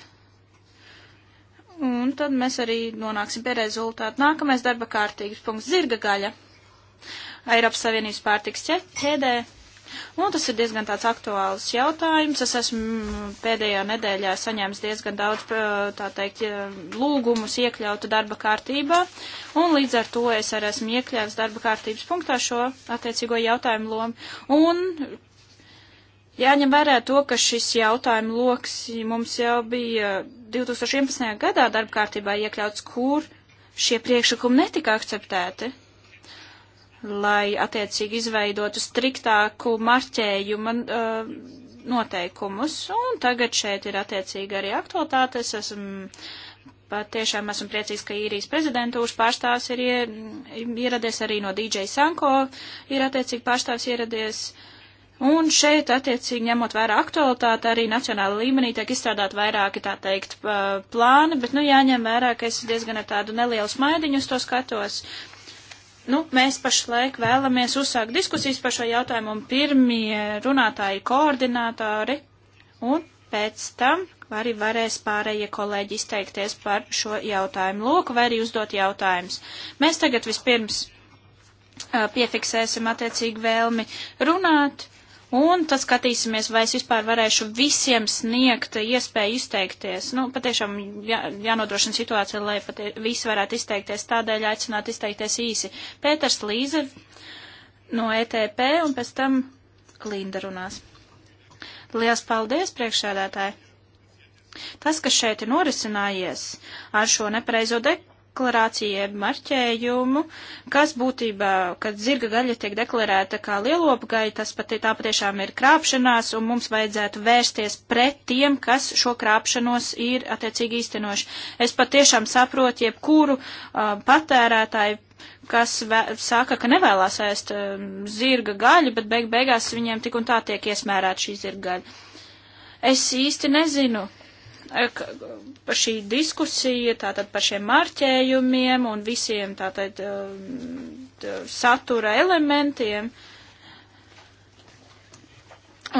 Un tad mēs arī nonāksim pie rezultātu. Nākamais darba kārtības punkts - zirga gaļa. Eiropas Savienības pārtiks ķēdē. Un tas ir diezgan tāds aktuāls jautājums. Es esmu mm, pēdējā nedēļā saņēmis diezgan daudz, tā teikt, lūgumus iekļautu darba kārtībā, un līdz ar to es arī esmu iekļauts darba kārtības punktā šo attiecīgo jautājumu lomu. Un jāņem vērā to, ka šis jautājumu loks mums jau bija 2011. gadā darba kārtībā iekļauts, kur šie priekšlikumi netika akceptēti lai attiecīgi izveidotu striktāku marķējumu uh, noteikumus. Un tagad šeit ir attiecīgi arī aktualitātes. Esam, patiešām esam priecīgs, ka īrijas prezidentūras pārstāvs ir ieradies arī no DJ Sanko, ir attiecīgi pārstāvs ieradies. Un šeit, attiecīgi, ņemot vērā aktualitāti, arī nacionāla līmenī tiek izstrādāt vairāki, tā teikt, plāni, bet, nu, jāņem vērā, ka es diezgan ar tādu nelielu smaidiņu uz to skatos. Uh, Nu, mēs pašlaik vēlamies uzsākt diskusijas par šo jautājumu, un pirmie runātāji koordinātori, un pēc tam arī varēs pārējie kolēģi izteikties par šo jautājumu loku vai arī uzdot jautājumus. Mēs tagad vispirms uh, piefiksēsim attiecīgi vēlmi runāt, un tad skatīsimies, vai es vispār varēšu visiem sniegt iespēju izteikties. Nu, patiešām jā, jānodrošina situācija, lai patie, visi varētu izteikties, tādēļ aicināt izteikties īsi. Pēters Līze no ETP un pēc tam Linda runās. Lielas paldies, priekšsēdētāji! Tas, kas šeit ir norisinājies ar šo nepareizo de deklarāciju, jeb marķējumu, kas būtībā, kad zirga gaļa tiek deklarēta kā lielopgaļa, tas pat tā patiešām ir krāpšanās, un mums vajadzētu vērsties pret tiem, kas šo krāpšanos ir attiecīgi īstenoši. Es patiešām saprotu jebkuru uh, patērētāju kas vē, saka, ka nevēlas ēst uh, zirga gaļu, bet beig beigās viņiem tik un tā tiek iesmērēta šī zirga gaļa. Es īsti nezinu, uh, Eh, par šī diskusija, tātad par šiem marķējumiem un visiem tātad eh, satura elementiem.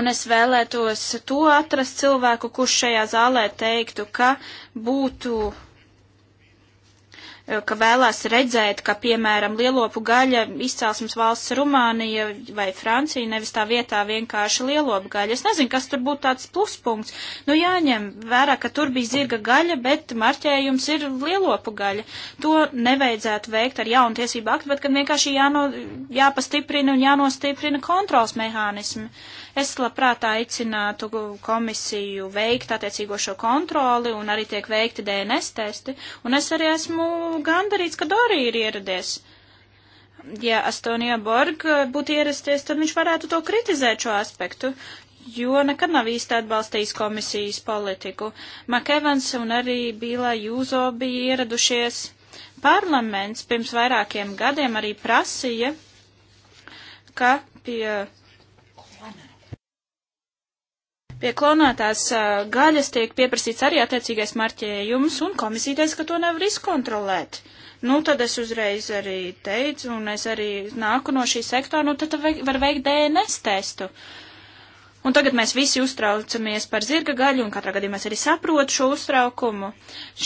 Un es vēlētos to atrast cilvēku, kurš šajā zālē teiktu, ka būtu Eh, ka vēlās redzēt, ka, piemēram, lielopu gaļa izcelsmes valsts Rumānija vai Francija, nevis tā vietā vienkārši lielopu gaļa. Es nezinu, kas tur būtu tāds pluspunkts. Nu, jāņem vērā, ka tur bija zirga gaļa, bet marķējums ir lielopu gaļa. To nevajadzētu veikt ar jaunu tiesību aktu, bet gan vienkārši jāno, jāpastiprina un jānostiprina kontrols mehānismi. Uh, Es labprāt aicinātu komisiju veikt attiecīgo šo kontroli un arī tiek veikti DNS testi. Un es arī esmu gandarīts, ka Dori ir ieradies. Ja Astonija Borg būtu ierasties, tad viņš varētu to kritizēt šo aspektu, jo nekad nav īsti atbalstījis komisijas politiku. Makevans un arī Bīlā Jūzo bija ieradušies. Parlaments pirms vairākiem gadiem arī prasīja, ka pie Pie klonētās gaļas tiek pieprasīts arī attiecīgais marķējums, un komisija teica, ka to nevar izkontrolēt. Nu, tad es uzreiz arī teicu, un es arī nāku no šī sektora, nu, tad var veikt DNS testu. Uh, Un tagad mēs visi uztraucamies par zirga gaļu, un katrā gadījumā es arī saprotu šo uztraukumu.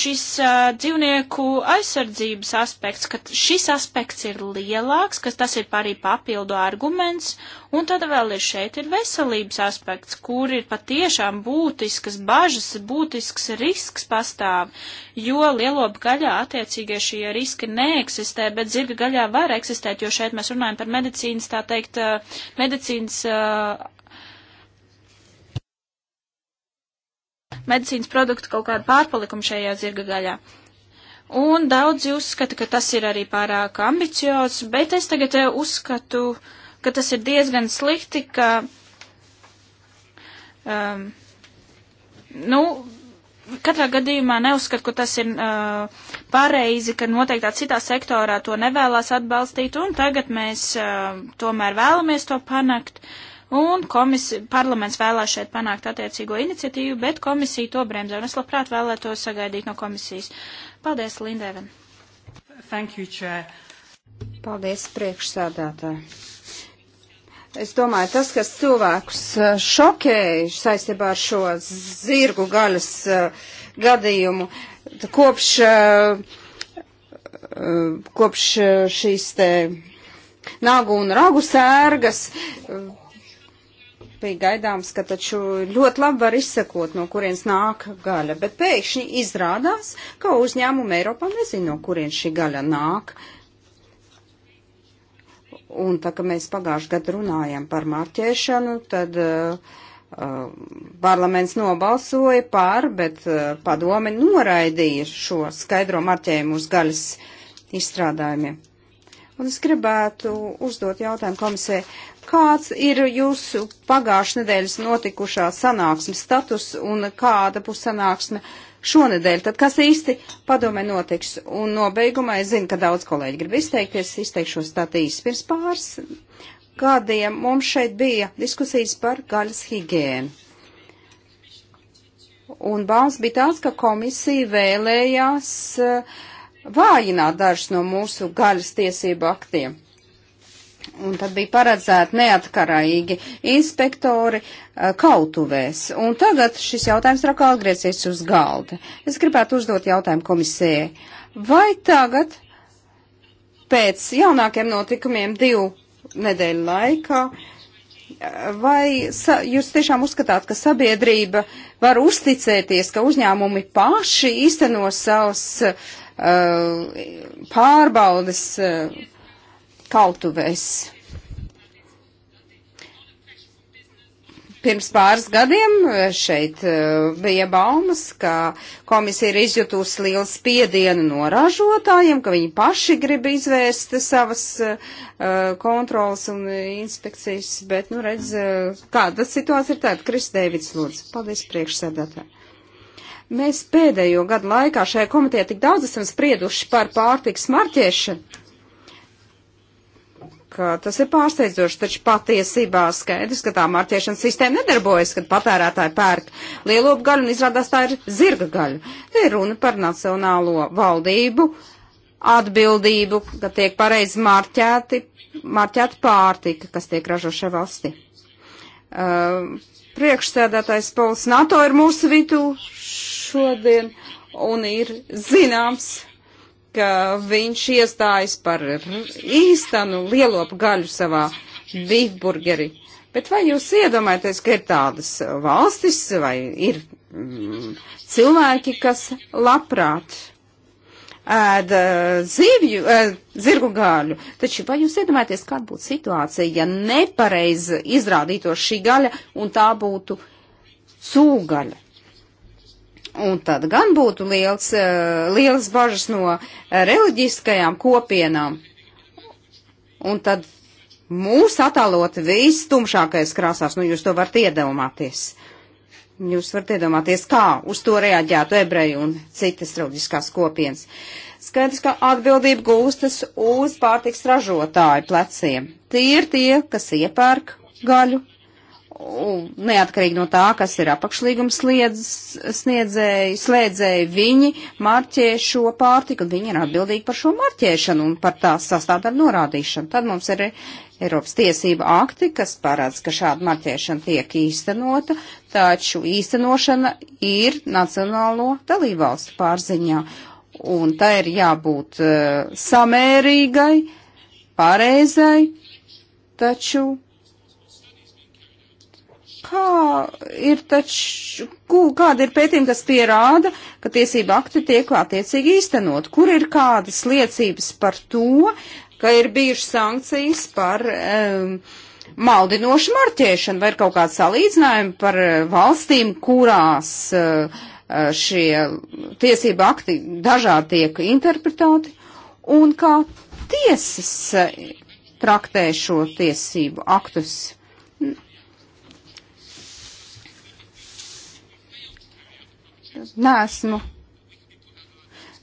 Šis uh, dzīvnieku aizsardzības aspekts, ka šis aspekts ir lielāks, ka tas ir arī papildu arguments, un tad vēl ir šeit ir veselības aspekts, kur ir patiešām būtiskas bažas, būtisks risks pastāv, jo lieloba gaļā attiecīgie šie riski neeksistē, bet zirga gaļā var eksistēt, jo šeit mēs runājam par medicīnas, tā teikt, medicīnas uh, medicīnas produktu kaut kādu pārpalikumu šajā zirga gaļā. Un daudzi uzskata, ka tas ir arī pārāk ambiciozs, bet es tagad eh, uzskatu, ka tas ir diezgan slikti, ka, um, nu, katrā gadījumā neuzskatu, ka tas ir uh, pareizi, ka noteiktā citā sektorā to nevēlas atbalstīt, un tagad mēs uh, tomēr vēlamies to panākt. Uh, un komisi, parlaments vēlēs šeit panākt attiecīgo iniciatīvu, bet komisija to bremzē, un es labprāt vēlētos sagaidīt no komisijas. Paldies, Lindeven. Thank you, Chair. Paldies, priekšsādātāji. Es domāju, tas, kas cilvēkus eh, šokēja saistībā ar šo zirgu gaļas uh, gadījumu, kopš, uh, kopš šīs te nāgu un ragu sērgas. Uh, bija gaidāms, ka taču ļoti labi var izsekot, no kurienes nāk gaļa, bet pēkšņi izrādās, ka uzņēmumi Eiropā nezin, no kurienes šī gaļa nāk. Un tā, ka mēs pagājuši gadu runājam par marķēšanu, tad uh, uh parlaments nobalsoja par, bet uh, padome noraidīja šo skaidro marķējumu uz gaļas izstrādājumiem. Un es gribētu uzdot jautājumu komisē, kāds ir jūsu pagājušā nedēļas notikušā sanāksme status un kāda būs sanāksme šonedēļ? Tad kas īsti padomē notiks? Un nobeigumā es zinu, ka daudz kolēģi grib izteikties, izteikšos statīs pirms pāris gadiem. Mums šeit bija diskusijas par gaļas higiēnu. Un balsts bija tāds, ka komisija vēlējās uh, vājināt dažus no mūsu gaļas tiesību aktiem. Un tad bija paredzēti neatkarīgi inspektori eh, kautuvēs. Un tagad šis jautājums raka atgriezies uz galda. Es gribētu uzdot jautājumu komisijai. Vai tagad pēc jaunākiem notikumiem divu nedēļu laikā vai sa, jūs tiešām uzskatāt, ka sabiedrība var uzticēties, ka uzņēmumi paši īstenos savus uh, Uh, pārbaudas uh, kautuvēs. Pirms pāris gadiem uh, šeit bija baumas, ka komisija ir izjutusi lielu spiedienu no ražotājiem, ka viņi paši grib izvērst savas kontrolas un inspekcijas, bet, nu, redz, kāda situācija ir tāda. Kris Dēvids, lūdzu, paldies priekšsēdētāji. Mēs pēdējo gadu laikā šajā komitejā tik daudz esam sprieduši par pārtiks marķēšanu, ka tas ir pārsteidzoši, taču patiesībā skaidrs, ka tā marķēšanas sistēma nedarbojas, kad patērētāji pērk lielopu gaļu un izrādās tā ir zirga gaļa. Te ir runa par nacionālo valdību atbildību, ka tiek pareizi marķēti, marķēta pārtika, kas tiek ražo šajā valstī. Uh, Priekšsēdētājs Pols NATO ir mūsu vidū šodien un ir zināms, ka viņš iestājas par īstenu lielopu gaļu savā Bīfburgeri. Bet vai jūs iedomājaties, ka ir tādas valstis vai ir mm, cilvēki, kas labprāt ēd zivju, ēd zirgu gaļu. Taču vai jūs iedomājaties, kāda būtu situācija, ja nepareiz izrādītos šī gaļa un tā būtu cūgaļa? Un tad gan būtu liels, liels bažas no reliģiskajām kopienām. Un tad mūs atalot viss tumšākais krāsās, nu jūs to varat iedomāties. Jūs varat iedomāties, kā uz to reaģētu ebreju un citas traģiskās kopienas. Skaidrs, ka atbildība gūstas uz pārtiks ražotāju pleciem. Tie ir tie, kas iepērk gaļu, neatkarīgi no tā, kas ir apakšlīguma sniedzēji, slēdzēji, viņi marķē šo pārtiku, viņi ir atbildīgi par šo marķēšanu un par tās sastāvdaļu norādīšanu. Tad mums ir Eiropas tiesība akti, kas parāds, ka šāda marķēšana tiek īstenota, taču īstenošana ir nacionālo dalībvalstu pārziņā. Un tā ir jābūt uh, samērīgai, pareizai, taču kā ir taču, kāda ir pētījuma, kas pierāda, ka tiesība akti tiek attiecīgi īstenot? Kur ir kādas liecības par to, ka ir bijušas sankcijas par um, maldinošu marķēšanu vai ir kaut kāda salīdzinājuma par eh, valstīm, kurās uh, šie tiesība akti dažādi tiek interpretēti un kā tiesas traktē šo tiesību aktus. Nē, esmu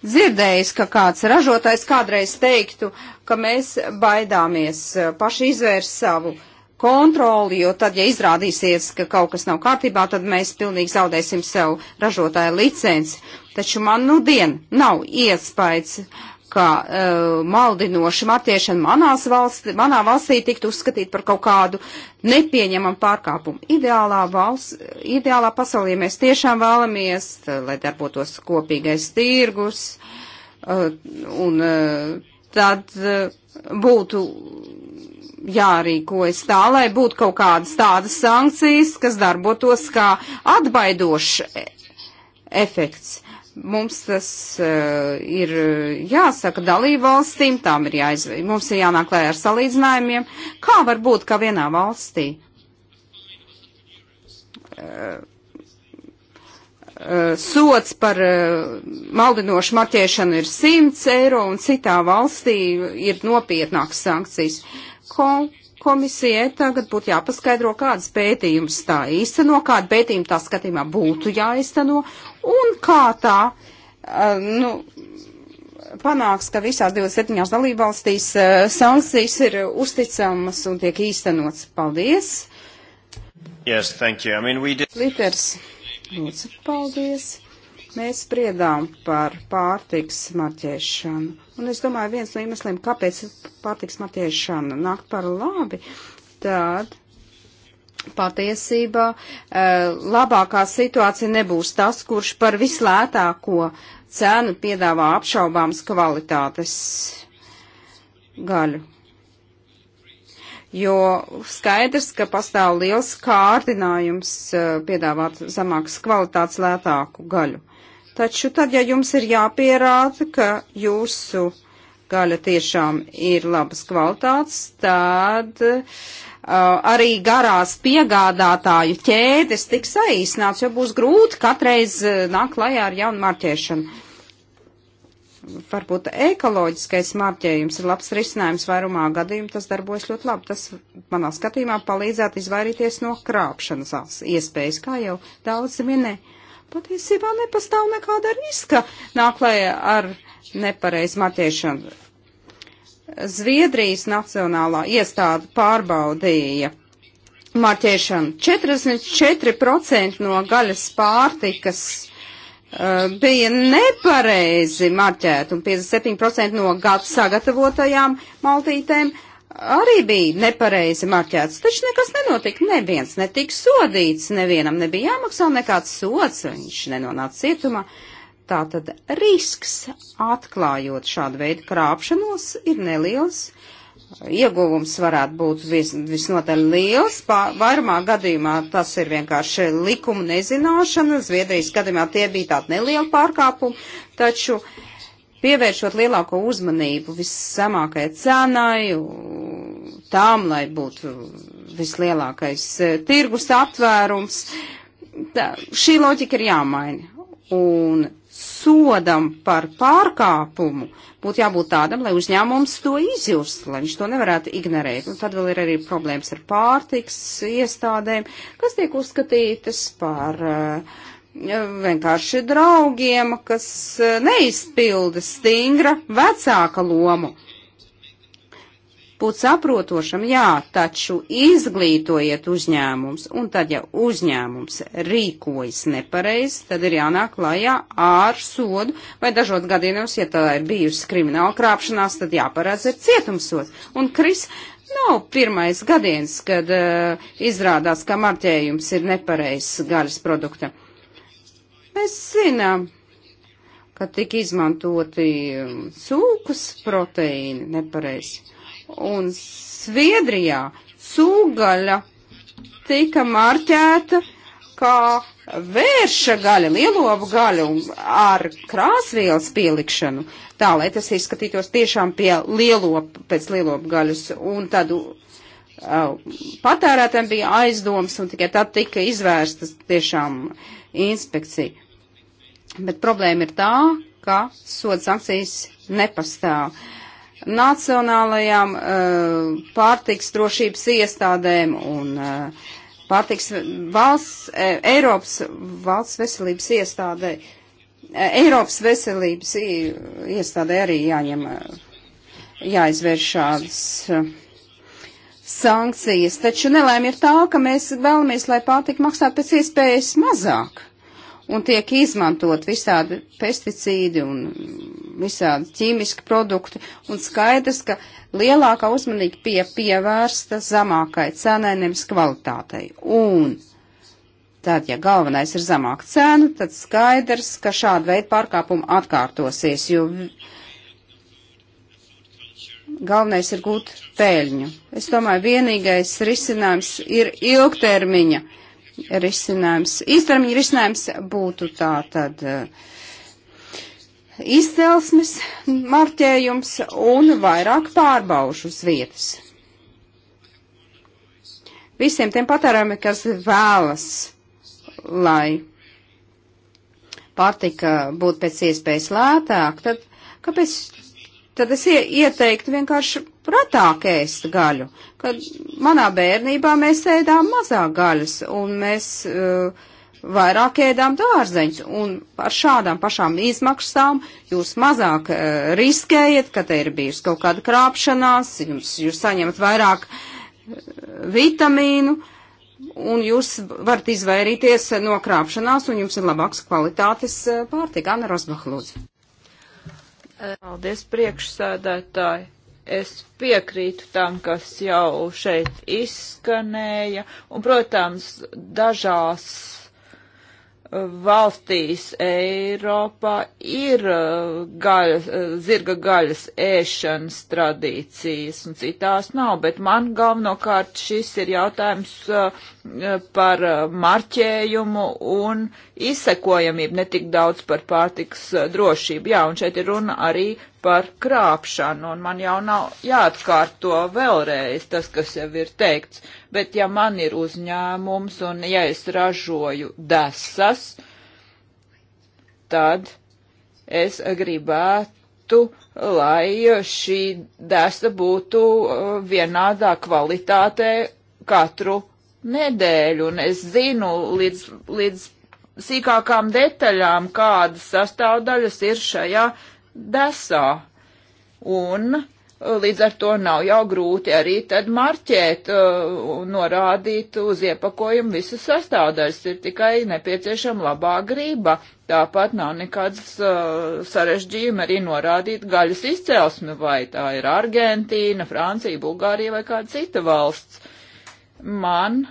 dzirdējis, ka kāds ražotājs kādreiz teiktu, ka mēs baidāmies eh, paši izvērst savu kontroli, jo tad, ja izrādīsies, ka kaut kas nav kārtībā, tad mēs pilnīgi zaudēsim sev ražotāju licenci. Taču man nu dien nav iespējas ka uh, maldinoši matiešana manās valsti, manā valstī tiktu uzskatīt par kaut kādu nepieņemamu pārkāpumu. Ideālā, valsts, ideālā pasaulē mēs tiešām vēlamies, tā, e, lai darbotos kopīgais tirgus, uh, un uh, tad uh, būtu jārīkojas tā, lai būtu kaut kādas tādas sankcijas, kas darbotos kā atbaidošs efekts. Mums tas uh, ir jāsaka dalībvalstīm, tām ir jāizvei, mums ir jānāk lē ar salīdzinājumiem. Kā var būt, ka vienā valstī uh, uh, sots par uh, maldinošu marķēšanu ir 100 eiro un citā valstī ir nopietnākas sankcijas? Ko komisijai tagad būtu jāpaskaidro, kādas pētījumas tā īsteno, kāda pētījuma tā skatījumā būtu jāizteno un kā tā, uh, nu, panāks, ka visās 27 dalībvalstīs uh, sankcijas ir uzticamas un tiek īstenots. Paldies! Yes, thank you. I mean, we did... Liters, lūdzu, paldies! Mēs spriedām par pārtiks marķēšanu. Un es domāju, viens no iemesliem, kāpēc pārtiks marķēšana nāk par labi, tad patiesībā eh, labākā situācija nebūs tas, kurš par vislētāko cenu piedāvā apšaubāms kvalitātes gaļu. Jo skaidrs, ka pastāv liels kārdinājums eh, piedāvāt zemākas kvalitātes lētāku gaļu. Taču tad, ja jums ir jāpierāda, ka jūsu gaļa tiešām ir labas kvalitātes, tad uh, Eh, arī garās piegādātāju ķēdes tiks saīsnāts, jo būs grūti katreiz eh, nākt klajā ar jaunu marķēšanu. Varbūt ekoloģiskais marķējums ir labs risinājums vairumā gadījumu, tas darbojas ļoti labi. Tas, manā skatījumā, palīdzētu izvairīties no krāpšanas iespējas, kā jau daudz minē. Patiesībā nepastāv nekāda riska nāklē ar nepareiz marķēšanu Zviedrijas nacionālā iestāde pārbaudīja marķēšanu. 44% no gaļas pārtikas uh, bija nepareizi marķēta un 57% no gadu sagatavotajām maltītēm arī bija nepareizi marķēts. Taču nekas nenotika, neviens netika sodīts, nevienam nebija jāmaksā nekāds sots, viņš nenonāca cietumā. Uh, Tātad risks atklājot šādu veidu krāpšanos ir neliels. Ieguvums varētu būt vis, visnotaļ liels. Pā, vairumā gadījumā tas ir vienkārši likuma nezināšana. Zviedrijas gadījumā tie bija tādi nelieli pārkāpumi, taču pievēršot lielāko uzmanību viszemākai cenai, tām, lai būtu vislielākais e, tirgus aptvērums, tā, šī loģika ir jāmaina. Un sodam par pārkāpumu būtu jābūt tādam, lai uzņēmums to izjust, lai viņš to nevarētu ignorēt. Un tad vēl ir arī problēmas ar pārtiks iestādēm, kas tiek uzskatītas par uh, vienkārši draugiem, kas eh, neizpilda stingra vecāka lomu būt saprotošam, jā, taču izglītojiet uzņēmums, un tad, ja uzņēmums rīkojas nepareizi, tad ir jānāk lajā ar sodu, vai dažos gadījumos, ja tā ir bijusi krimināla krāpšanās, tad jāparādz ir cietumsots. Un, Kris, nav pirmais gadiens, kad uh, izrādās, ka marķējums ir nepareizs gaļas produkta. Mēs zinām, ka tika izmantoti mm, cūkas proteīni nepareizi. Un Sviedrijā cūgaļa tika marķēta kā vērša gaļa, lielopu gaļu ar krāsvielas pielikšanu, tā lai tas izskatītos tiešām pie lielopu, pēc lielopu gaļas. Un tad uh, patērētājiem bija aizdoms un tikai tad tika izvērstas tiešām inspekcija. Bet problēma ir tā, ka soda sankcijas nepastāv. Uh, nacionālajām uh, pārtiks drošības iestādēm un uh, pārtiks valsts, uh, Eiropas valsts veselības iestādē. Eiropas veselības iestādē arī jāņem, jāizvērš šādas sankcijas, taču nelēm ir tā, ka mēs vēlamies, lai pārtika maksātu pēc iespējas mazāk un tiek izmantot visādi pesticīdi un visādi ķīmiski produkti, un skaidrs, ka lielākā uzmanība pie pievērsta zamākai cenai, nevis kvalitātei. Un tad, ja galvenais ir zamāka cena, tad skaidrs, ka šāda veida pārkāpuma atkārtosies, jo galvenais ir gūt pēļņu. Es domāju, vienīgais risinājums ir ilgtermiņa risinājums. Īstermiņa risinājums būtu tā tad. Uh, izcelsmes marķējums un vairāk pārbaušu uz vietas. Visiem tiem patērēm, kas vēlas, lai pārtika būtu pēc iespējas lētāk, tad kāpēc tad es ieteiktu vienkārši pratāk ēst gaļu, kad manā bērnībā mēs ēdām mazāk gaļas un mēs uh, vairāk ēdām dārzeņus, un ar šādām pašām izmaksām jūs mazāk uh, riskējat, ka te ir bijusi kaut kāda krāpšanās, jums, jūs saņemat vairāk uh, vitamīnu, un jūs varat izvairīties no krāpšanās, un jums ir labāks kvalitātes uh, pārtika. Anna Rosbach, lūdzu. Paldies, priekšsēdētāji es piekrītu tam, kas jau šeit izskanēja, un, protams, dažās valstīs Eiropā ir uh, gaļas, uh, zirga gaļas ēšanas tradīcijas un citās nav, bet man galvenokārt šis ir jautājums uh, par marķējumu un izsekojamību, ne tik daudz par pārtiks drošību. Jā, un šeit ir runa arī par krāpšanu, un man jau nav jāatkārto vēlreiz tas, kas jau ir teikts bet ja man ir uzņēmums un ja es ražoju desas, tad es gribētu, lai šī desa būtu uh, vienādā kvalitātē katru nedēļu, un es zinu līdz, līdz sīkākām detaļām, kādas sastāvdaļas ir šajā desā. Un Līdz ar to nav jau grūti arī tad marķēt uh, un norādīt uz iepakojumu visas sastāvdaļas, ir tikai nepieciešama labā grība. Tāpat nav nekāds uh, sarežģījumi arī norādīt gaļas izcelsmi, vai tā ir Argentīna, Francija, Bulgārija vai kāda cita valsts. Man,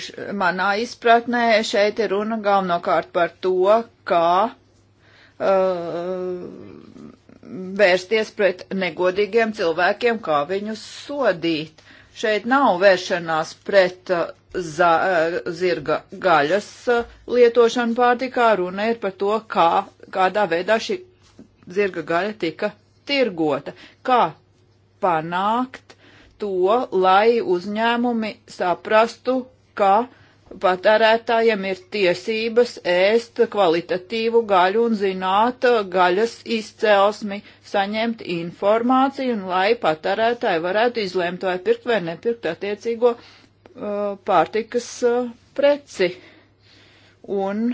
š, manā izpratnē šeit ir runa galvenokārt par to, kā uh, vērsties pret negodīgiem cilvēkiem, kā viņus sodīt. Šeit nav vēršanās pret uh, za, uh, zirga gaļas uh, lietošanu pārtikā, runa ir par to, kā, kādā veidā šī zirga gaļa tika tirgota. Kā panākt to, lai uzņēmumi saprastu, ka uh, patērētājiem ir tiesības ēst kvalitatīvu gaļu un zināt uh, gaļas izcelsmi, saņemt informāciju un lai patērētāji varētu izlēmt vai pirkt vai nepirkt attiecīgo uh, pārtikas uh, preci. Un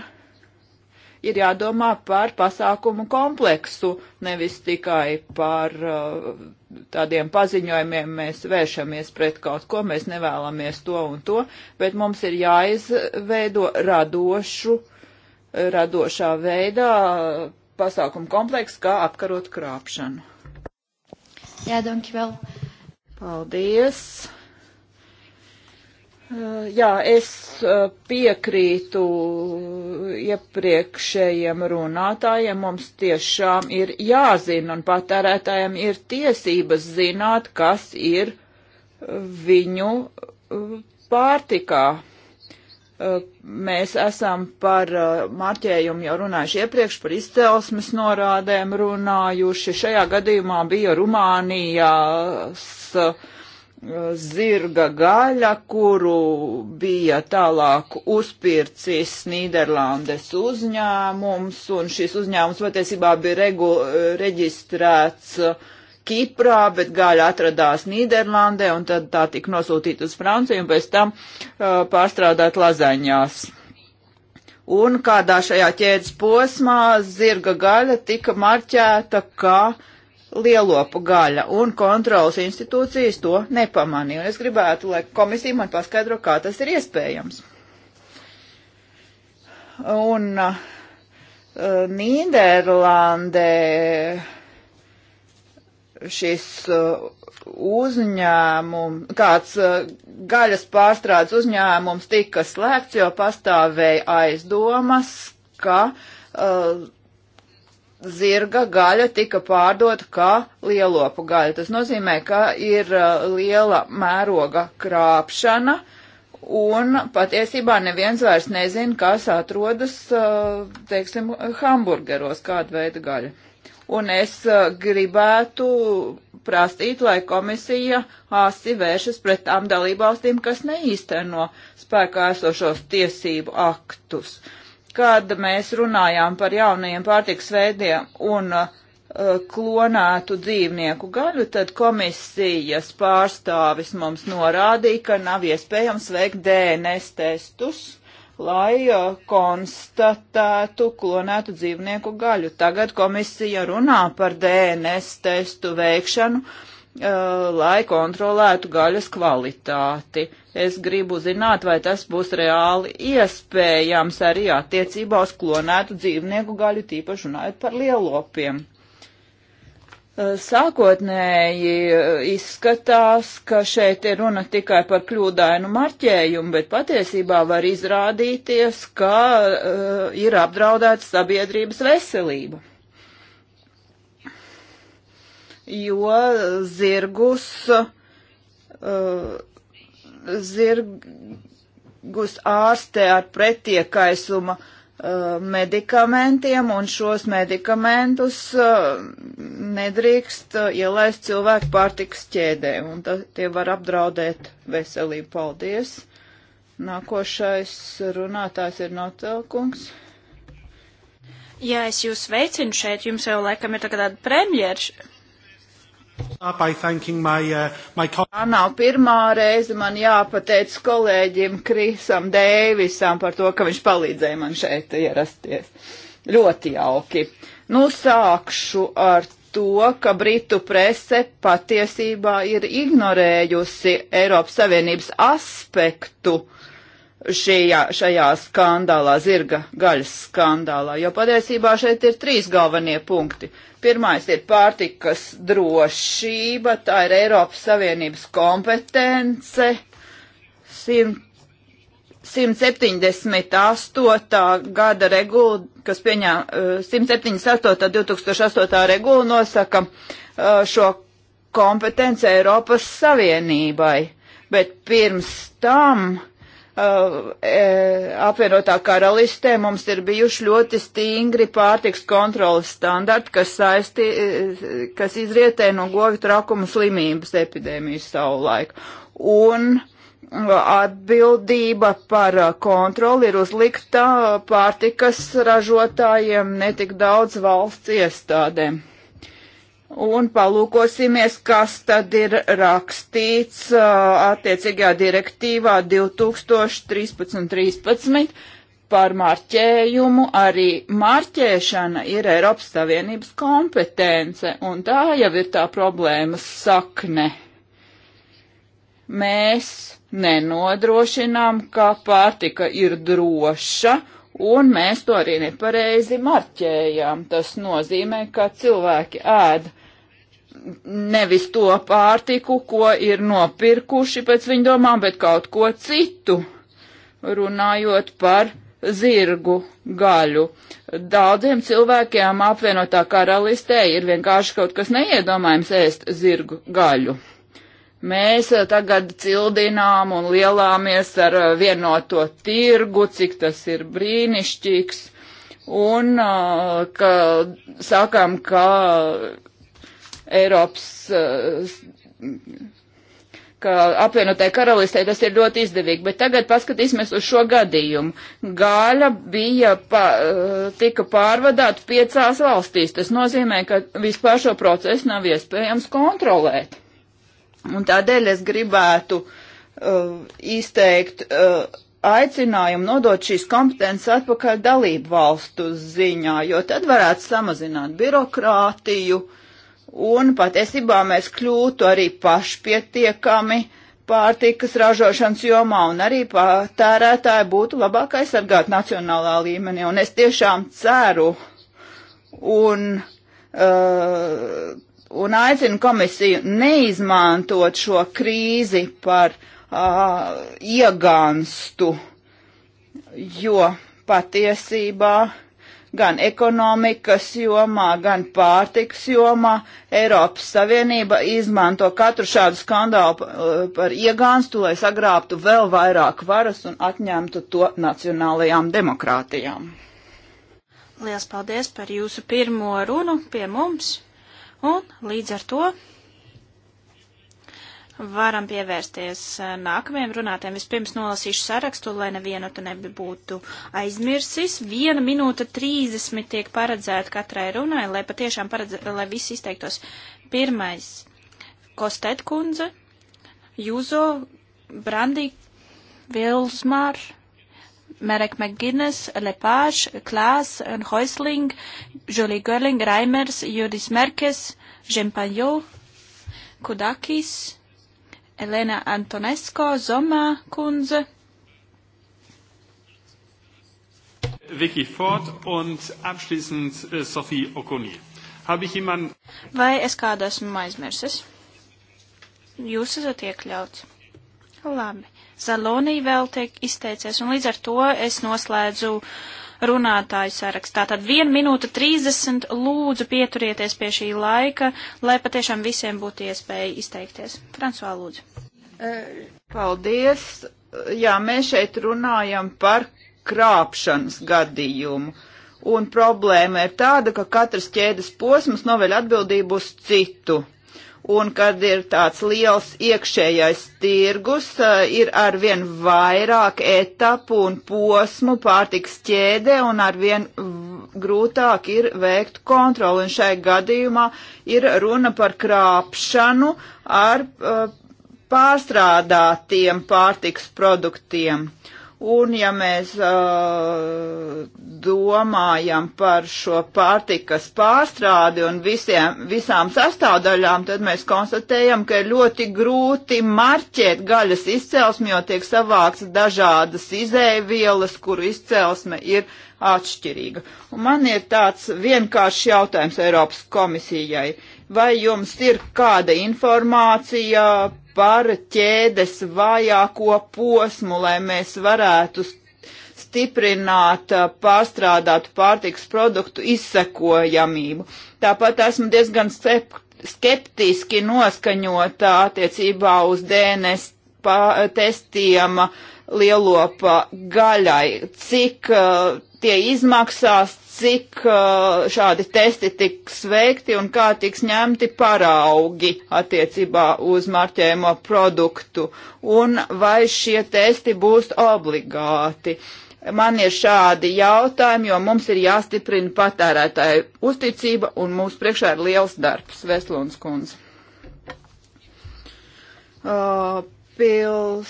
ir jādomā par pasākumu kompleksu, nevis tikai par uh, tādiem paziņojumiem mēs vēršamies pret kaut ko, mēs nevēlamies to un to, bet mums ir jāizveido radošu, radošā veidā pasākumu kompleks, kā apkarot krāpšanu. Jā, Donkvēl. Paldies. Eh, jā, es eh, piekrītu iepriekšējiem runātājiem. Mums tiešām ir jāzina un patērētājiem ir tiesības zināt, kas ir viņu eh, pārtikā. Mēs esam par marķējumu jau runājuši iepriekš, par izcelsmes norādēm runājuši. Šajā gadījumā bija Rumānijas uh, zirga gaļa, kuru bija tālāk uzpircis Nīderlandes uzņēmums, un šis uzņēmums patiesībā bija regu, reģistrēts Kiprā, bet gaļa atradās Nīderlandē, un tad tā tika nosūtīta uz Franciju, un pēc tam uh, pārstrādāt lazaņās. Un kādā šajā ķēdes posmā zirga gaļa tika marķēta kā uh, lielopu gaļa, un kontrolas institūcijas to nepamanīja. Un es gribētu, lai komisija man paskaidro, kā tas ir iespējams. Un uh, Nīderlandē šis uh, uzņēmums, kāds uh, gaļas pārstrādes uzņēmums tika slēgts, jo pastāvēja aizdomas, ka uh, zirga gaļa tika pārdota kā lielopu gaļa. Tas nozīmē, ka ir uh, liela mēroga krāpšana, un patiesībā neviens vairs nezina, kas atrodas, uh, teiksim, hamburgeros, kāda veida gaļa. Un es uh, gribētu prasīt, lai komisija āsi vēršas pret tām dalībvalstīm, kas neīsteno spēkā esošos tiesību aktus. Uh, kad mēs runājām par jaunajiem pārtiks veidiem un uh, klonētu dzīvnieku gaļu, tad komisijas pārstāvis mums norādīja, ka nav iespējams veikt DNS testus, lai uh, konstatētu klonētu dzīvnieku gaļu. Tagad komisija runā par DNS testu veikšanu Uh, lai kontrolētu gaļas kvalitāti. Es gribu zināt, vai tas būs reāli iespējams arī attiecībā uz klonētu dzīvnieku gaļu, tīpaši runājot par lielopiem. Uh, sākotnēji uh, izskatās, ka šeit ir runa tikai par kļūdainu marķējumu, bet patiesībā var izrādīties, ka uh, ir apdraudēta sabiedrības veselība jo zirgus, eh, zirgus ārstē ar pretiekaisuma eh, medikamentiem, un šos medikamentus eh, nedrīkst ielaist cilvēku pārtiks ķēdē, un tie var apdraudēt veselību. Paldies! Nākošais runātājs ir Notelkungs. Jā, es jūs veicinu šeit, jums jau laikam ir tagad tāda premjerša My, uh, my... Tā nav pirmā reize, man jāpateic kolēģim Krisam Dēvisam par to, ka viņš palīdzēja man šeit ierasties. Ļoti jauki. Nu, sākšu ar to, ka Britu prese patiesībā ir ignorējusi Eiropas Savienības aspektu uh, šajā, šajā skandālā, zirga gaļas skandālā, jo patiesībā šeit ir trīs galvenie punkti. Pirmais ir pārtikas drošība, tā ir Eiropas Savienības kompetence. 100, 178. gada regula, kas pieņēma 178. 2008. regula nosaka eh, šo kompetenci Eiropas Savienībai, bet pirms tam Uh, e, apvienotā karalistē mums ir bijuši ļoti stingri pārtiks kontrolas standarti, kas, saisti, e, kas izrietē no govju trakuma slimības epidēmijas savulaik. Un uh, atbildība par uh, kontroli ir uzlikta pārtikas ražotājiem, netik daudz valsts iestādēm un palūkosimies, kas tad ir rakstīts attiecīgajā direktīvā 2013.13 par marķējumu. Arī marķēšana ir Eiropas Savienības kompetence, un tā jau ir tā problēmas sakne. Mēs nenodrošinām, ka pārtika ir droša un mēs to arī nepareizi marķējām. Tas nozīmē, ka cilvēki ēda nevis to pārtiku, ko ir nopirkuši pēc viņa domām, bet kaut ko citu, runājot par zirgu gaļu. Daudziem cilvēkiem apvienotā karalistē ir vienkārši kaut kas neiedomājams ēst zirgu gaļu. Mēs eh, tagad cildinām un lielāmies ar eh, vienoto tirgu, cik tas ir brīnišķīgs, un eh, ka sakām, ka Eiropas, eh, ka apvienotai karalistē tas ir ļoti izdevīgi, bet tagad paskatīsimies uz šo gadījumu. Gāļa bija, pa, eh, tika pārvadāta piecās valstīs. Tas nozīmē, ka vispār šo procesu nav iespējams kontrolēt. Un tādēļ es gribētu uh, izteikt uh, aicinājumu nodot šīs kompetences atpakaļ dalību valstu ziņā, jo tad varētu samazināt birokrātiju, uh, un patiesībā mēs kļūtu arī pašpietiekami pārtikas ražošanas jomā un arī patērētāji būtu labāk aizsargāti nacionālā līmenī. Un es tiešām ceru un, uh, un aicinu komisiju neizmantot šo krīzi par uh, iegānstu, jo patiesībā uh, gan ekonomikas jomā, gan pārtiks jomā. Eiropas Savienība izmanto katru šādu skandālu uh, par iegānstu, lai sagrābtu vēl vairāk varas un atņemtu to nacionālajām demokrātijām. Lielas paldies par jūsu pirmo runu pie mums, un līdz ar to varam pievērsties eh, nākamajam runātājiem. Vispirms nolasīšu sarakstu, lai nevienu te nebūtu aizmirsis. Viena minūte trīsdesmit tiek paredzēta katrai runai, lai patiešām paredzē, lai visi izteiktos. Pirmais - Kostet kundze, Juzo, Brandī, Vilsmār, Merek McGuinness, Lepāž, Klās, Hoisling, Jolie Görling, Raimers, Judis Merkes, Žempaņo, Kudakis, Elena Antonesko, Zomā kundze. Vicky Ford und abschließend äh, Sophie Okoni. Habe ich jemanden? Vai es kādu esmu aizmirsis? Jūs esat iekļauts. Labi. Zalonī vēl tiek izteicies, un līdz ar to es noslēdzu uh, runātāju saraksts. Tātad 1 minūte 30 lūdzu pieturieties pie šī laika, lai patiešām visiem būtu iespēja izteikties. Fransuā lūdzu. Paldies. Jā, mēs šeit runājam par krāpšanas gadījumu. Un problēma ir tāda, ka katrs ķēdes posms noveļ atbildību uz citu un kad ir tāds liels iekšējais tirgus, eh, ir arvien vairāk etapu un posmu pārtiks ķēdē un arvien grūtāk ir veikt kontroli. Un šai gadījumā ir runa par krāpšanu ar eh, pārstrādātiem pārtiks produktiem. Uh, Un ja mēs uh, domājam par šo pārtikas pārstrādi un visiem, visām sastāvdaļām, tad mēs konstatējam, ka ir ļoti grūti marķēt gaļas izcelsmi, jo tiek savāks dažādas izēvielas, kuru izcelsme ir atšķirīga. Un man ir tāds vienkāršs jautājums Eiropas komisijai. Vai jums ir kāda informācija par ķēdes vājāko posmu, lai mēs varētu stiprināt pārstrādātu pārtiks produktu izsekojamību. Tāpat esmu diezgan skeptiski noskaņota attiecībā uz DNS testiem lielopa gaļai, cik uh, tie izmaksās, cik eh, šādi testi tiks veikti un kā tiks ņemti paraugi attiecībā uz marķējumo produktu un vai šie testi būs obligāti. Man ir šādi jautājumi, jo mums ir jāstiprina patērētāju uzticība un mūsu priekšā ir liels darbs, Veslons kundze. Uh, pils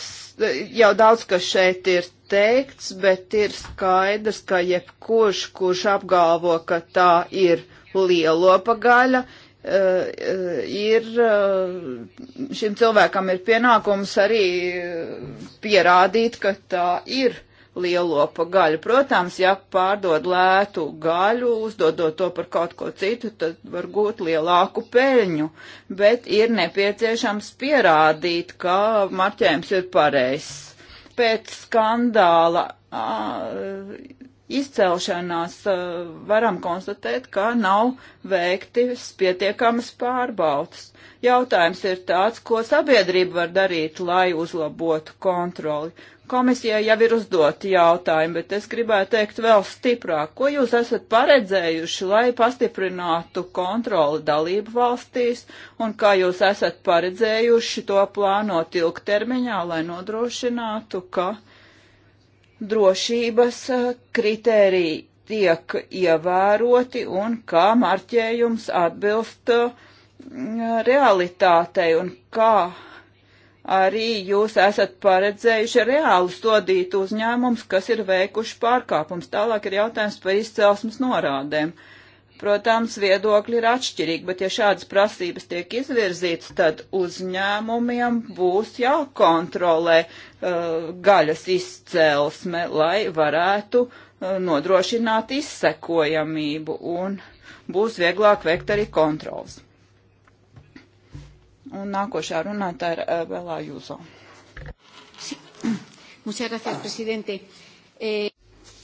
jau daudz, kas šeit ir teikts, bet ir skaidrs, ka jebkurš, kurš apgalvo, ka tā ir lielopa gaļa, eh, ir, eh, šim cilvēkam ir pienākums arī eh, pierādīt, ka tā ir lielopa gaļu. Protams, ja pārdod lētu gaļu, uzdodot to par kaut ko citu, tad var gūt lielāku peļņu, bet ir nepieciešams pierādīt, ka marķējums ir pareizs. Pēc skandāla ā, izcelšanās ā, varam konstatēt, ka nav veiktas pietiekamas pārbaudas. Jautājums ir tāds, ko sabiedrība var darīt, lai uzlabotu kontroli Komisijai jau ir uzdoti jautājumi, bet es gribētu teikt vēl stiprāk, ko jūs esat paredzējuši, lai pastiprinātu kontroli dalību valstīs, un kā jūs esat paredzējuši to plānot ilgtermiņā, lai nodrošinātu, ka drošības e, kritēriji tiek ievēroti un kā marķējums atbilst realitātei un kā arī jūs esat paredzējuši reāli sodīt uzņēmums, kas ir veikuši pārkāpums. Tālāk ir jautājums par izcelsmes norādēm. Protams, viedokļi ir atšķirīgi, bet ja šādas prasības tiek izvirzītas, tad uzņēmumiem būs jākontrolē uh, gaļas izcelsme, lai varētu uh, nodrošināt izsekojamību un būs vieglāk veikt arī kontrols. Un nākošā runātāja ir uh, Belā Jūzo.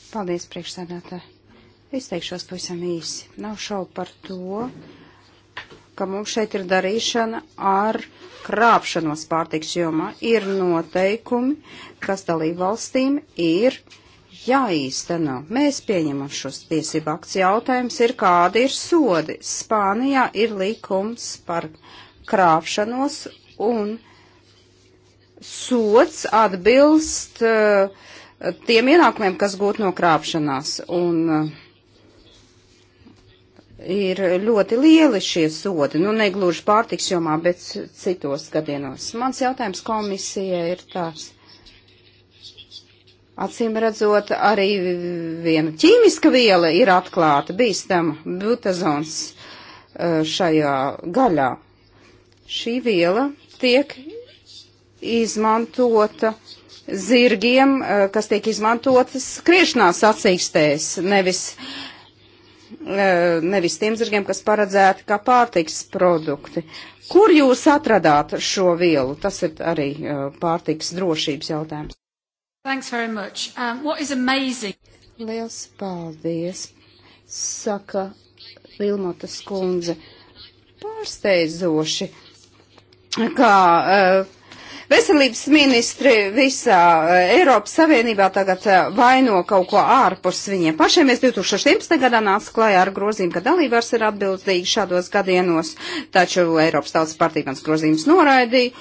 Paldies, priekšsēdētāji. Es teikšos pavisam īsi. Nav šaubu par to, ka mums šeit ir darīšana ar krāpšanos pārtiks jomā. Ir noteikumi, kas dalību valstīm ir jāīsteno. Mēs pieņemam šos tiesību akts. Jautājums ir, kādi ir sodi. Spānijā ir likums par krāpšanos un sots atbilst uh, tiem ienākumiem, kas gūt no krāpšanās. Un, uh, Ir ļoti lieli šie sodi, nu negluži pārtiks jomā, bet citos gadienos. Mans jautājums komisijai ir tāds. Acīm redzot, arī viena ķīmiska viela ir atklāta, bīstama butazons eh, šajā gaļā. Šī viela tiek izmantota zirgiem, eh, kas tiek izmantotas skriešanā sacīkstēs, nevis, eh, nevis tiem zirgiem, kas paredzēti kā pārtiks produkti. Kur jūs atradāt šo vielu? Tas ir arī eh, pārtiks drošības jautājums. Thanks very much. Um, what is amazing? Liels paldies, saka Vilmotas kundze. Pārsteidzoši kā eh, veselības ministri visā eh, Eiropas Savienībā tagad eh, vaino kaut ko ārpus viņiem pašiem. Es 2016. gadā nācu klājā ar grozījumu, ka dalībvars ir atbildīgi šādos gadienos, taču Eiropas tautas partija mans grozījums noraidīja.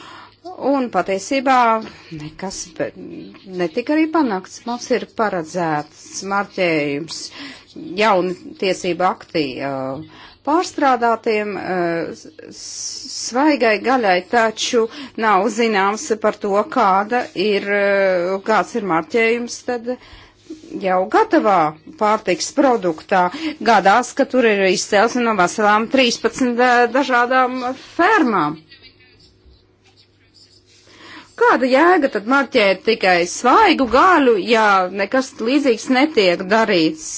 Un patiesībā nekas netika arī panākts. Mums ir paredzēts marķējums jauni tiesību aktī. Uh, pārstrādātiem eh, svaigai gaļai, taču nav zināms par to, kāda ir, eh, kāds ir marķējums tad jau gatavā pārtiks produktā. Gadās, ka tur ir izcelsme no veselām 13 eh, dažādām fermām. Kāda jēga tad marķēt tikai svaigu gaļu, ja nekas līdzīgs netiek darīts?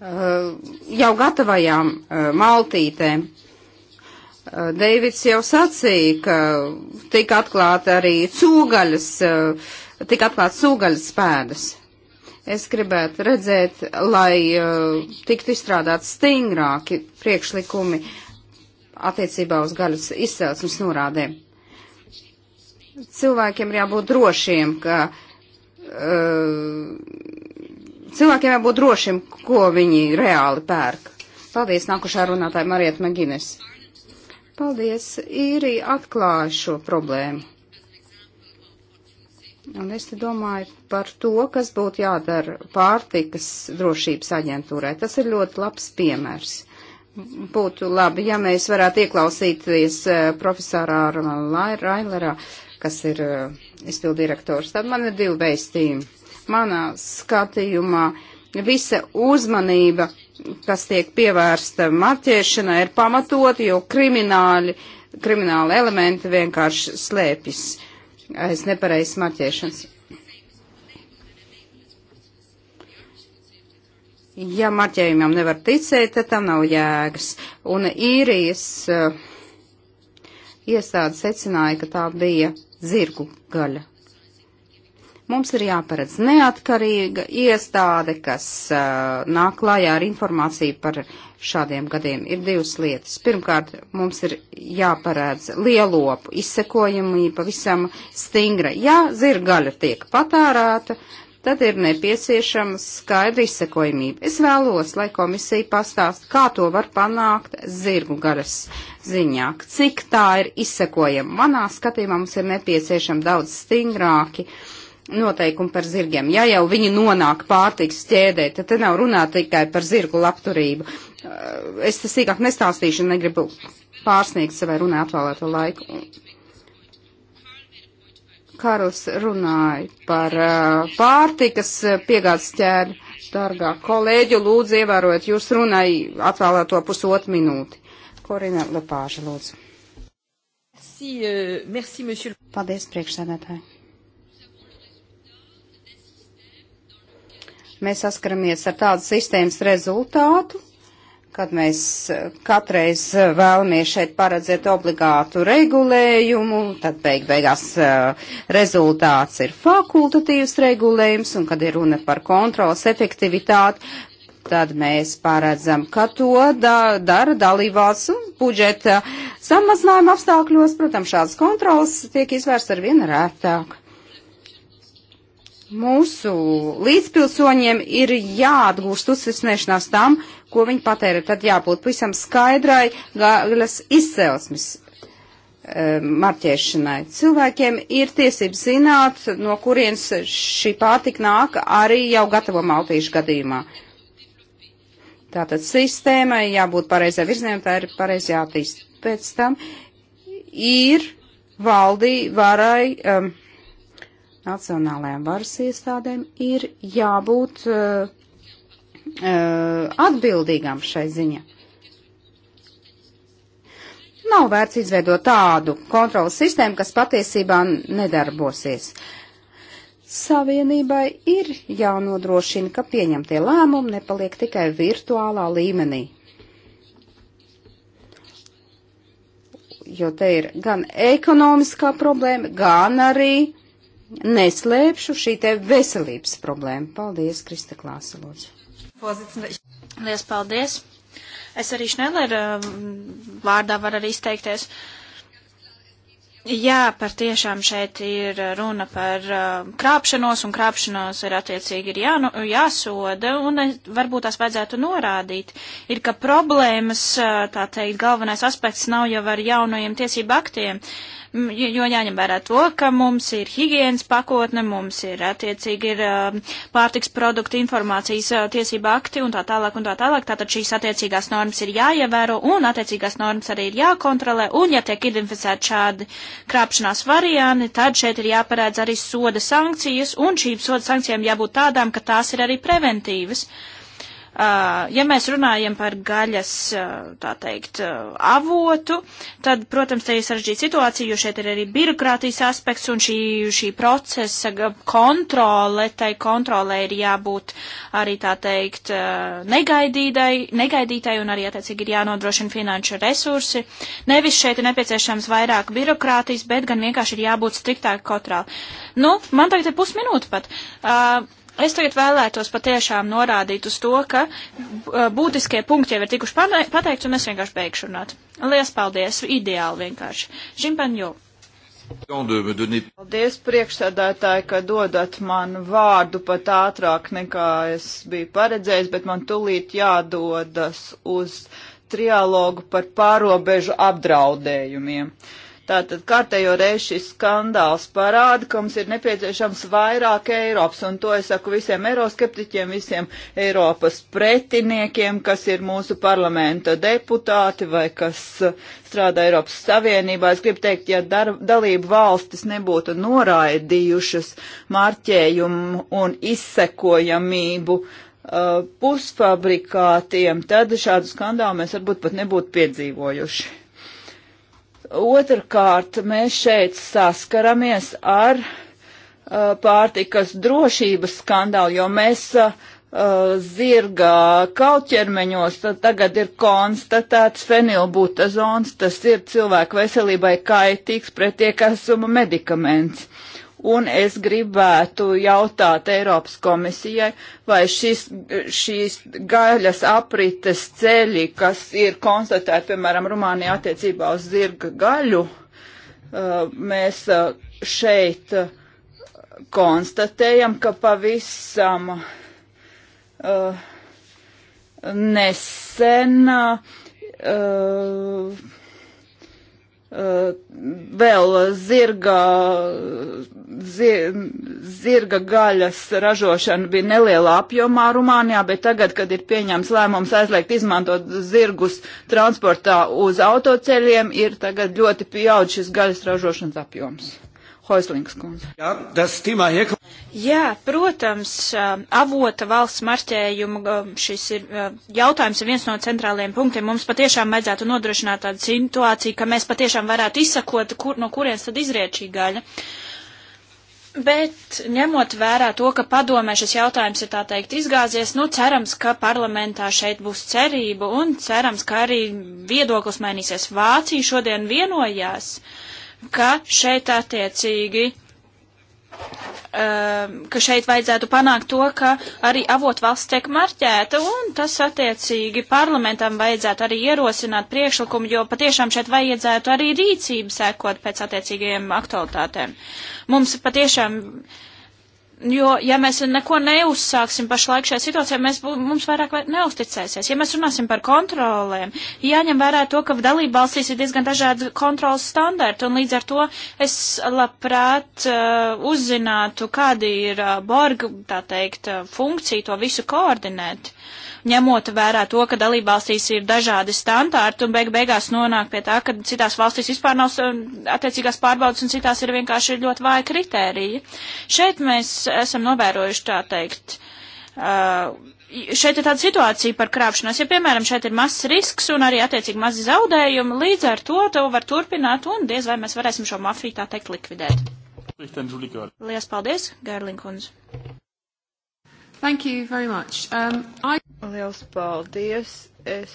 jau gatavajām eh, maltītēm. Eh, Deivids jau sacīja, ka tika atklāta arī cūgaļas, eh, tika atklāts cūgaļas pēdas. Es gribētu redzēt, lai tiktu izstrādāt stingrāki priekšlikumi attiecībā uz gaļas izcelsmes norādēm. Cilvēkiem ir jābūt drošiem, ka uh, Cilvēkiem jābūt drošiem, ko viņi reāli pērk. Paldies, nākušā runātāja Marieta Magines. Paldies, īrija atklāja šo problēmu. Un es te domāju par to, kas būtu jādara pārtikas drošības aģentūrai. Tas ir ļoti labs piemērs. Būtu labi, ja mēs varētu ieklausīties eh, profesorā Railerā, kas ir eh, izpildirektors. Tad man ir divi veistījumi manā skatījumā visa uzmanība, kas tiek pievērsta marķēšanai, ir pamatot, jo krimināli, krimināli elementi vienkārši slēpjas aiz nepareizas marķēšanas. Ja marķējumam nevar ticēt, tad tam nav jēgas. Un īrijas uh, eh, iestāde secināja, ka tā bija zirgu gaļa Mums ir jāparedz neatkarīga iestāde, kas uh, nāk klājā ar informāciju par šādiem gadiem. Ir divas lietas. Pirmkārt, mums ir jāparedz lielopu izsekojamība pavisam stingra. Ja zirgaļa tiek patērēta, tad ir nepieciešama skaidra izsekojamība. Es vēlos, lai komisija pastāst, kā to var panākt zirgu garas ziņā, cik tā ir izsekojama. Manā skatījumā mums ir nepieciešama daudz stingrāki noteikumi par zirgiem. Ja jau viņi nonāk pārtiks ķēdē, tad te nav runā tikai par zirgu labturību. Eh, es tas sīkāk nestāstīšu, negribu pārsniegt savai runā atvēlēto laiku. Karls runāja par eh, pārtikas piegādes ķēdi. Dargā kolēģi, lūdzu, ievērojiet, jūs runai atvēlēto pusotru minūti. Korina Lepāža, lūdzu. Merci, eh, merci, monsieur. Paldies, priekšsēdētāji. Mēs saskaramies ar tādu sistēmas rezultātu, kad mēs eh, katreiz eh, vēlamies šeit paredzēt obligātu regulējumu, tad beig beigās eh, rezultāts ir fakultatīvs regulējums, un kad ir runa par kontrolas efektivitāti, tad mēs paredzam, ka to da, dara dalībās un budžeta samazinājuma apstākļos, protams, šādas kontrolas tiek izvērst ar vien rētāk. Mūsu līdzpilsoņiem ir jāatgūst uzticēšanās tam, ko viņi patēra. Tad jābūt pavisam skaidrai gāļas izcelsmes eh, marķēšanai. Cilvēkiem ir tiesības zināt, no kurienes šī pārtika nāk arī jau gatavo maltīšu gadījumā. Tātad sistēmai jābūt pareizai virzienam, tā ir pareizi jātīst. Pēc tam ir valdī varai um, nacionālajām varas iestādēm ir jābūt uh, atbildīgām šai ziņā. Nav vērts izveidot tādu kontrolas sistēmu, kas patiesībā nedarbosies. Savienībai ir jānodrošina, ka pieņemtie lēmumi nepaliek tikai virtuālā līmenī. Jo te ir gan ekonomiskā problēma, gan arī uh, neslēpšu šī te veselības problēma. Paldies, Krista Klāsa, lūdzu. Lies paldies. Es arī Šnelera um, vārdā varu arī izteikties. Jā, par tiešām šeit ir runa par uh, krāpšanos, un krāpšanos ir attiecīgi ir jānu, jāsoda, un varbūt tās vajadzētu norādīt. Ir, ka problēmas, uh, tā teikt, galvenais aspekts nav jau ar jaunajiem tiesību aktiem. Uh, jo jāņem vērā to, ka mums ir higienas pakotne, mums ir attiecīgi ir um, pārtiks produktu informācijas uh, tiesība akti un tā tālāk un tā tālāk. Tātad šīs attiecīgās normas ir jāievēro un attiecīgās normas arī ir jākontrolē. Un ja tiek identificēti šādi krāpšanās varianti, tad šeit ir jāparēdz arī soda sankcijas un šīm soda sankcijām jābūt tādām, ka tās ir arī preventīvas. Uh, Uh, ja mēs runājam par gaļas, uh, tā teikt, uh, avotu, tad, protams, te ir sarežģīta situācija, jo šeit ir arī birokrātijas aspekts un šī, šī procesa kontrole, tai kontrolē ir jābūt arī, tā teikt, negaidītai, negaidītai un arī, attiecīgi, ir jānodrošina finanšu resursi. Nevis šeit ir nepieciešams vairāk birokrātijas, bet gan vienkārši ir jābūt striktāk kontroli. Nu, man tagad ir pusminūte pat. Uh, Es tagad vēlētos patiešām norādīt uz to, ka eh, būtiskie punkti jau ir tikuši pateikti, un es vienkārši beigšu runāt. Lielas paldies, ideāli vienkārši. Žimpanjo. Paldies priekšsēdētāji, ka dodat man vārdu pat ātrāk nekā es biju paredzējis, bet man tulīt jādodas uz trialogu par pārobežu apdraudējumiem. Uh, Tātad kārtējo reizi šis skandāls parāda, ka mums ir nepieciešams vairāk Eiropas, un to es saku visiem eiroskeptiķiem, visiem Eiropas pretiniekiem, kas ir mūsu parlamenta deputāti vai kas strādā Eiropas Savienībā. Es gribu teikt, ja dar, dalību valstis nebūtu noraidījušas marķējumu un izsekojamību uh, pusfabrikātiem, tad šādu skandālu mēs varbūt pat nebūtu piedzīvojuši. Otrkārt, mēs šeit saskaramies ar uh, pārtikas drošības skandālu, jo mēs uh, uh zirga kauķermeņos tagad ir konstatēts fenilbutazons, tas ir cilvēku veselībai kaitīgs pretiekasuma medikaments. Uh, un es gribētu jautāt Eiropas komisijai, vai šis, šīs gaļas aprites ceļi, kas ir konstatēti, piemēram, Rumānijā attiecībā uz zirga gaļu, uh, mēs uh, šeit uh, konstatējam, ka pavisam nesen uh, Eh, vēl zirga, zir, zirga gaļas ražošana bija nelielā apjomā Rumānijā, bet tagad, kad ir pieņems lēmums aizliegt izmantot zirgus transportā uz autoceļiem, ir tagad ļoti pieaudz šis gaļas ražošanas apjoms. Hoizlings kundze. Jā, tas timā iekl... Jā, protams, avota valsts marķējuma šis ir jautājums ir viens no centrālajiem punktiem. Mums patiešām vajadzētu nodrošināt tādu situāciju, ka mēs patiešām varētu izsakot, kur, no kurienes tad izriet šī gaļa. Bet ņemot vērā to, ka padomē šis jautājums ir tā teikt izgāzies, nu cerams, ka parlamentā šeit būs cerība un cerams, ka arī viedoklis mainīsies. Vācija šodien vienojās. Uh, ka šeit attiecīgi um, ka šeit vajadzētu panākt to, ka arī avotvalsts tiek marķēta, un tas attiecīgi parlamentam vajadzētu arī ierosināt priekšlikumu, jo patiešām šeit vajadzētu arī rīcību sekot pēc attiecīgajiem aktualitātēm. Mums patiešām uh, Jo, ja mēs neko neuzsāksim pašlaik šajā situācijā, mēs, mums vairāk vai neusticēsies. Ja mēs runāsim par kontrolēm, jāņem vērā to, ka dalība valstīs ir diezgan dažādi kontrolas standarti, un līdz ar to es labprāt uh, uzzinātu, kāda ir uh, borga, tā teikt, uh, funkcija to visu koordinēt ņemot vērā to, ka dalībvalstīs ir dažādi standārti un beig beigās nonāk pie tā, ka citās valstīs vispār nav um, attiecīgās pārbaudas un citās ir vienkārši ļoti vāja kritērija. Šeit mēs esam novērojuši tā teikt. Uh, šeit ir tāda situācija par krāpšanos. Ja, piemēram, šeit ir mazs risks un arī attiecīgi mazi zaudējumi, līdz ar to to var turpināt un diez vai mēs varēsim šo mafiju tā teikt likvidēt. Lielas paldies, Gērlinkundze. Thank you very much. Um, I... Liels paldies! Es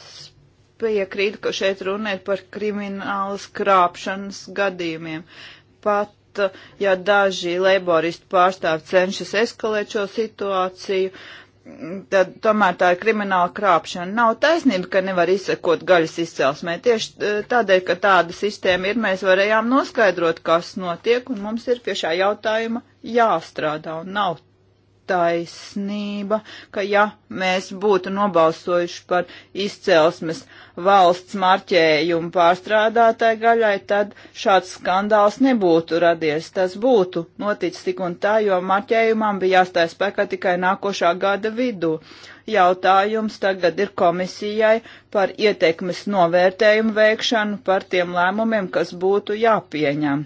piekrītu, ka šeit runē par kriminālas krāpšanas gadījumiem. Pat uh, ja daži leiboristu pārstāvi cenšas eskalēt šo situāciju, mm, tad tomēr tā ir krimināla krāpšana. Nav taisnība, ka nevar izsekot gaļas izcelsmē. Tieši uh, tādēļ, ka tāda sistēma ir, mēs varējām noskaidrot, kas notiek, un mums ir pie šā jautājuma jāstrādā, un nav taisnība, ka ja mēs būtu nobalsojuši par izcelsmes valsts marķējumu pārstrādātai gaļai, tad šāds skandāls nebūtu radies. Tas būtu noticis tik un tā, jo marķējumam bija jāstāj spēkā tikai nākošā gada vidū. Jautājums tagad ir komisijai par ietekmes novērtējumu veikšanu, par tiem lēmumiem, kas būtu jāpieņem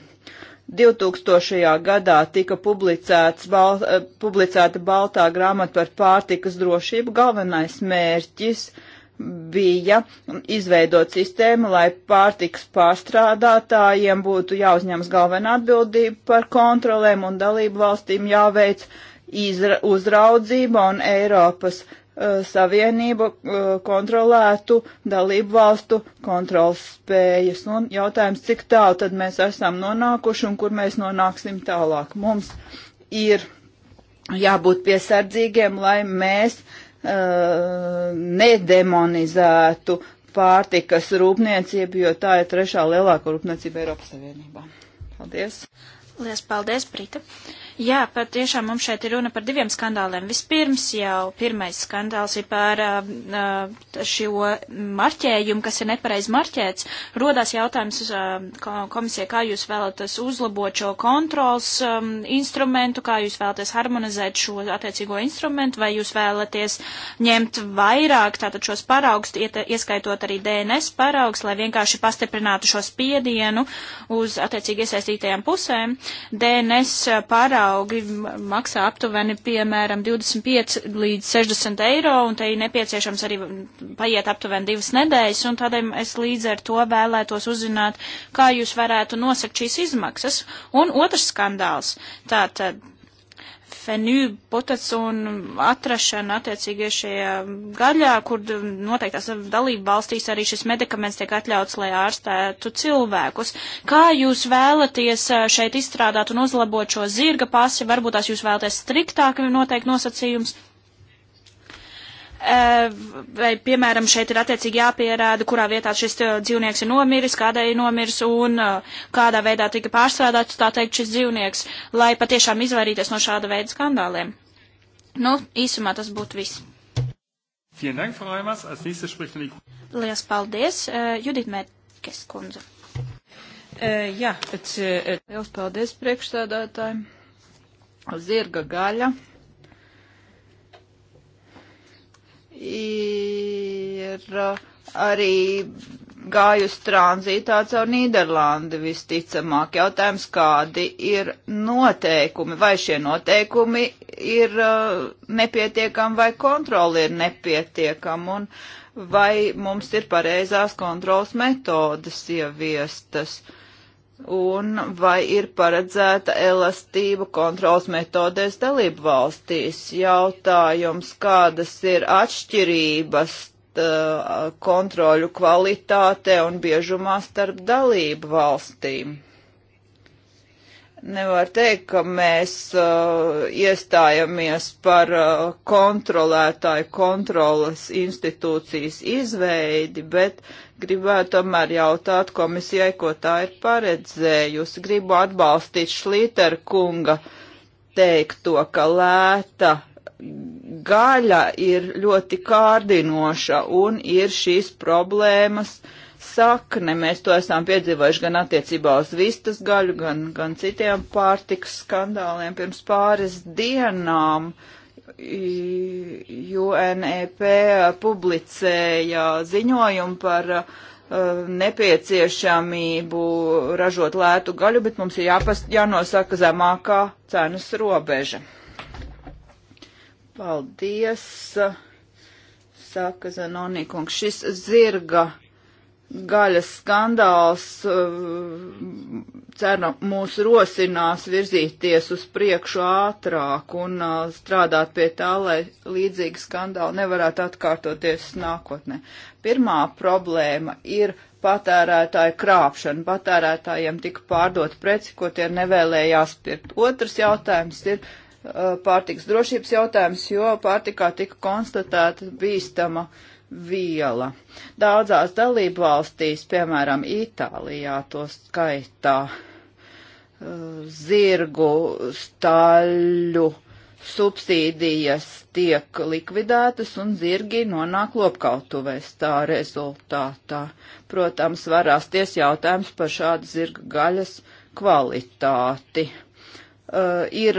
2000. gadā tika bal, eh, publicēta Baltā grāmata par pārtikas drošību. Galvenais mērķis bija izveidot sistēmu, lai pārtikas pārstrādātājiem būtu jāuzņemas galvenā atbildība par kontrolēm un dalību valstīm jāveic izra, uzraudzība un Eiropas Eh, Savienība eh, kontrolētu dalību valstu kontrols spējas. Un jautājums, cik tālu tad mēs esam nonākuši un kur mēs nonāksim tālāk. Mums ir jābūt piesardzīgiem, lai mēs uh, nedemonizētu pārtikas rūpniecību, jo tā ir trešā lielākā rūpniecība Eiropas Savienībā. Paldies! Lielas paldies, Brita! Uh, Jā, pat tiešām mums šeit ir runa par diviem skandāliem. Vispirms jau pirmais skandāls ir par um, uh, šo marķējumu, kas ir nepareiz marķēts. Rodās jautājums uh, um, komisijai, kā jūs vēlaties uzlabot šo kontrols um, instrumentu, kā jūs vēlaties harmonizēt šo attiecīgo instrumentu, vai jūs vēlaties ņemt vairāk tātad šos paraugs, ieskaitot arī DNS paraugs, lai vienkārši pastiprinātu šo spiedienu uz attiecīgi iesaistītajām pusēm. DNS uh, paraugs paraugi maksā aptuveni, piemēram, 25 līdz 60 eiro, un te ir nepieciešams arī paiet aptuveni divas nedēļas, un tādēļ es līdz ar to vēlētos uzzināt, kā jūs varētu nosakt šīs izmaksas. Un otrs skandāls, tātad fenību potasonu atrašana attiecīgie šajā um, gaļā, kur noteiktās dalība valstīs arī šis medikaments tiek atļauts, lai ārstētu cilvēkus. Kā jūs vēlaties uh, šeit izstrādāt un uzlabot šo zirga pasi, varbūt tās jūs vēlaties striktāk noteikt nosacījums? Eh, vai, piemēram, šeit ir attiecīgi jāpierāda, kurā vietā šis eh, dzīvnieks ir nomiris, kādai ir nomiris un eh, kādā veidā tika pārstrādāts, tā teikt, šis dzīvnieks, lai patiešām izvairīties no šāda veida skandāliem. Nu, īsumā tas būtu viss. Lielas paldies, Judita Mērķes kundze. Jā, pēc. Lielas paldies priekšstādātājiem. Zirga gaļa ir uh, arī gājusi tranzītā caur Nīderlandi visticamāk. Jautājums, kādi ir noteikumi, vai šie noteikumi ir uh, nepietiekami, vai kontroli ir nepietiekama, un vai mums ir pareizās kontrols metodas ieviestas. Uh, un vai ir paredzēta elastība kontrols metodēs dalību valstīs. Jautājums, kādas ir atšķirības tā, kontroļu kvalitāte un biežumā starp dalību valstīm? Nevar teikt, ka mēs uh, iestājamies par uh, kontrolētāju kontrolas institūcijas izveidi, bet gribētu tomēr jautāt komisijai, ko tā ir paredzējusi. Gribu atbalstīt Šlīter kunga teikto, ka lēta gaļa ir ļoti kārdinoša un ir šīs problēmas sakne. Mēs to esam piedzīvojuši gan attiecībā uz vistas gaļu, gan, gan citiem pārtikas skandāliem pirms pāris dienām. UNEP publicēja ziņojumu par uh, nepieciešamību ražot lētu gaļu, bet mums ir jāpas, jānosaka zemākā cenas robeža. Paldies, saka Zanonī kungs. Šis zirga gaļas skandāls eh, ceru mūs rosinās virzīties uz priekšu ātrāk un eh, strādāt pie tā, lai līdzīgi skandāli nevarētu atkārtoties nākotnē. Pirmā problēma ir patērētāju krāpšana. Patērētājiem tika pārdot preci, ko tie nevēlējās pirkt. Otrs jautājums ir pārtiks drošības jautājums, jo pārtikā tika konstatēta bīstama viela. Daudzās dalību valstīs, piemēram, Itālijā to skaitā uh, zirgu staļu subsīdijas tiek likvidētas un zirgi nonāk lopkautuvēs tā rezultātā. Protams, varāsties jautājums par šādu zirga gaļas kvalitāti. Uh, ir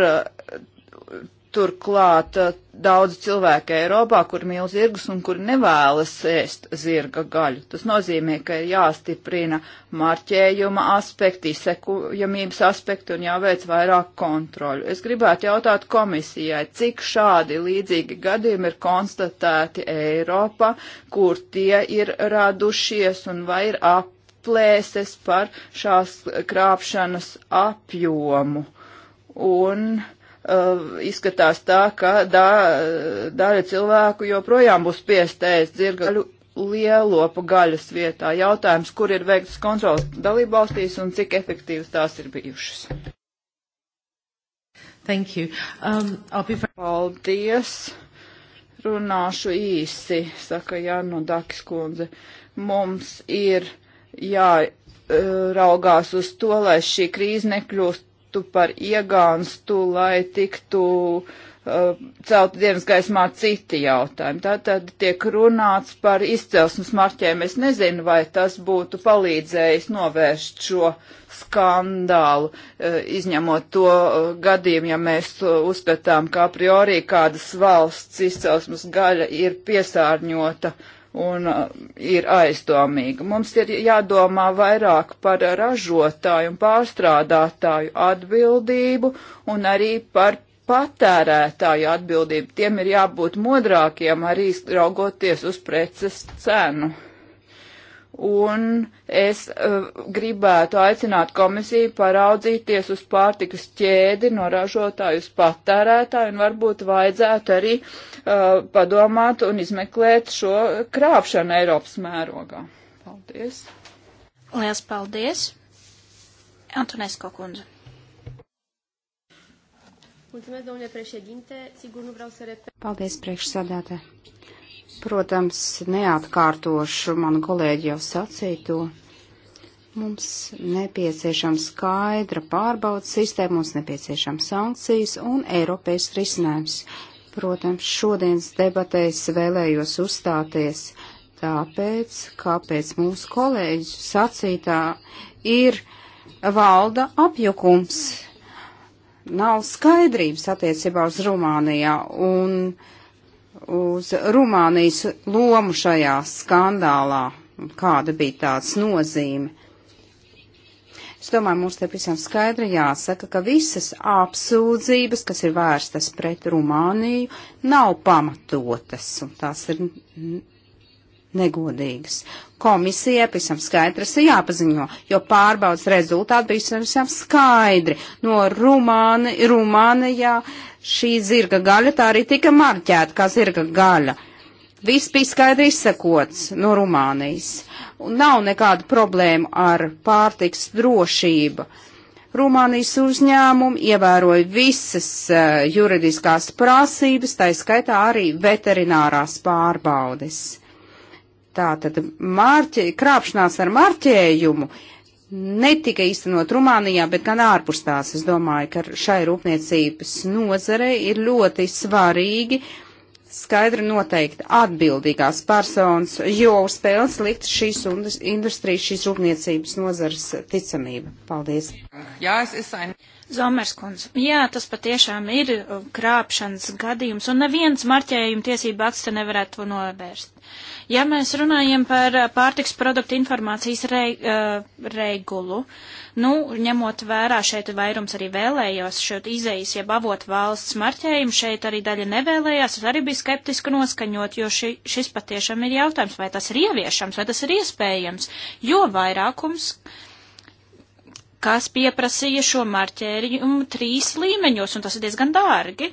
Turklāt eh, daudz cilvēku Eiropā, kur mīl zirgus un kur nevēlas ēst zirga gaļu. Tas nozīmē, ka ir jāstiprina marķējuma aspekti, sekujamības aspekti un jāveic vairāk kontroļu. Es gribētu jautāt komisijai, cik šādi līdzīgi gadījumi ir konstatēti Eiropā, kur tie ir radušies un vai ir aplēses par šās krāpšanas apjomu. Un Uh, izskatās tā, ka dā, daļa cilvēku joprojām būs piestēst zirga lielopu gaļas vietā. Jautājums, kur ir veiktas kontrolas dalībvalstīs un cik efektīvas tās ir bijušas. Thank you. Um, I'll be... Paldies. Runāšu īsi, saka Jānu Dakis kundze. Mums ir jā raugās uz to, lai šī krīze nekļūst aktu par iegānstu, lai tiktu uh, celt dienas gaismā citi jautājumi. Tātad tiek runāts par izcelsmes marķēm. Es nezinu, vai tas būtu palīdzējis novērst šo skandālu, uh, izņemot to uh, gadījumu, ja mēs uh, uzskatām, ka a priori kādas valsts izcelsmes gaļa ir piesārņota uh, un uh, ir aizdomīga. Mums ir jādomā vairāk par ražotāju un pārstrādātāju atbildību un arī par patērētāju atbildību. Tiem ir jābūt modrākiem arī raugoties uz preces cenu. Un es uh, gribētu aicināt komisiju paraudzīties uz pārtikas ķēdi no ražotāju uz patērētāju un varbūt vajadzētu arī uh, padomāt un izmeklēt šo krāpšanu Eiropas mērogā. Paldies! Lielas paldies! Antonesko kundze. Mulțumesc, domnule președinte. Sigur, nu vreau să repet. Paldies, priekšsādātāji. Protams, neatkārtošu manu kolēģi jau sacīto. Mums nepieciešama skaidra pārbaudas sistēma, mums nepieciešama sankcijas un Eiropējas risinājums. Protams, šodienas debatēs vēlējos uzstāties tāpēc, kāpēc mūsu kolēģi sacītā ir valda apjukums. Nav skaidrības attiecībā uz Rumānijā un. Uh, uz Rumānijas lomu šajā skandālā, kāda bija tāds nozīme. Es domāju, mums te visam skaidri jāsaka, ka visas apsūdzības, kas ir vērstas pret Rumāniju, nav pamatotas, un tās ir negodīgas. Komisija pavisam skaidrs ir jāpaziņo, jo pārbaudas rezultāti bija pavisam skaidri. No Rumāni, Rumānijā šī zirga gaļa tā arī tika marķēta kā zirga gaļa. Viss bija skaidri izsakots no Rumānijas. Un nav nekāda problēma ar pārtiks drošību. Rumānijas uzņēmumi ievēroja visas uh, juridiskās prasības, tā skaitā arī veterinārās pārbaudes Tātad mārķi, krāpšanās ar marķējumu netika īstenot Rumānijā, bet gan ārpus tās. Es domāju, ka šai rūpniecības nozarei ir ļoti svarīgi skaidri noteikti atbildīgās personas, jo uz spēles likt šīs industrijas, šīs rūpniecības nozares ticamība. Paldies. Jā, es esmu. Zomerskundz, jā, tas patiešām ir uh, krāpšanas gadījums, un neviens marķējuma tiesība akts te nevarētu to novērst. Ja mēs runājam par eh, pārtiks produktu informācijas re, uh, eh, regulu, nu, ņemot vērā šeit vairums arī vēlējos šo izejas, ja bavot valsts marķējumu, šeit arī daļa nevēlējās, es arī biju skeptiski noskaņot, jo ši, šis patiešām ir jautājums, vai tas ir ieviešams, vai tas ir iespējams, jo vairākums kas pieprasīja šo marķējumu trīs līmeņos, un tas ir diezgan dārgi.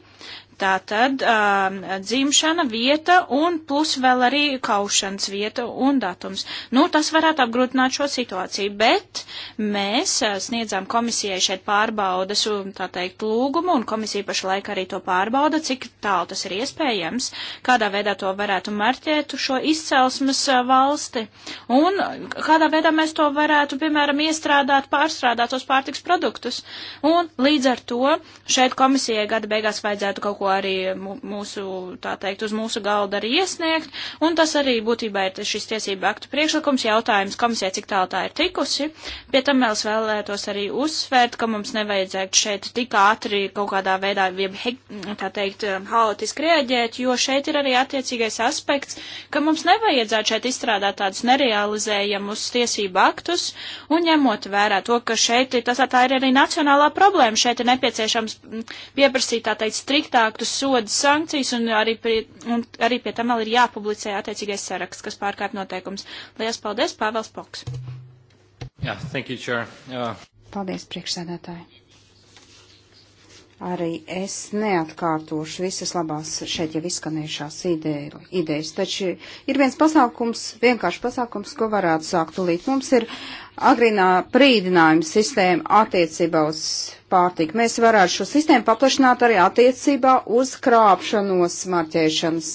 Tā tad um, dzimšana vieta un plus vēl arī kaušanas vieta un datums. Nu, tas varētu apgrūtināt šo situāciju, bet mēs uh, sniedzām komisijai šeit pārbaudas un, tā teikt, lūgumu, un komisija pašlaik arī to pārbauda, cik tālu tas ir iespējams, kādā veidā to varētu marķēt šo izcelsmes uh, valsti, un kādā veidā mēs to varētu, piemēram, iestrādāt, pārstrādāt uz pārtiks produktus. Un līdz ar to šeit komisijai gada beigās vajadzētu kaut ko ko arī mūsu, tā teikt, uz mūsu galda arī iesniegt, un tas arī būtībā ir šis tiesību aktu priekšlikums jautājums komisijai, cik tālu tā ir tikusi. Pie tam vēl vēlētos arī uzsvērt, ka mums nevajadzētu šeit tik ātri kaut kādā veidā, tā teikt, haotiski rēģēt, jo šeit ir arī attiecīgais aspekts, ka mums nevajadzētu šeit izstrādāt tādus nerealizējamus tiesību aktus, un ņemot vērā to, ka šeit tas tā ir arī nacionālā problēma, šeit ir nepieciešams mm, pieprasīt, tā teikt, striktāk uzsāktu sodu sankcijas, un arī, pie, un arī pie tam vēl ir jāpublicē attiecīgais saraksts, kas pārkāp noteikums. Lielas paldies, Pāvels Poks. Yeah, thank you, Chair. Yeah. Uh, paldies, priekšsēdētāji. Arī es neatkārtošu visas labās šeit jau izskanējušās ideja, idejas, taču ir viens pasākums, vienkārši pasākums, ko varētu sākt tulīt. Mums ir agrīnā brīdinājuma sistēma attiecībā uz pārtika. Mēs varētu šo sistēmu paplašināt arī attiecībā uz krāpšanos marķēšanas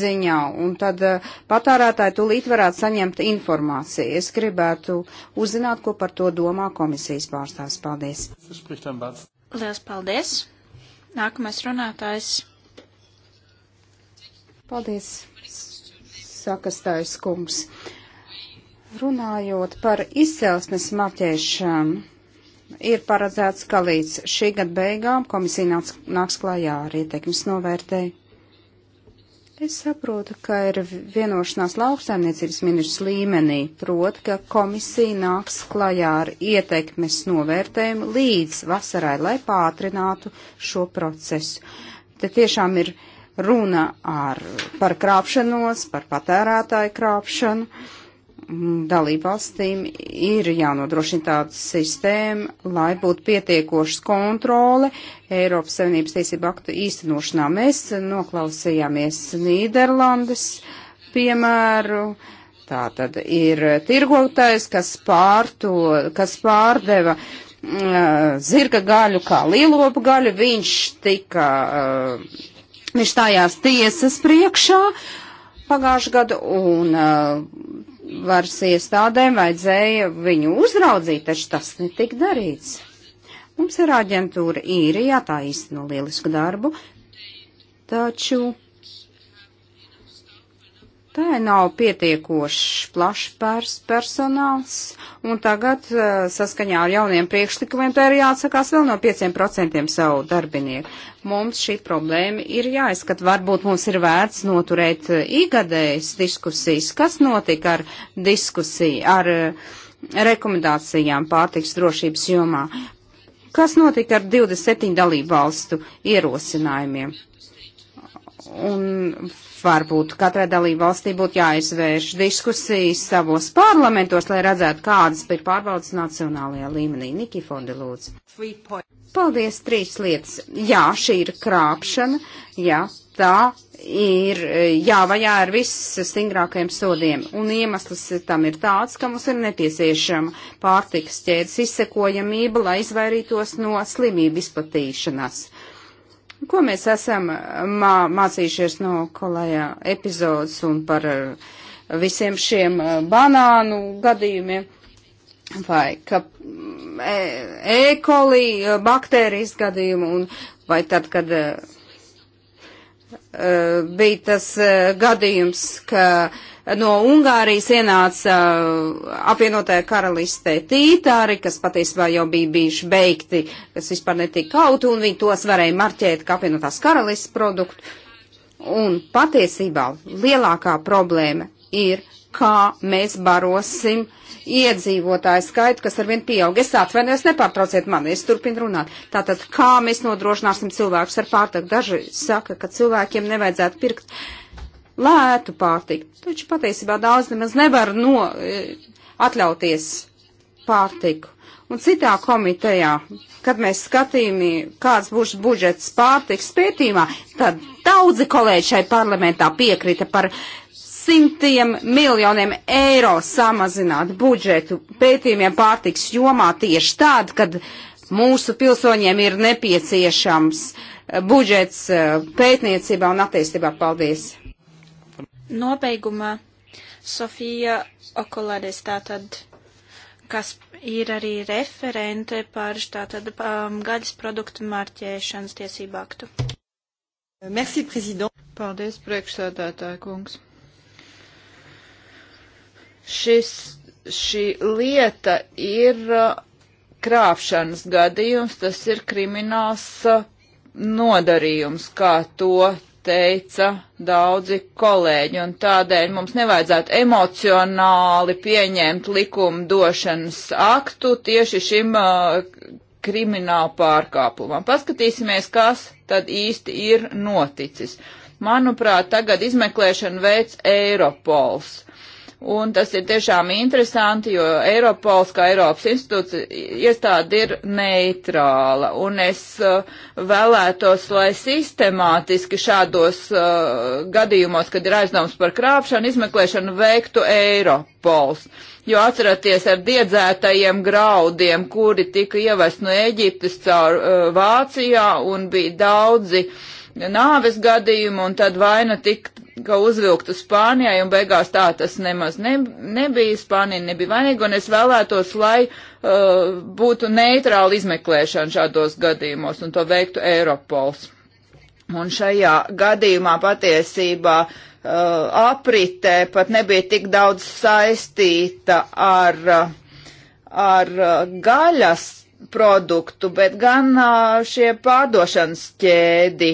ziņā, un tad eh, patārētāji tūlīt varētu saņemt informāciju. Es gribētu uzzināt, ko par to domā komisijas pārstāvs. Paldies! Lielas paldies! Nākamais runātājs. Paldies, sakastais kungs. Runājot par izcelsmes marķēšanu ir paredzēts, ka līdz šī gada beigām komisija nāks, nāks klajā ar ieteikums novērtēju. Es saprotu, ka ir vienošanās lauksaimniecības ministrs līmenī, proti, ka komisija nāks klajā ar ieteikmes novērtējumu līdz vasarai, lai pātrinātu šo procesu. Te tiešām ir runa ar, par krāpšanos, par patērētāju krāpšanu. Uh, Mm, dalībvalstīm ir jānodrošina tāda sistēma, lai būtu pietiekošas kontrole Eiropas Savienības tiesību aktu īstenošanā. Mēs noklausījāmies Nīderlandes piemēru. Tā tad ir tirgotājs, kas, pārto, kas pārdeva uh, zirga gaļu kā lielopu gaļu. Viņš tika, uh, viņš stājās tiesas priekšā pagājušajā gadu un uh, varas iestādēm vajadzēja viņu uzraudzīt, taču tas netika darīts. Mums ir aģentūra īrijā, tā īsteno lielisku darbu, taču Tā nav pietiekoši plašs pers personāls, un tagad eh, saskaņā ar jauniem priekšlikumiem tā ir jāatsakās vēl no 5% savu darbinieku. Mums šī problēma ir jāizskat. Varbūt mums ir vērts noturēt eh, igadējas diskusijas. Kas notika ar diskusiju, ar eh, rekomendācijām pārtiks drošības jomā? Kas notika ar 27 dalību valstu ierosinājumiem? Un Varbūt katrai dalību valstī būtu jāizvērš diskusijas savos parlamentos, lai redzētu, kādas ir pārbaudas nacionālajā līmenī. Niki Fondi, lūdzu. Paldies, trīs lietas. Jā, šī ir krāpšana. Jā, tā ir jāvajā ar visstingrākajiem sodiem. Un iemesls tam ir tāds, ka mums ir nepieciešama pārtikas ķēdes izsekojamība, lai izvairītos no slimību izplatīšanās Ko mēs esam uh, mā mācījušies no kolējā epizodes un par uh, visiem šiem uh, banānu gadījumiem? Vai ka e-koli mm, e, e baktērijas gadījumu un vai tad, kad uh, bija tas uh, gadījums, ka uh, no Ungārijas ienāca uh, apvienotāja karalistē tītāri, kas patiesībā jau bija bijuši beigti, kas vispār netika kaut, un viņi tos varēja marķēt kā apvienotās karalistes produktu. Un patiesībā lielākā problēma ir, kā mēs barosim iedzīvotāju skaitu, kas arvien pieaug. Es atvainojos, nepārtrauciet mani, es turpinu runāt. Tātad, kā mēs nodrošināsim cilvēkus ar pārtiku? Daži saka, ka cilvēkiem nevajadzētu pirkt uh, lētu pārtiku. Taču patiesībā daudz nemaz nevar no, e, atļauties pārtiku. Un citā komitejā, kad mēs skatījāmies, kāds būs budžets pārtiks pētījumā, tad daudzi kolēģi šai parlamentā piekrita par simtiem miljoniem eiro samazināt budžetu pētījumiem pārtiks jomā tieši tad, kad mūsu pilsoņiem ir nepieciešams budžets e, pētniecībā un attīstībā. Paldies! nobeigumā Sofija Okolades, tātad, kas ir arī referente par tātad um, gaļas produktu marķēšanas tiesību aktu. Merci, prezident. Paldies, priekšsēdētāja kungs. Šis, šī lieta ir uh, krāpšanas gadījums, tas ir krimināls uh, nodarījums, kā to teica daudzi kolēģi, un tādēļ mums nevajadzētu emocionāli pieņemt likumdošanas aktu tieši šim uh, kriminālu pārkāpumam. Paskatīsimies, kas tad īsti ir noticis. Manuprāt, tagad izmeklēšanu veids Eiropols. Un tas ir tiešām interesanti, jo Eiropols kā Eiropas institūts iestāde ir neitrāla. Un es uh, vēlētos, lai sistemātiski šādos uh, gadījumos, kad ir aizdoms par krāpšanu, izmeklēšanu veiktu Eiropols. Jo atceraties ar diedzētajiem graudiem, kuri tika ievest no Eģiptes caur uh, Vācijā un bija daudzi uh, nāves gadījumu, un tad vaina tika uzvilkta Spānijai, un beigās tā tas nemaz ne, nebija. Spānija nebija vainīga, un es vēlētos, lai uh, būtu neitrāla izmeklēšana šādos gadījumos, un to veiktu Eiropols. Un šajā gadījumā patiesībā uh, apritē pat nebija tik daudz saistīta ar, uh, ar uh, gaļas produktu, bet gan uh, šie pārdošanas ķēdi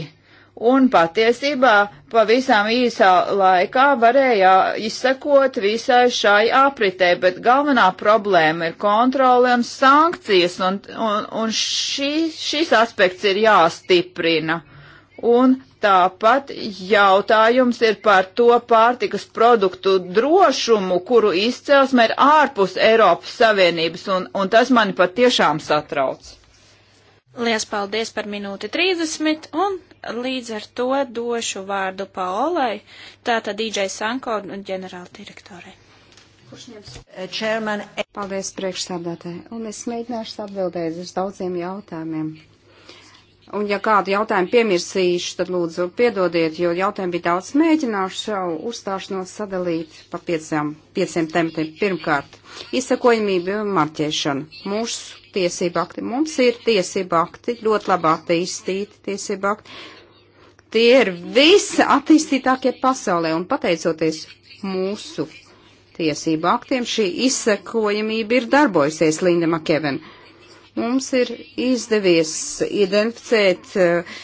un patiesībā pavisam īsā laikā varēja izsekot visai šai apritē, bet galvenā problēma ir kontrole un sankcijas, un, un, un šī, šis aspekts ir jāstiprina. Un tāpat jautājums ir par to pārtikas produktu drošumu, kuru izcelsme ir ārpus Eiropas Savienības, un, un tas mani patiešām satrauc. Lielas paldies par minūti 30 un līdz ar to došu vārdu Paolai, tātad DJ Sanko un ģenerāla direktorai. Eh, eh, Paldies priekšsādātāji, un es mēģināšu atbildēt uz daudziem jautājumiem. Un ja kādu jautājumu piemirsīšu, tad lūdzu piedodiet, jo jautājumu bija daudz mēģināšu šo uzstāšanos sadalīt pa piecām, pieciem tematiem. Pirmkārt, izsakojamība un marķēšana. Mūsu tiesība akti, mums ir tiesība akti, ļoti labi attīstīti tiesība akti, Tie ir visi attīstītākie pasaulē un pateicoties mūsu tiesību aktiem šī izsekojamība ir darbojusies Linda Makevena. Mums ir izdevies identificēt uh,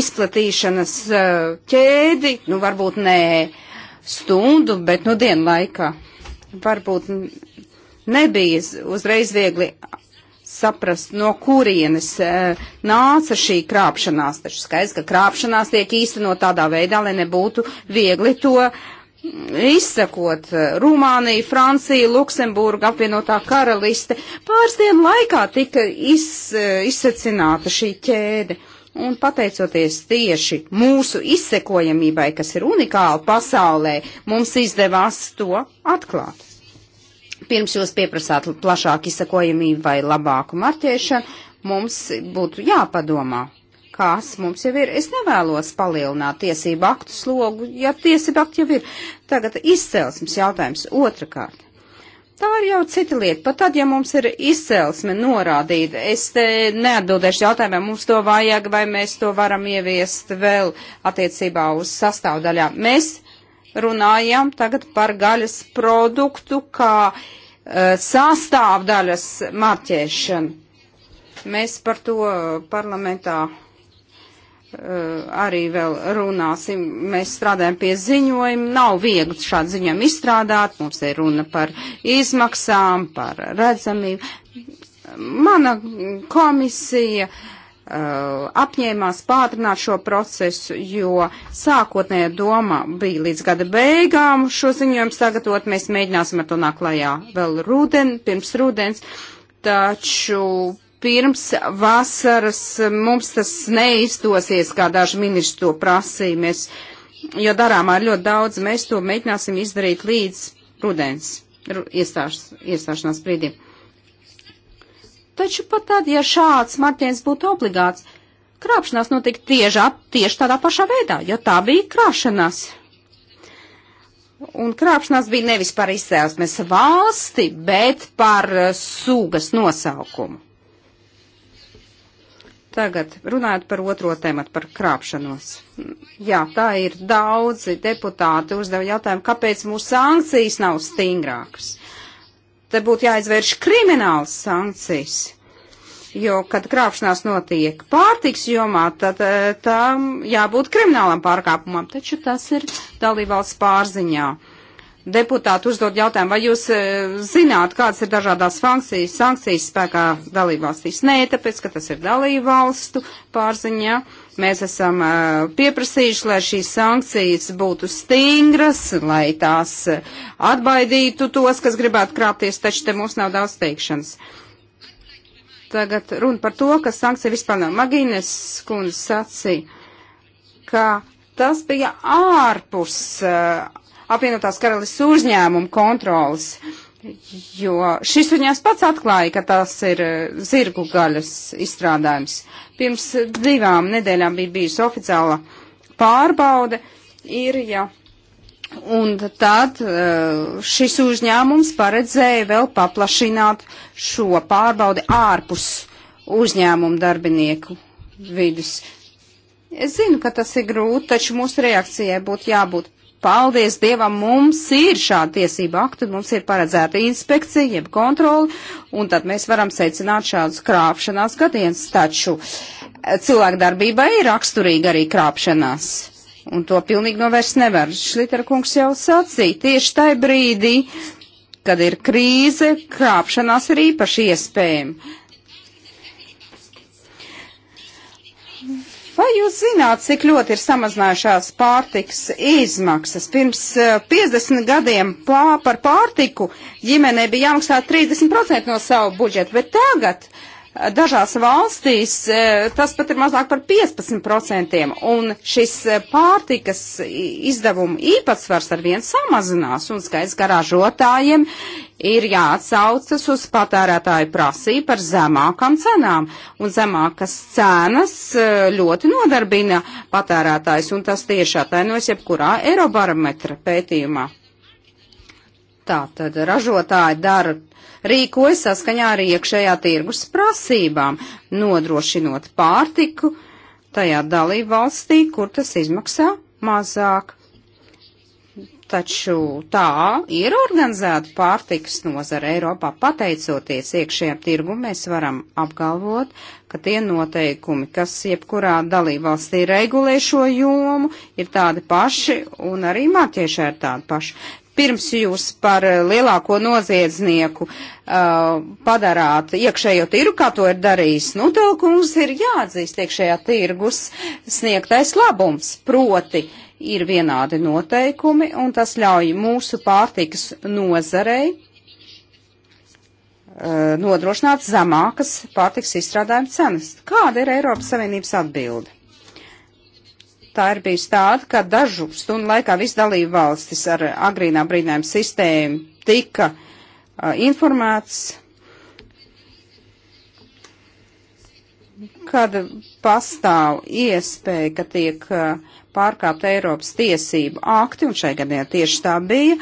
izplatīšanas uh, ķēdi, nu varbūt nē stundu, bet nu dienu laikā. Varbūt nebija uzreiz viegli saprast, no kurienes e, nāca šī krāpšanās. Taču skaidrs, ka krāpšanās tiek īstenot tādā veidā, lai nebūtu viegli to mm, izsakot. Rumānija, Francija, Luksemburga, apvienotā karaliste. Pāris dienu laikā tika iz, e, izsacināta šī ķēde. Un pateicoties tieši mūsu izsekojamībai, kas ir unikāla pasaulē, mums izdevās to atklāt pirms jūs pieprasāt plašāku izsakojamību vai labāku marķēšanu, mums būtu jāpadomā, kas mums jau ir. Es nevēlos palielināt tiesību aktu slogu, ja tiesību aktu jau ir. Tagad izcelsmes jautājums otrakārt. Tā ir jau cita lieta, pat tad, ja mums ir izcelsme norādīta, es te neatbildēšu jautājumiem, mums to vajag, vai mēs to varam ieviest vēl attiecībā uz sastāvdaļām. Mēs runājam tagad par gaļas produktu kā uh, sastāvdaļas marķēšanu. Mēs par to parlamentā uh, arī vēl runāsim. Mēs strādājam pie ziņojuma. Nav viegli šādu ziņojumu izstrādāt. Mums ir runa par izmaksām, par redzamību. Mana komisija uh, Uh, apņēmās pātrināt šo procesu, jo sākotnējā doma bija līdz gada beigām šo ziņojumu sagatavot. Mēs mēģināsim ar to nāk klajā vēl ruden, pirms rudens, taču pirms vasaras mums tas neizdosies, kā daži ministri to prasīja. Mēs, jo darāmā ir ļoti daudz, mēs to mēģināsim izdarīt līdz rudens, iestāšanās brīdim. Taču pat tad, ja šāds marķējums būtu obligāts, krāpšanās notika tieši, tieši tādā pašā veidā, jo tā bija krāpšanās. Un krāpšanās bija nevis par izcēlesmes valsti, bet par eh, sugas nosaukumu. Tagad runājot par otro tematu, par krāpšanos. Jā, tā ir daudzi deputāti uzdeva jautājumu, kāpēc mūsu sankcijas nav stingrākas te būtu jāizvērš krimināls sankcijas. Jo, kad krāpšanās notiek pārtiks jomā, tad e, tam jābūt kriminālam pārkāpumam, taču tas ir dalībvalsts pārziņā. Deputāti uzdod jautājumu, vai jūs e, zināt, kādas ir dažādās funkcijas, sankcijas spēkā dalībvalstīs? Nē, tāpēc, ka tas ir dalībvalstu pārziņā. Ja? Mēs esam pieprasījuši, lai šīs sankcijas būtu stingras, lai tās atbaidītu tos, kas gribētu krāpties, taču te mums nav daudz teikšanas. Tagad runa par to, ka sankcija vispār nav. Magīnes skundze sacīja, ka tas bija ārpus apvienotās karalists uzņēmumu kontrolas. Uh, jo šis viņās pats atklāja, ka tās ir eh, zirgu gaļas izstrādājums. Pirms divām nedēļām bija bijusi oficiāla pārbaude, ir, ja, un tad eh, šis uzņēmums paredzēja vēl paplašināt šo pārbaudi ārpus uzņēmumu darbinieku vidus. Es zinu, ka tas ir grūti, taču mūsu reakcijai būtu jābūt paldies Dievam, mums ir šāda tiesība akta, mums ir paredzēta inspekcija, jeb kontroli, un tad mēs varam secināt šādus krāpšanās gadījums. Taču eh, cilvēku darbībai ir raksturīga arī krāpšanās, un to pilnīgi novērst nevar. Šlitera kungs jau sacīja, tieši tajā brīdī, kad ir krīze, krāpšanās ir īpaši iespējama. Vai jūs zināt, cik ļoti ir samazinājušās pārtikas izmaksas? Pirms 50 eh, gadiem pā, par pārtiku ģimenei bija jāmaksā 30% no savu budžetu, bet tagad uh, Dažās valstīs e, tas pat ir mazāk par 15%, un šis e, pārtikas izdevumu īpatsvars ar vien samazinās, un skaidrs, ka ražotājiem ir jāatsaucas uz patērētāju prasību par zemākām cenām, un zemākas cenas e, ļoti nodarbina patērētājs, un tas tieši atainojas jebkurā Eirobarometra pētījumā. Tātad ražotāji dara rīkojas saskaņā ar iekšējā tirgus prasībām, nodrošinot pārtiku tajā dalību valstī, kur tas izmaksā mazāk. Taču tā ir organizēta pārtikas nozara Eiropā. Pateicoties iekšējiem tirgu, mēs varam apgalvot, ka tie noteikumi, kas jebkurā dalībvalstī regulē šo jomu, ir tādi paši un arī mātieši ir tādi paši pirms jūs par eh, lielāko noziedznieku uh, padarāt iekšējo tirgu, kā to ir darījis Nutelkungs, ir jāatzīst iekšējā tirgus sniegtais labums, proti ir vienādi noteikumi, un tas ļauj mūsu pārtikas nozarei uh, nodrošināt zemākas pārtiks izstrādājuma cenas. Kāda ir Eiropas Savienības atbilde? tā ir bijis tāda, ka dažu stundu laikā viss dalību valstis ar agrīnā brīdinājuma sistēmu tika uh, informēts, kad pastāv iespēja, ka tiek uh, pārkāpta Eiropas tiesību akti, un šai gadījumā tieši tā bija,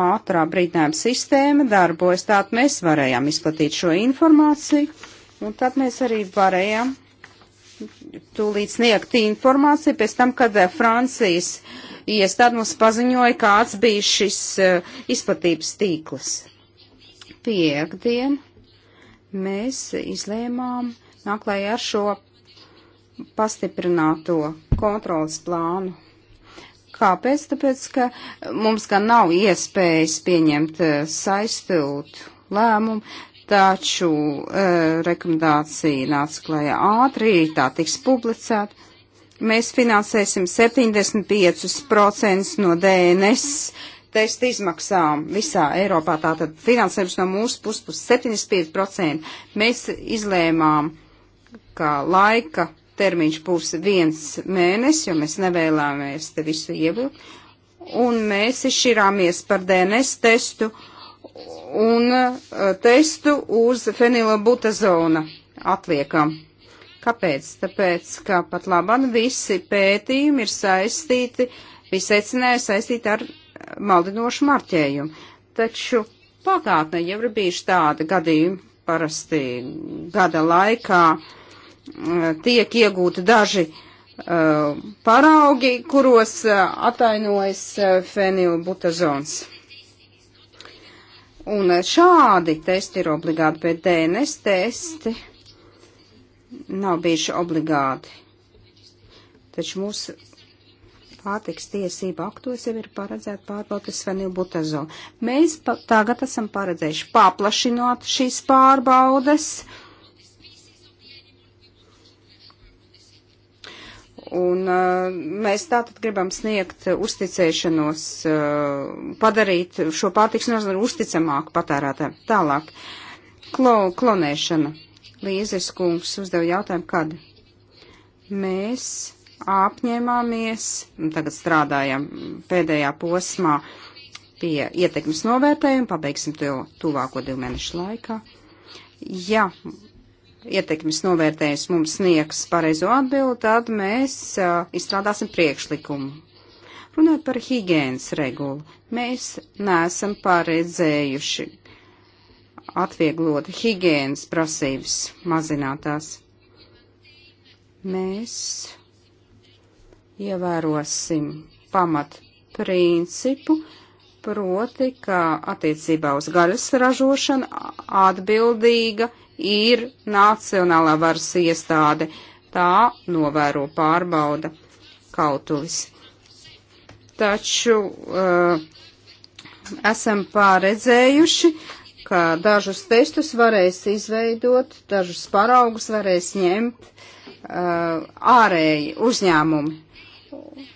ātrā brīdinājuma sistēma darbojas tā, mēs varējām izplatīt šo informāciju, un tad mēs arī varējām tūlīt sniegt informāciju pēc tam, kad eh, Francijas iestāde mums paziņoja, kāds bija šis eh, izplatības tīkls. Piektdien mēs izlēmām nāklēj ar šo pastiprināto kontrolas plānu. Kāpēc? Tāpēc, ka mums gan nav iespējas pieņemt eh, saistītu lēmumu, taču e, rekomendācija nāca klajā ātri, tā tiks publicēta. Mēs finansēsim 75% no DNS testa izmaksām visā Eiropā. Tātad finansējums no mūsu puses būs 75%. Mēs izlēmām, ka laika termiņš būs viens mēnesis, jo mēs nevēlāmies te visu ievilkt. Un mēs izšķirāmies par DNS testu un e, testu uz fenilabutazona atliekam. Kāpēc? Tāpēc, ka pat labam visi pētījumi ir saistīti, visi secinājumi saistīti ar maldinošu marķējumu. Taču pagātnē jau ir bijuši tādi gadījumi, parasti gada laikā e, tiek iegūti daži uh, paraugi, kuros uh, atainojas uh, fenilbutazons. Un šādi testi ir obligāti, bet DNS testi nav bijuši obligāti. Taču mūsu pārtiks tiesību aktos jau ir paredzēta pārbaudas fenilbutazola. Mēs pa, tagad esam paredzējuši paplašināt šīs pārbaudas. Uh, Un uh, mēs tātad gribam sniegt uzticēšanos, uh, padarīt šo pārtiks nozaru uzticamāku patērētājiem. Tālāk, Klo, klonēšana. Līzes kungs uzdeva jautājumu, kad mēs apņēmāmies, un tagad strādājam pēdējā posmā pie ietekmes novērtējuma, pabeigsim to tuvāko divu mēnešu laikā. Ja ietekmes novērtējums mums sniegs pareizo atbildi, tad mēs uh, izstrādāsim priekšlikumu. Runājot par higiēnas regulu, mēs neesam paredzējuši atvieglot higiēnas prasības mazinātās. Mēs ievērosim pamat principu, proti, ka attiecībā uz gaļas ražošanu atbildīga ir nacionālā varas iestāde. Tā novēro pārbauda kautuvis. Taču uh, esam pārredzējuši, ka dažus testus varēs izveidot, dažus paraugus varēs ņemt uh, ārēji uzņēmumi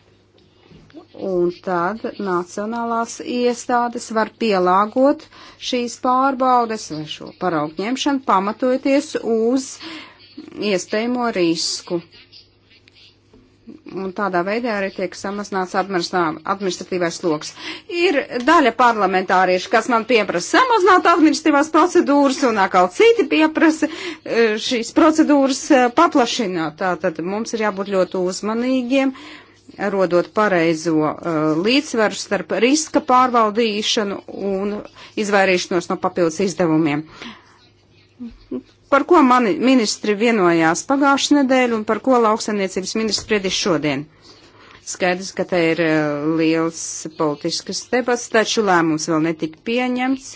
un tad nacionālās iestādes var pielāgot šīs pārbaudes vai šo paraugu ņemšanu pamatojoties uz iespējamo risku. Un tādā veidā arī tiek samazināts administratīvais sloks. Ir daļa parlamentārieši, kas man pieprasa samazināt administratīvās procedūras, un atkal citi pieprasa eh, šīs procedūras eh, paplašināt. Tātad mums ir jābūt ļoti uzmanīgiem, uh, rodot pareizo uh, līdzsvaru starp riska pārvaldīšanu un izvairīšanos no papildus izdevumiem. Par ko mani ministri vienojās pagājušajā nedēļu un par ko lauksaimniecības ministrs spriedīs šodien? Skaidrs, ka te ir uh, liels politiskas debats, taču lēmums vēl netika pieņemts.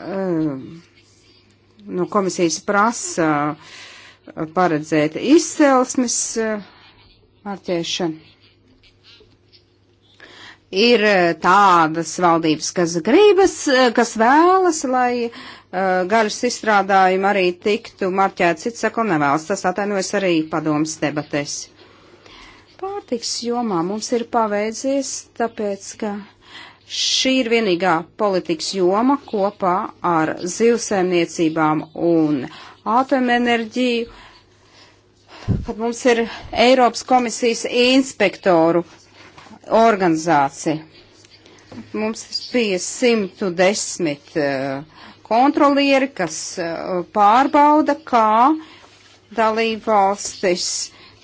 Uh, nu, komisijas prasa uh, paredzēt izcelsmes. Uh, marķēšanu. Ir eh, tādas valdības, kas gribas, eh, kas vēlas, lai uh, eh, gaļas izstrādājumi arī tiktu marķēti, cits saka, nevēlas. Tas atainojas arī padomas debatēs. Pārtiks jomā mums ir paveicies, tāpēc, ka šī ir vienīgā politikas joma kopā ar zivsēmniecībām un atomenerģiju, kad mums ir Eiropas komisijas inspektoru organizācija. Mums bija 110 eh, kontrolieri, kas eh, pārbauda, kā dalībvalstis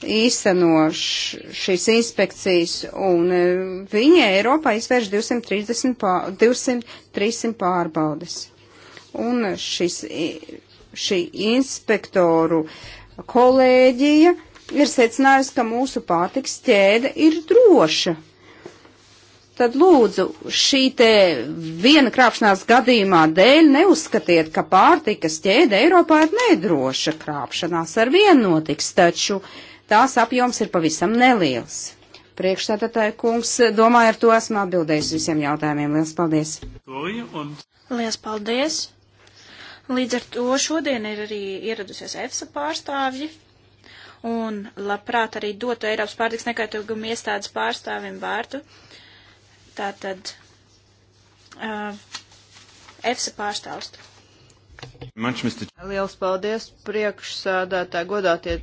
īsteno šīs inspekcijas, un eh, viņi Eiropā izvērš 230 pār, 200, 300 pārbaudes. Un šis, šī inspektoru uh, kolēģija ir secinājusi, ka mūsu pārtiks ķēde ir droša. Tad lūdzu, šī te viena krāpšanās gadījumā dēļ neuzskatiet, ka pārtikas ķēde Eiropā ir nedroša. Krāpšanās ar vienu notiks, taču tās apjoms ir pavisam neliels. Priekšstādātāja kungs, domāju, ar to esmu atbildējis visiem jautājumiem. Lielas paldies! Lielas paldies! Līdz ar to šodien ir arī ieradusies EFSA pārstāvji un labprāt arī dotu Eiropas pārtiks nekaitīgumu iestādes pārstāvim vārdu. Tātad uh, EFSA pārstāvstu. Liels paldies priekšsādātāji, godātie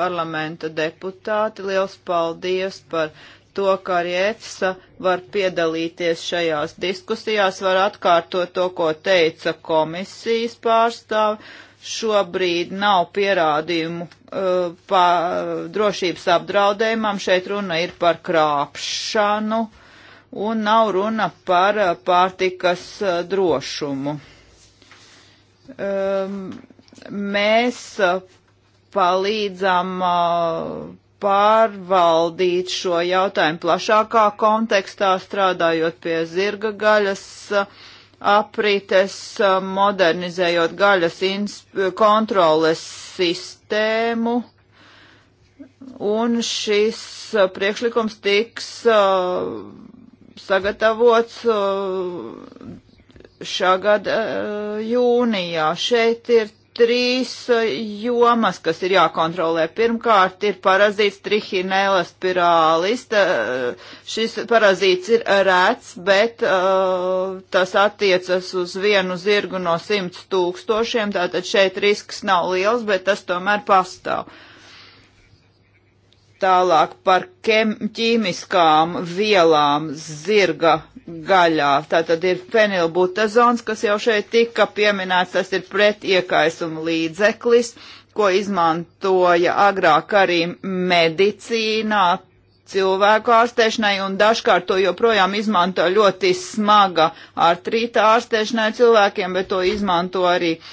parlamenta deputāti. Liels paldies par to, ka arī EFSA var piedalīties šajās diskusijās, var atkārtot to, ko teica komisijas pārstāvi. Šobrīd nav pierādījumu uh, pa drošības apdraudējumam, šeit runa ir par krāpšanu un nav runa par uh, pārtikas uh, drošumu. Um, mēs uh, palīdzam uh, pārvaldīt šo jautājumu plašākā kontekstā, strādājot pie zirga gaļas aprites, modernizējot gaļas kontroles sistēmu. Un šis priekšlikums tiks uh, sagatavots uh, šā gada uh, jūnijā. Šeit ir trīs eh, jomas, kas ir jākontrolē. Pirmkārt ir parazīts trihinēla spirālis. Tā, eh, šis parazīts ir rēts, bet uh, tas attiecas uz vienu zirgu no simts tūkstošiem, tātad šeit risks nav liels, bet tas tomēr pastāv. Uh, Tālāk par kem, ķīmiskām vielām zirga gaļā. Tātad ir fenilbutazons, kas jau šeit tika pieminēts, tas ir pretiekaisuma līdzeklis, ko izmantoja agrāk arī medicīnā, cilvēku ārstēšanai, un dažkārt to joprojām izmanto ļoti smaga artrīta ārstēšanai cilvēkiem, bet to izmanto arī uh,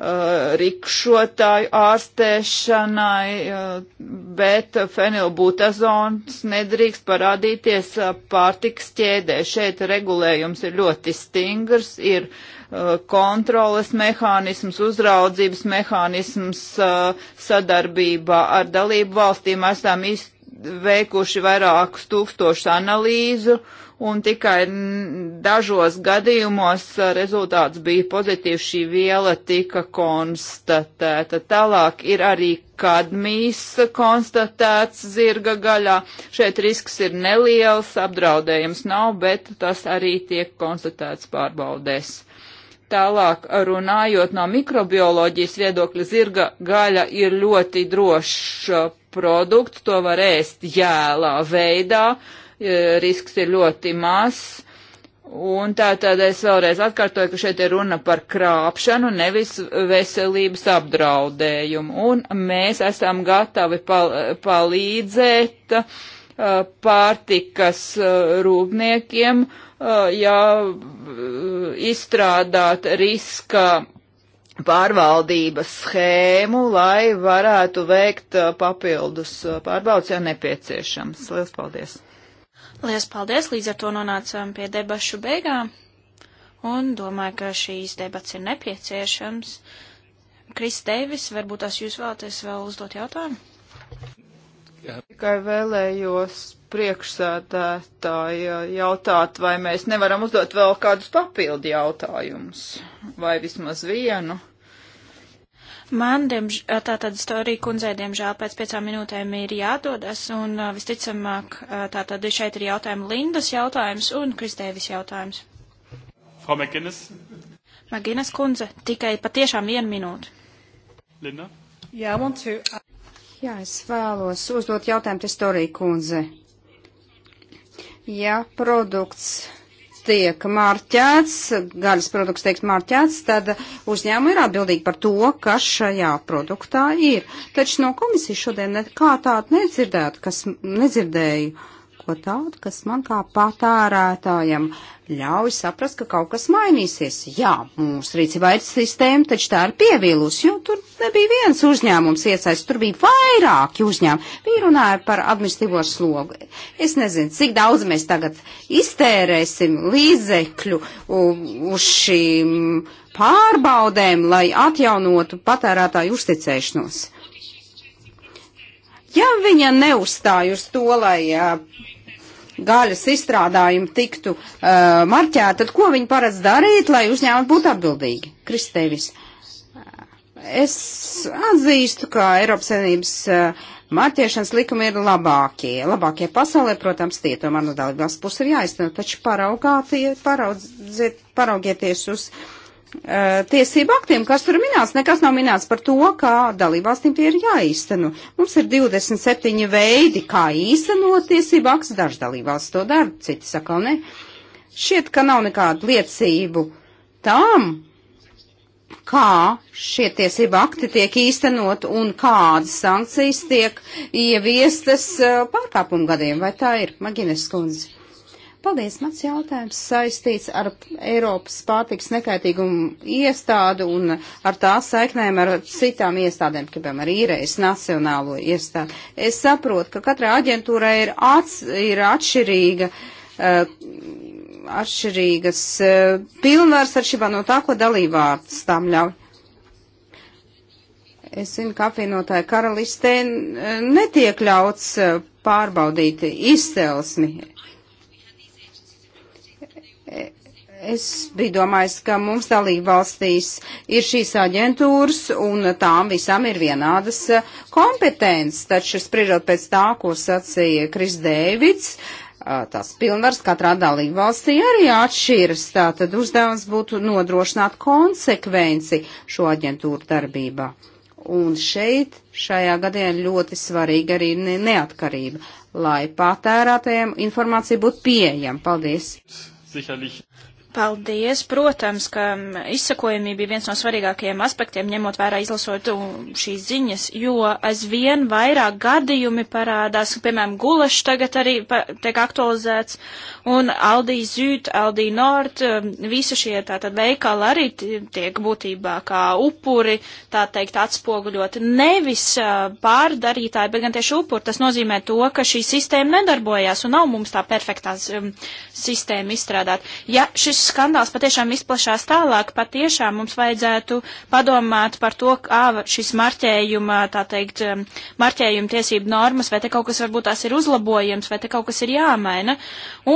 Uh, rikšotāju ārstēšanai, uh, bet fenilbutazons nedrīkst parādīties uh, pārtiks ķēdē. Šeit regulējums ir ļoti stingrs, ir kontroles mehānisms, uzraudzības mehānisms sadarbībā ar dalību valstīm esam izturējuši veikuši vairākus tūkstošus analīzu, un tikai dažos gadījumos rezultāts bija pozitīvs, šī viela tika konstatēta. Tālāk ir arī kadmijs konstatēts zirga gaļā. Šeit risks ir neliels, apdraudējums nav, bet tas arī tiek konstatēts pārbaudēs. Tālāk runājot no mikrobioloģijas viedokļa, zirga gaļa ir ļoti drošs produkts, to var ēst jēlā veidā, e, risks ir ļoti mazs. Un tā tad es vēlreiz atkārtoju, ka šeit ir runa par krāpšanu, nevis veselības apdraudējumu. Un mēs esam gatavi pal palīdzēt uh, pārtikas uh, rūpniekiem, uh, ja izstrādāt riska pārvaldības schēmu, lai varētu veikt uh, papildus uh, pārbaudas, ja nepieciešams. Lielas paldies! Lielas paldies! Līdz ar to nonācām pie debašu beigām un domāju, ka šīs debats ir nepieciešams. Kris Deivis, varbūt tās jūs vēlaties vēl uzdot jautājumu? Tikai vēlējos priekšsēdētāja jautāt, vai mēs nevaram uzdot vēl kādus papildu jautājumus, vai vismaz vienu. Man, diemž, tātad, Storī kundzei, diemžēl pēc piecām minūtēm ir jādodas, un visticamāk, tātad šeit ir jautājumi Lindas jautājums un Kristēvis jautājums. Frau Maginas. Maginas kundze, tikai patiešām vienu minūtu. Linda. Jā, man tu. Jā, es vēlos uzdot jautājumu te Storī kundze. Ja produkts tiek marķēts, gaļas produkts tiek marķēts, tad uzņēmumi ir atbildīgi par to, kas šajā produktā ir. Taču no komisijas šodien nekā tādu nedzirdētu, kas nedzirdēju ko tādu, kas man kā patērētājam ļauj saprast, ka kaut kas mainīsies. Jā, mūsu rīcībā ir sistēma, taču tā ir pievīlus, jo tur nebija viens uzņēmums iesaist, tur bija vairāki uzņēmumi. Viņi runāja par administratīvo slogu. Es nezinu, cik daudz mēs tagad iztērēsim līdzekļu uz šīm pārbaudēm, lai atjaunotu patērētāju uzticēšanos. Ja viņa neuzstāj uz to, lai gaļas izstrādājumi tiktu uh, marķēti, tad ko viņi paredz darīt, lai uzņēmumi būtu atbildīgi? Kristēvis. Es atzīstu, ka Eiropas Savienības uh, Mārķiešanas likumi ir labākie. Labākie pasaulē, protams, tie tomēr no dalībās puses ir jāizteno, taču paraudzieties uz Eh, tiesību aktiem, kas tur minēts, nekas nav minēts par to, kā dalībvalstīm tie ir jāīsteno. Mums ir 27 veidi, kā īstenot tiesību aktus, daži dalībvalsts to dara, citi saka, ne. Šķiet, ka nav nekādu liecību tam, kā šie tiesību akti tiek īstenot un kādas sankcijas tiek ieviestas eh, pārkāpumu gadiem, vai tā ir, Magines kundze? Paldies, mans jautājums saistīts ar Eiropas pārtiks nekaitīgumu iestādu un ar tās saiknēm ar citām iestādēm, piemēram, ar īrējas nacionālo iestādi. Es saprotu, ka katrai aģentūrai ir, ats, ir atšķirīga. Uh, atšķirīgas uh, eh, pilnvars atšķirībā no tā, ko dalībvārds tām ļauj. Es zinu, ka apvienotāja karalistē eh, netiek ļauts pārbaudīt izcelsmi Es biju domājis, ka mums dalība valstīs ir šīs aģentūras un tām visām ir vienādas e, kompetences, taču spriežot pēc tā, ko sacīja Kris Dēvids, e, tās pilnvars katrā dalība valstī arī atšķiras, tātad uzdevums būtu nodrošināt konsekvenci šo aģentūru darbībā. Un šeit šajā gadījumā ļoti svarīga arī neatkarība, lai patērētājiem informācija būtu pieejama. Paldies! Sicherlich. Paldies! Protams, ka izsakojamība ir viens no svarīgākajiem aspektiem, ņemot vērā izlasot uh, šīs ziņas, jo aizvien vairāk gadījumi parādās, piemēram, Gulašs tagad arī tiek aktualizēts, un Aldi Zyd, Aldi Nord, um, visi šie tātad veikali arī tiek būtībā kā upuri, tā teikt, atspoguļot. Nevis uh, pārdarītāji, bet gan tieši upuri. Tas nozīmē to, ka šī sistēma nedarbojās un nav mums tā perfektā um, sistēma izstrādāt. Ja šis šis skandāls patiešām izplašās tālāk, patiešām mums vajadzētu padomāt par to, kā šis marķējuma, tā teikt, um, marķējuma tiesību normas, vai te kaut kas varbūt tās ir uzlabojams, vai te kaut kas ir jāmaina.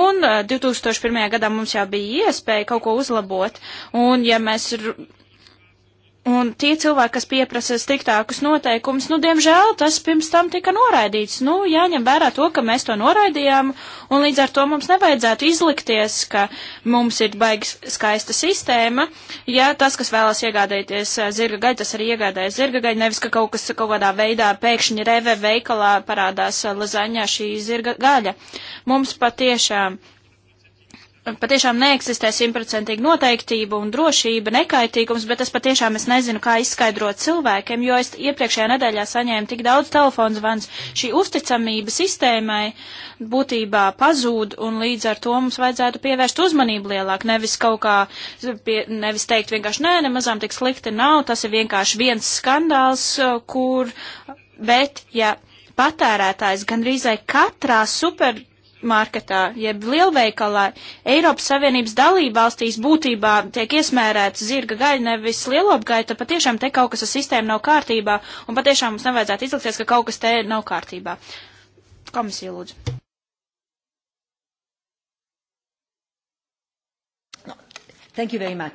Un 2001. Uh, gadā mums jau bija iespēja kaut ko uzlabot, un ja mēs Un tie cilvēki, kas pieprasa striktākus noteikumus, nu, diemžēl tas pirms tam tika noraidīts. Nu, jāņem vērā to, ka mēs to noraidījām, un līdz ar to mums nevajadzētu izlikties, ka mums ir baigas skaista sistēma. Ja tas, kas vēlas iegādēties eh, zirga gaļu, tas arī iegādājas zirga gaļu, nevis, ka kaut kas kaut kādā veidā pēkšņi reve veikalā parādās eh, lazaņā šī zirga gaļa. Mums patiešām. Uh, patiešām neeksistē simtprocentīgi noteiktība un drošība, nekaitīgums, bet es patiešām es nezinu, kā izskaidrot cilvēkiem, jo es iepriekšējā nedēļā saņēmu tik daudz telefonu zvans. Šī uzticamība sistēmai būtībā pazūd, un līdz ar to mums vajadzētu pievērst uzmanību lielāk, nevis kaut kā, pie, nevis teikt vienkārši, nē, nemazām tik slikti nav, tas ir vienkārši viens skandāls, kur, bet, ja patērētājs gandrīz katrā super marketā, jeb lielveikalā, Eiropas Savienības dalībvalstīs būtībā tiek iesmērēts zirga gaļa, nevis lielopgaļa, tad patiešām te kaut kas ar sistēmu nav kārtībā, un patiešām mums nevajadzētu izlikties, ka kaut kas te nav kārtībā. Komisija lūdzu. Thank you very much.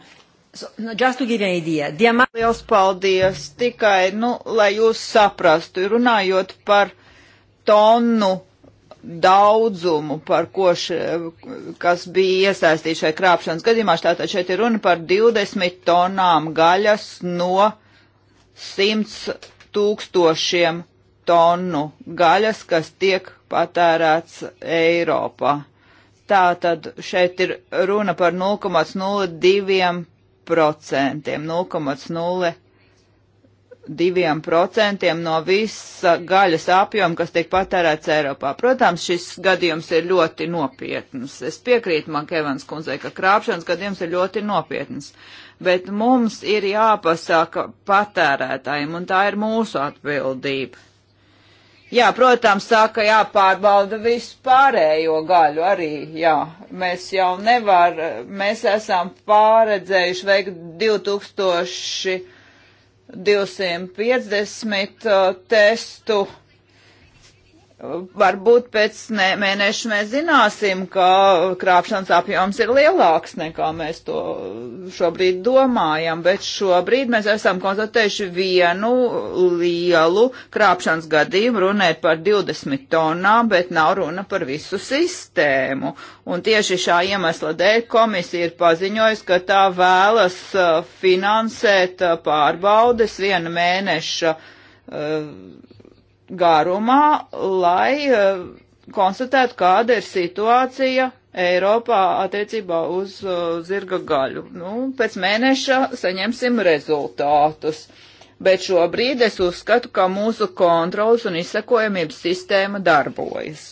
So, no, just to give an idea, the amount... Liels paldies! Tikai, nu, lai jūs saprastu, runājot par tonu daudzumu, par ko še, kas bija iesaistīts šajā krāpšanas gadījumā. Tātad šeit ir runa par 20 tonām gaļas no 100 tūkstošiem tonu gaļas, kas tiek patērēts Eiropā. Tātad šeit ir runa par 0,02%, 0,02% diviem procentiem no visa gaļas apjoma, kas tiek patērēts Eiropā. Protams, šis gadījums ir ļoti nopietns. Es piekrītu Makevans kundzei, ka krāpšanas gadījums ir ļoti nopietns. Bet mums ir jāpasaka patērētājiem, un tā ir mūsu atbildība. Jā, protams, saka, jāpārbauda vispārējo gaļu arī, jā. Mēs jau nevar, mēs esam pāredzējuši veikt 2000 250 uh, testu Varbūt pēc ne, mēneša mēs zināsim, ka krāpšanas apjoms ir lielāks nekā mēs to šobrīd domājam, bet šobrīd mēs esam konstatējuši vienu lielu krāpšanas gadījumu, runēt par 20 tonām, bet nav runa par visu sistēmu. Un tieši šā iemesla dēļ komisija ir paziņojusi, ka tā vēlas uh, finansēt uh, pārbaudes viena mēneša. Uh, garumā, lai uh, konstatētu, kāda ir situācija Eiropā attiecībā uz uh, zirga gaļu. Nu, pēc mēneša saņemsim rezultātus. Bet šobrīd es uzskatu, ka mūsu kontrols un izsekojamības sistēma darbojas.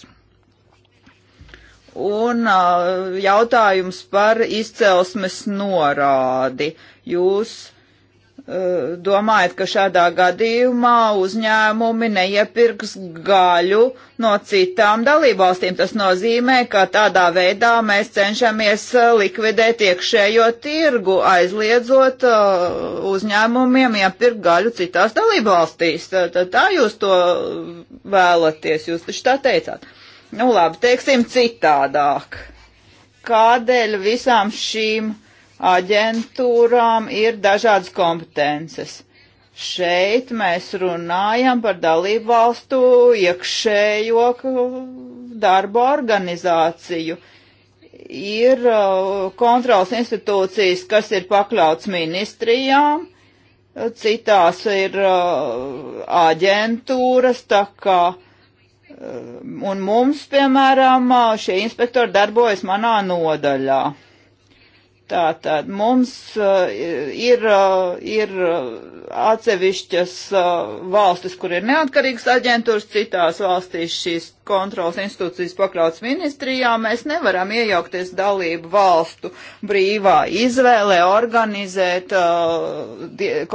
Un uh, jautājums par izcelsmes norādi. Jūs Eh, domājat, ka šādā gadījumā uzņēmumi neiepirks gaļu no citām dalībvalstīm. Tas nozīmē, ka tādā veidā mēs cenšamies eh, likvidēt iekšējo tirgu, aizliedzot eh, uzņēmumiem iepirkt gaļu citās dalībvalstīs. Tad tā jūs to vēlaties, jūs taču tā teicāt. Nu labi, teiksim citādāk. Kādēļ visām šīm aģentūrām ir dažādas kompetences. Šeit mēs runājam par dalību valstu iekšējo darbu organizāciju. Ir uh, kontrols institūcijas, kas ir pakļauts ministrijām, citās ir uh, aģentūras, tā kā uh, un mums, piemēram, šie inspektori darbojas manā nodaļā. Tātad mums eh, ir, eh, ir eh, atsevišķas valstis, kur ir neatkarīgas aģentūras, citās valstīs šīs kontrols institūcijas pakļauts ministrijā. Mēs nevaram iejaukties dalību valstu brīvā izvēlē, organizēt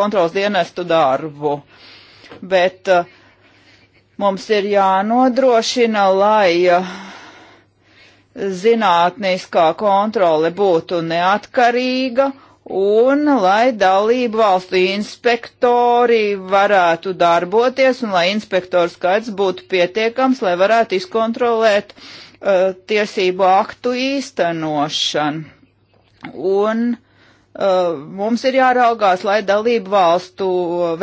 kontrols dienestu darbu. Bet mums ir jānodrošina, lai zinātniskā kontrole būtu neatkarīga un lai dalību valstu inspektori varētu darboties un lai inspektoru skaits būtu pietiekams, lai varētu izkontrolēt uh, tiesību aktu īstenošanu. Un uh, mums ir jāraugās, lai dalību valstu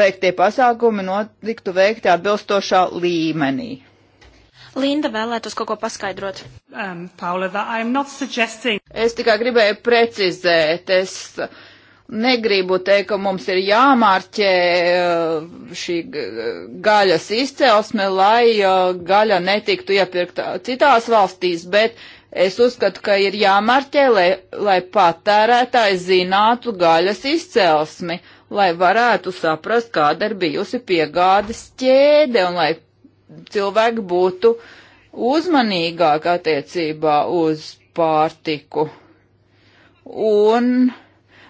veiktie pasākumi notiktu veikti atbilstošā līmenī. Linda vēlētos kaut ko paskaidrot. Um, Paula, suggesting... Es tikai gribēju precizēt. Es negribu teikt, ka mums ir jāmārķē uh, šī gaļas izcelsme, lai uh, gaļa netiktu iepirkta citās valstīs, bet es uzskatu, ka ir jāmārķē, lai, lai patērētāji zinātu gaļas izcelsmi, lai varētu saprast, kāda ir bijusi piegādes ķēde un lai cilvēki būtu uzmanīgāk attiecībā uz pārtiku. Un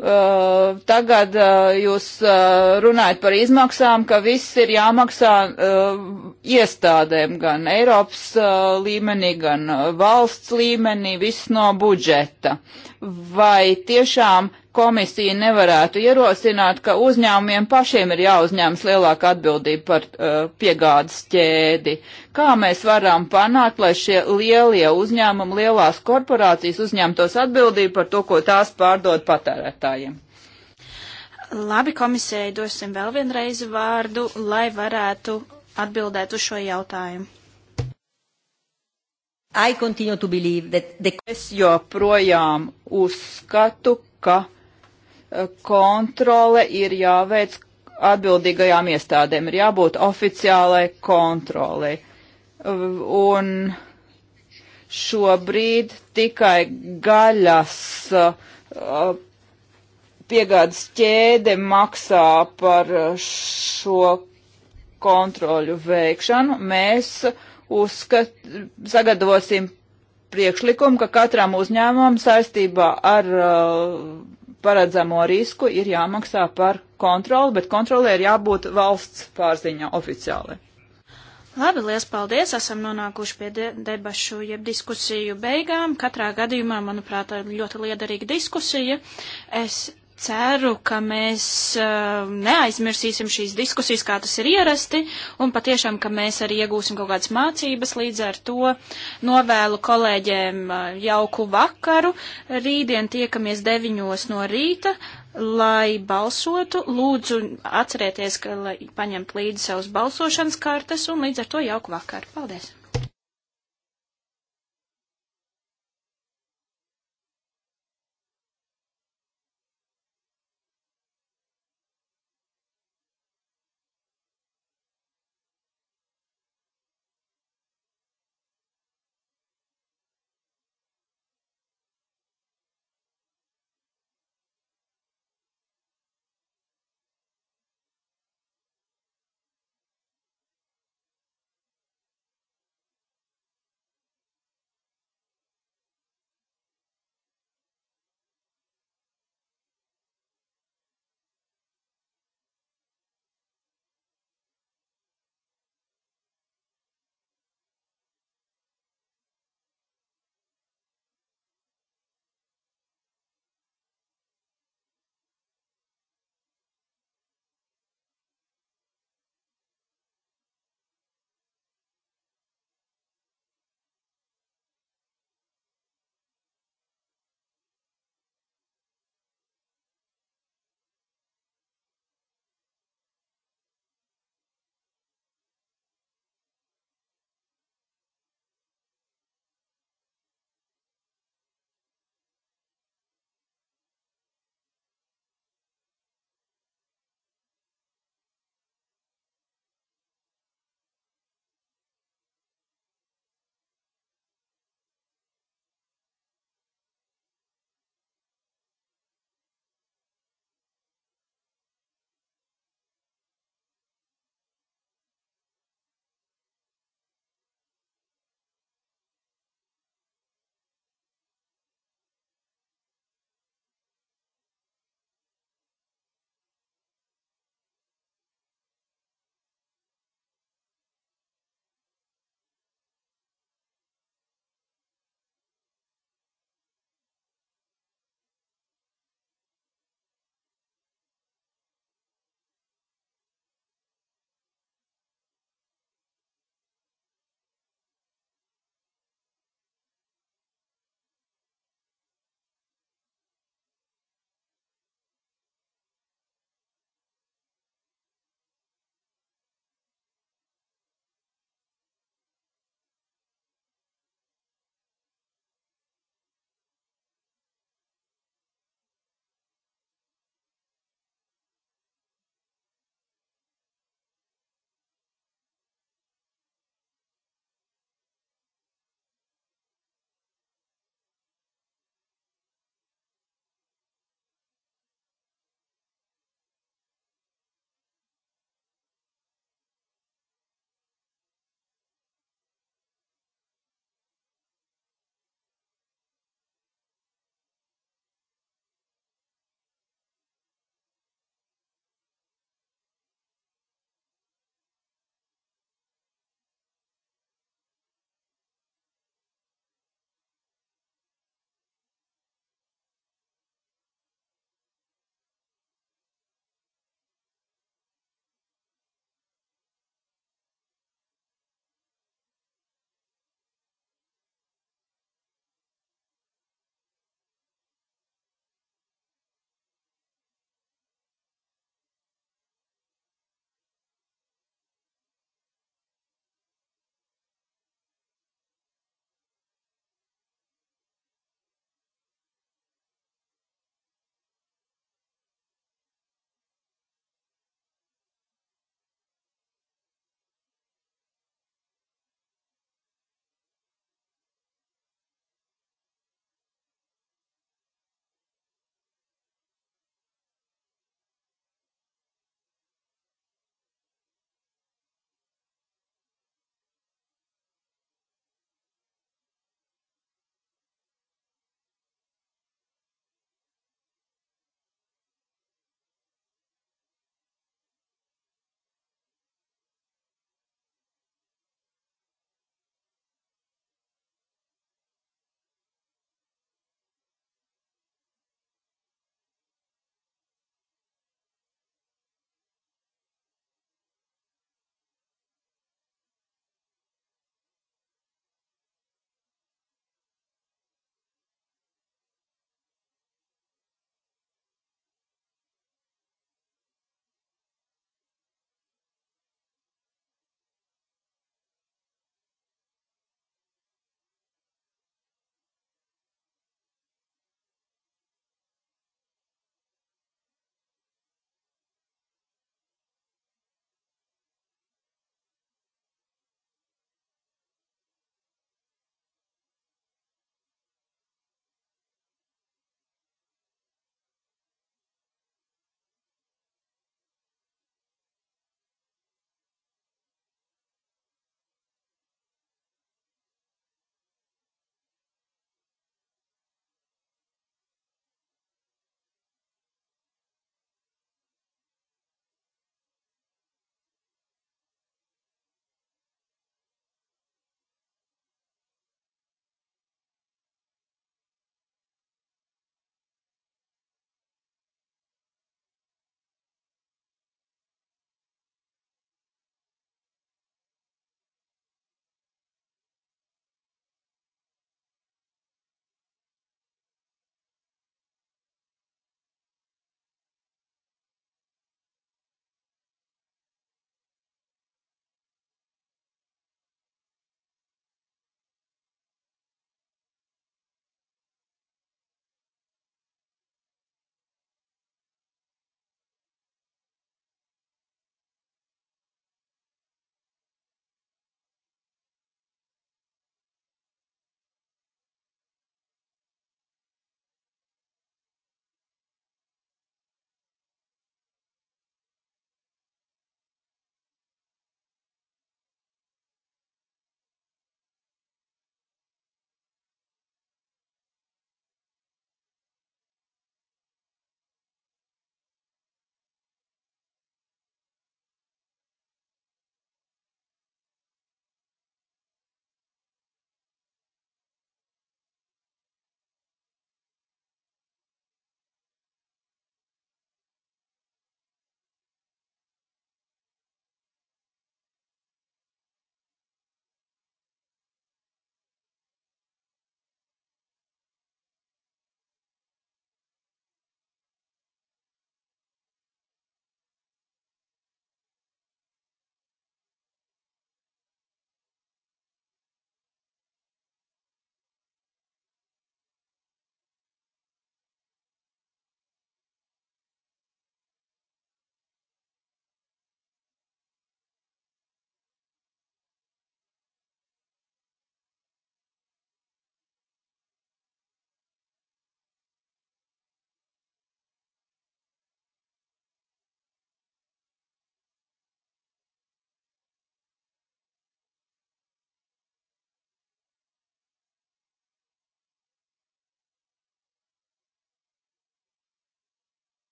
Uh, tagad uh, jūs uh, runājat par izmaksām, ka viss ir jāmaksā uh, iestādēm gan Eiropas uh, līmenī, gan valsts līmenī, viss no budžeta. Vai tiešām komisija nevarētu ierosināt, ka uzņēmumiem pašiem ir jāuzņemas lielāka atbildība par uh, piegādes ķēdi. Kā mēs varam panākt, lai šie lielie uzņēmumi, lielās korporācijas uzņemtos atbildību par to, ko tās pārdod patērētājiem? Labi, komisēji, dosim vēl vienreiz vārdu, lai varētu atbildēt uz šo jautājumu. The... Es joprojām uzskatu, ka kontrole ir jāveic atbildīgajām iestādēm, ir jābūt oficiālai kontrolei. Un šobrīd tikai gaļas uh, piegādes ķēde maksā par šo kontroļu veikšanu. Mēs uzskat, sagatavosim priekšlikumu, ka katram uzņēmumam saistībā ar uh, paredzamo risku ir jāmaksā par kontroli, bet kontrolē ir jābūt valsts pārziņā oficiāli. Labi, liels paldies! Esam nonākuši pie de debašu jeb diskusiju beigām. Katrā gadījumā, manuprāt, ir ļoti liederīga diskusija. Es ceru, ka mēs uh, neaizmirsīsim šīs diskusijas, kā tas ir ierasti, un patiešām, ka mēs arī iegūsim kaut kādas mācības. Līdz ar to novēlu kolēģiem eh, jauku vakaru. Rītdien tiekamies deviņos no rīta, lai balsotu. Lūdzu atcerieties, ka paņemt līdzi savus balsošanas kartes, un līdz ar to jauku vakaru. Paldies!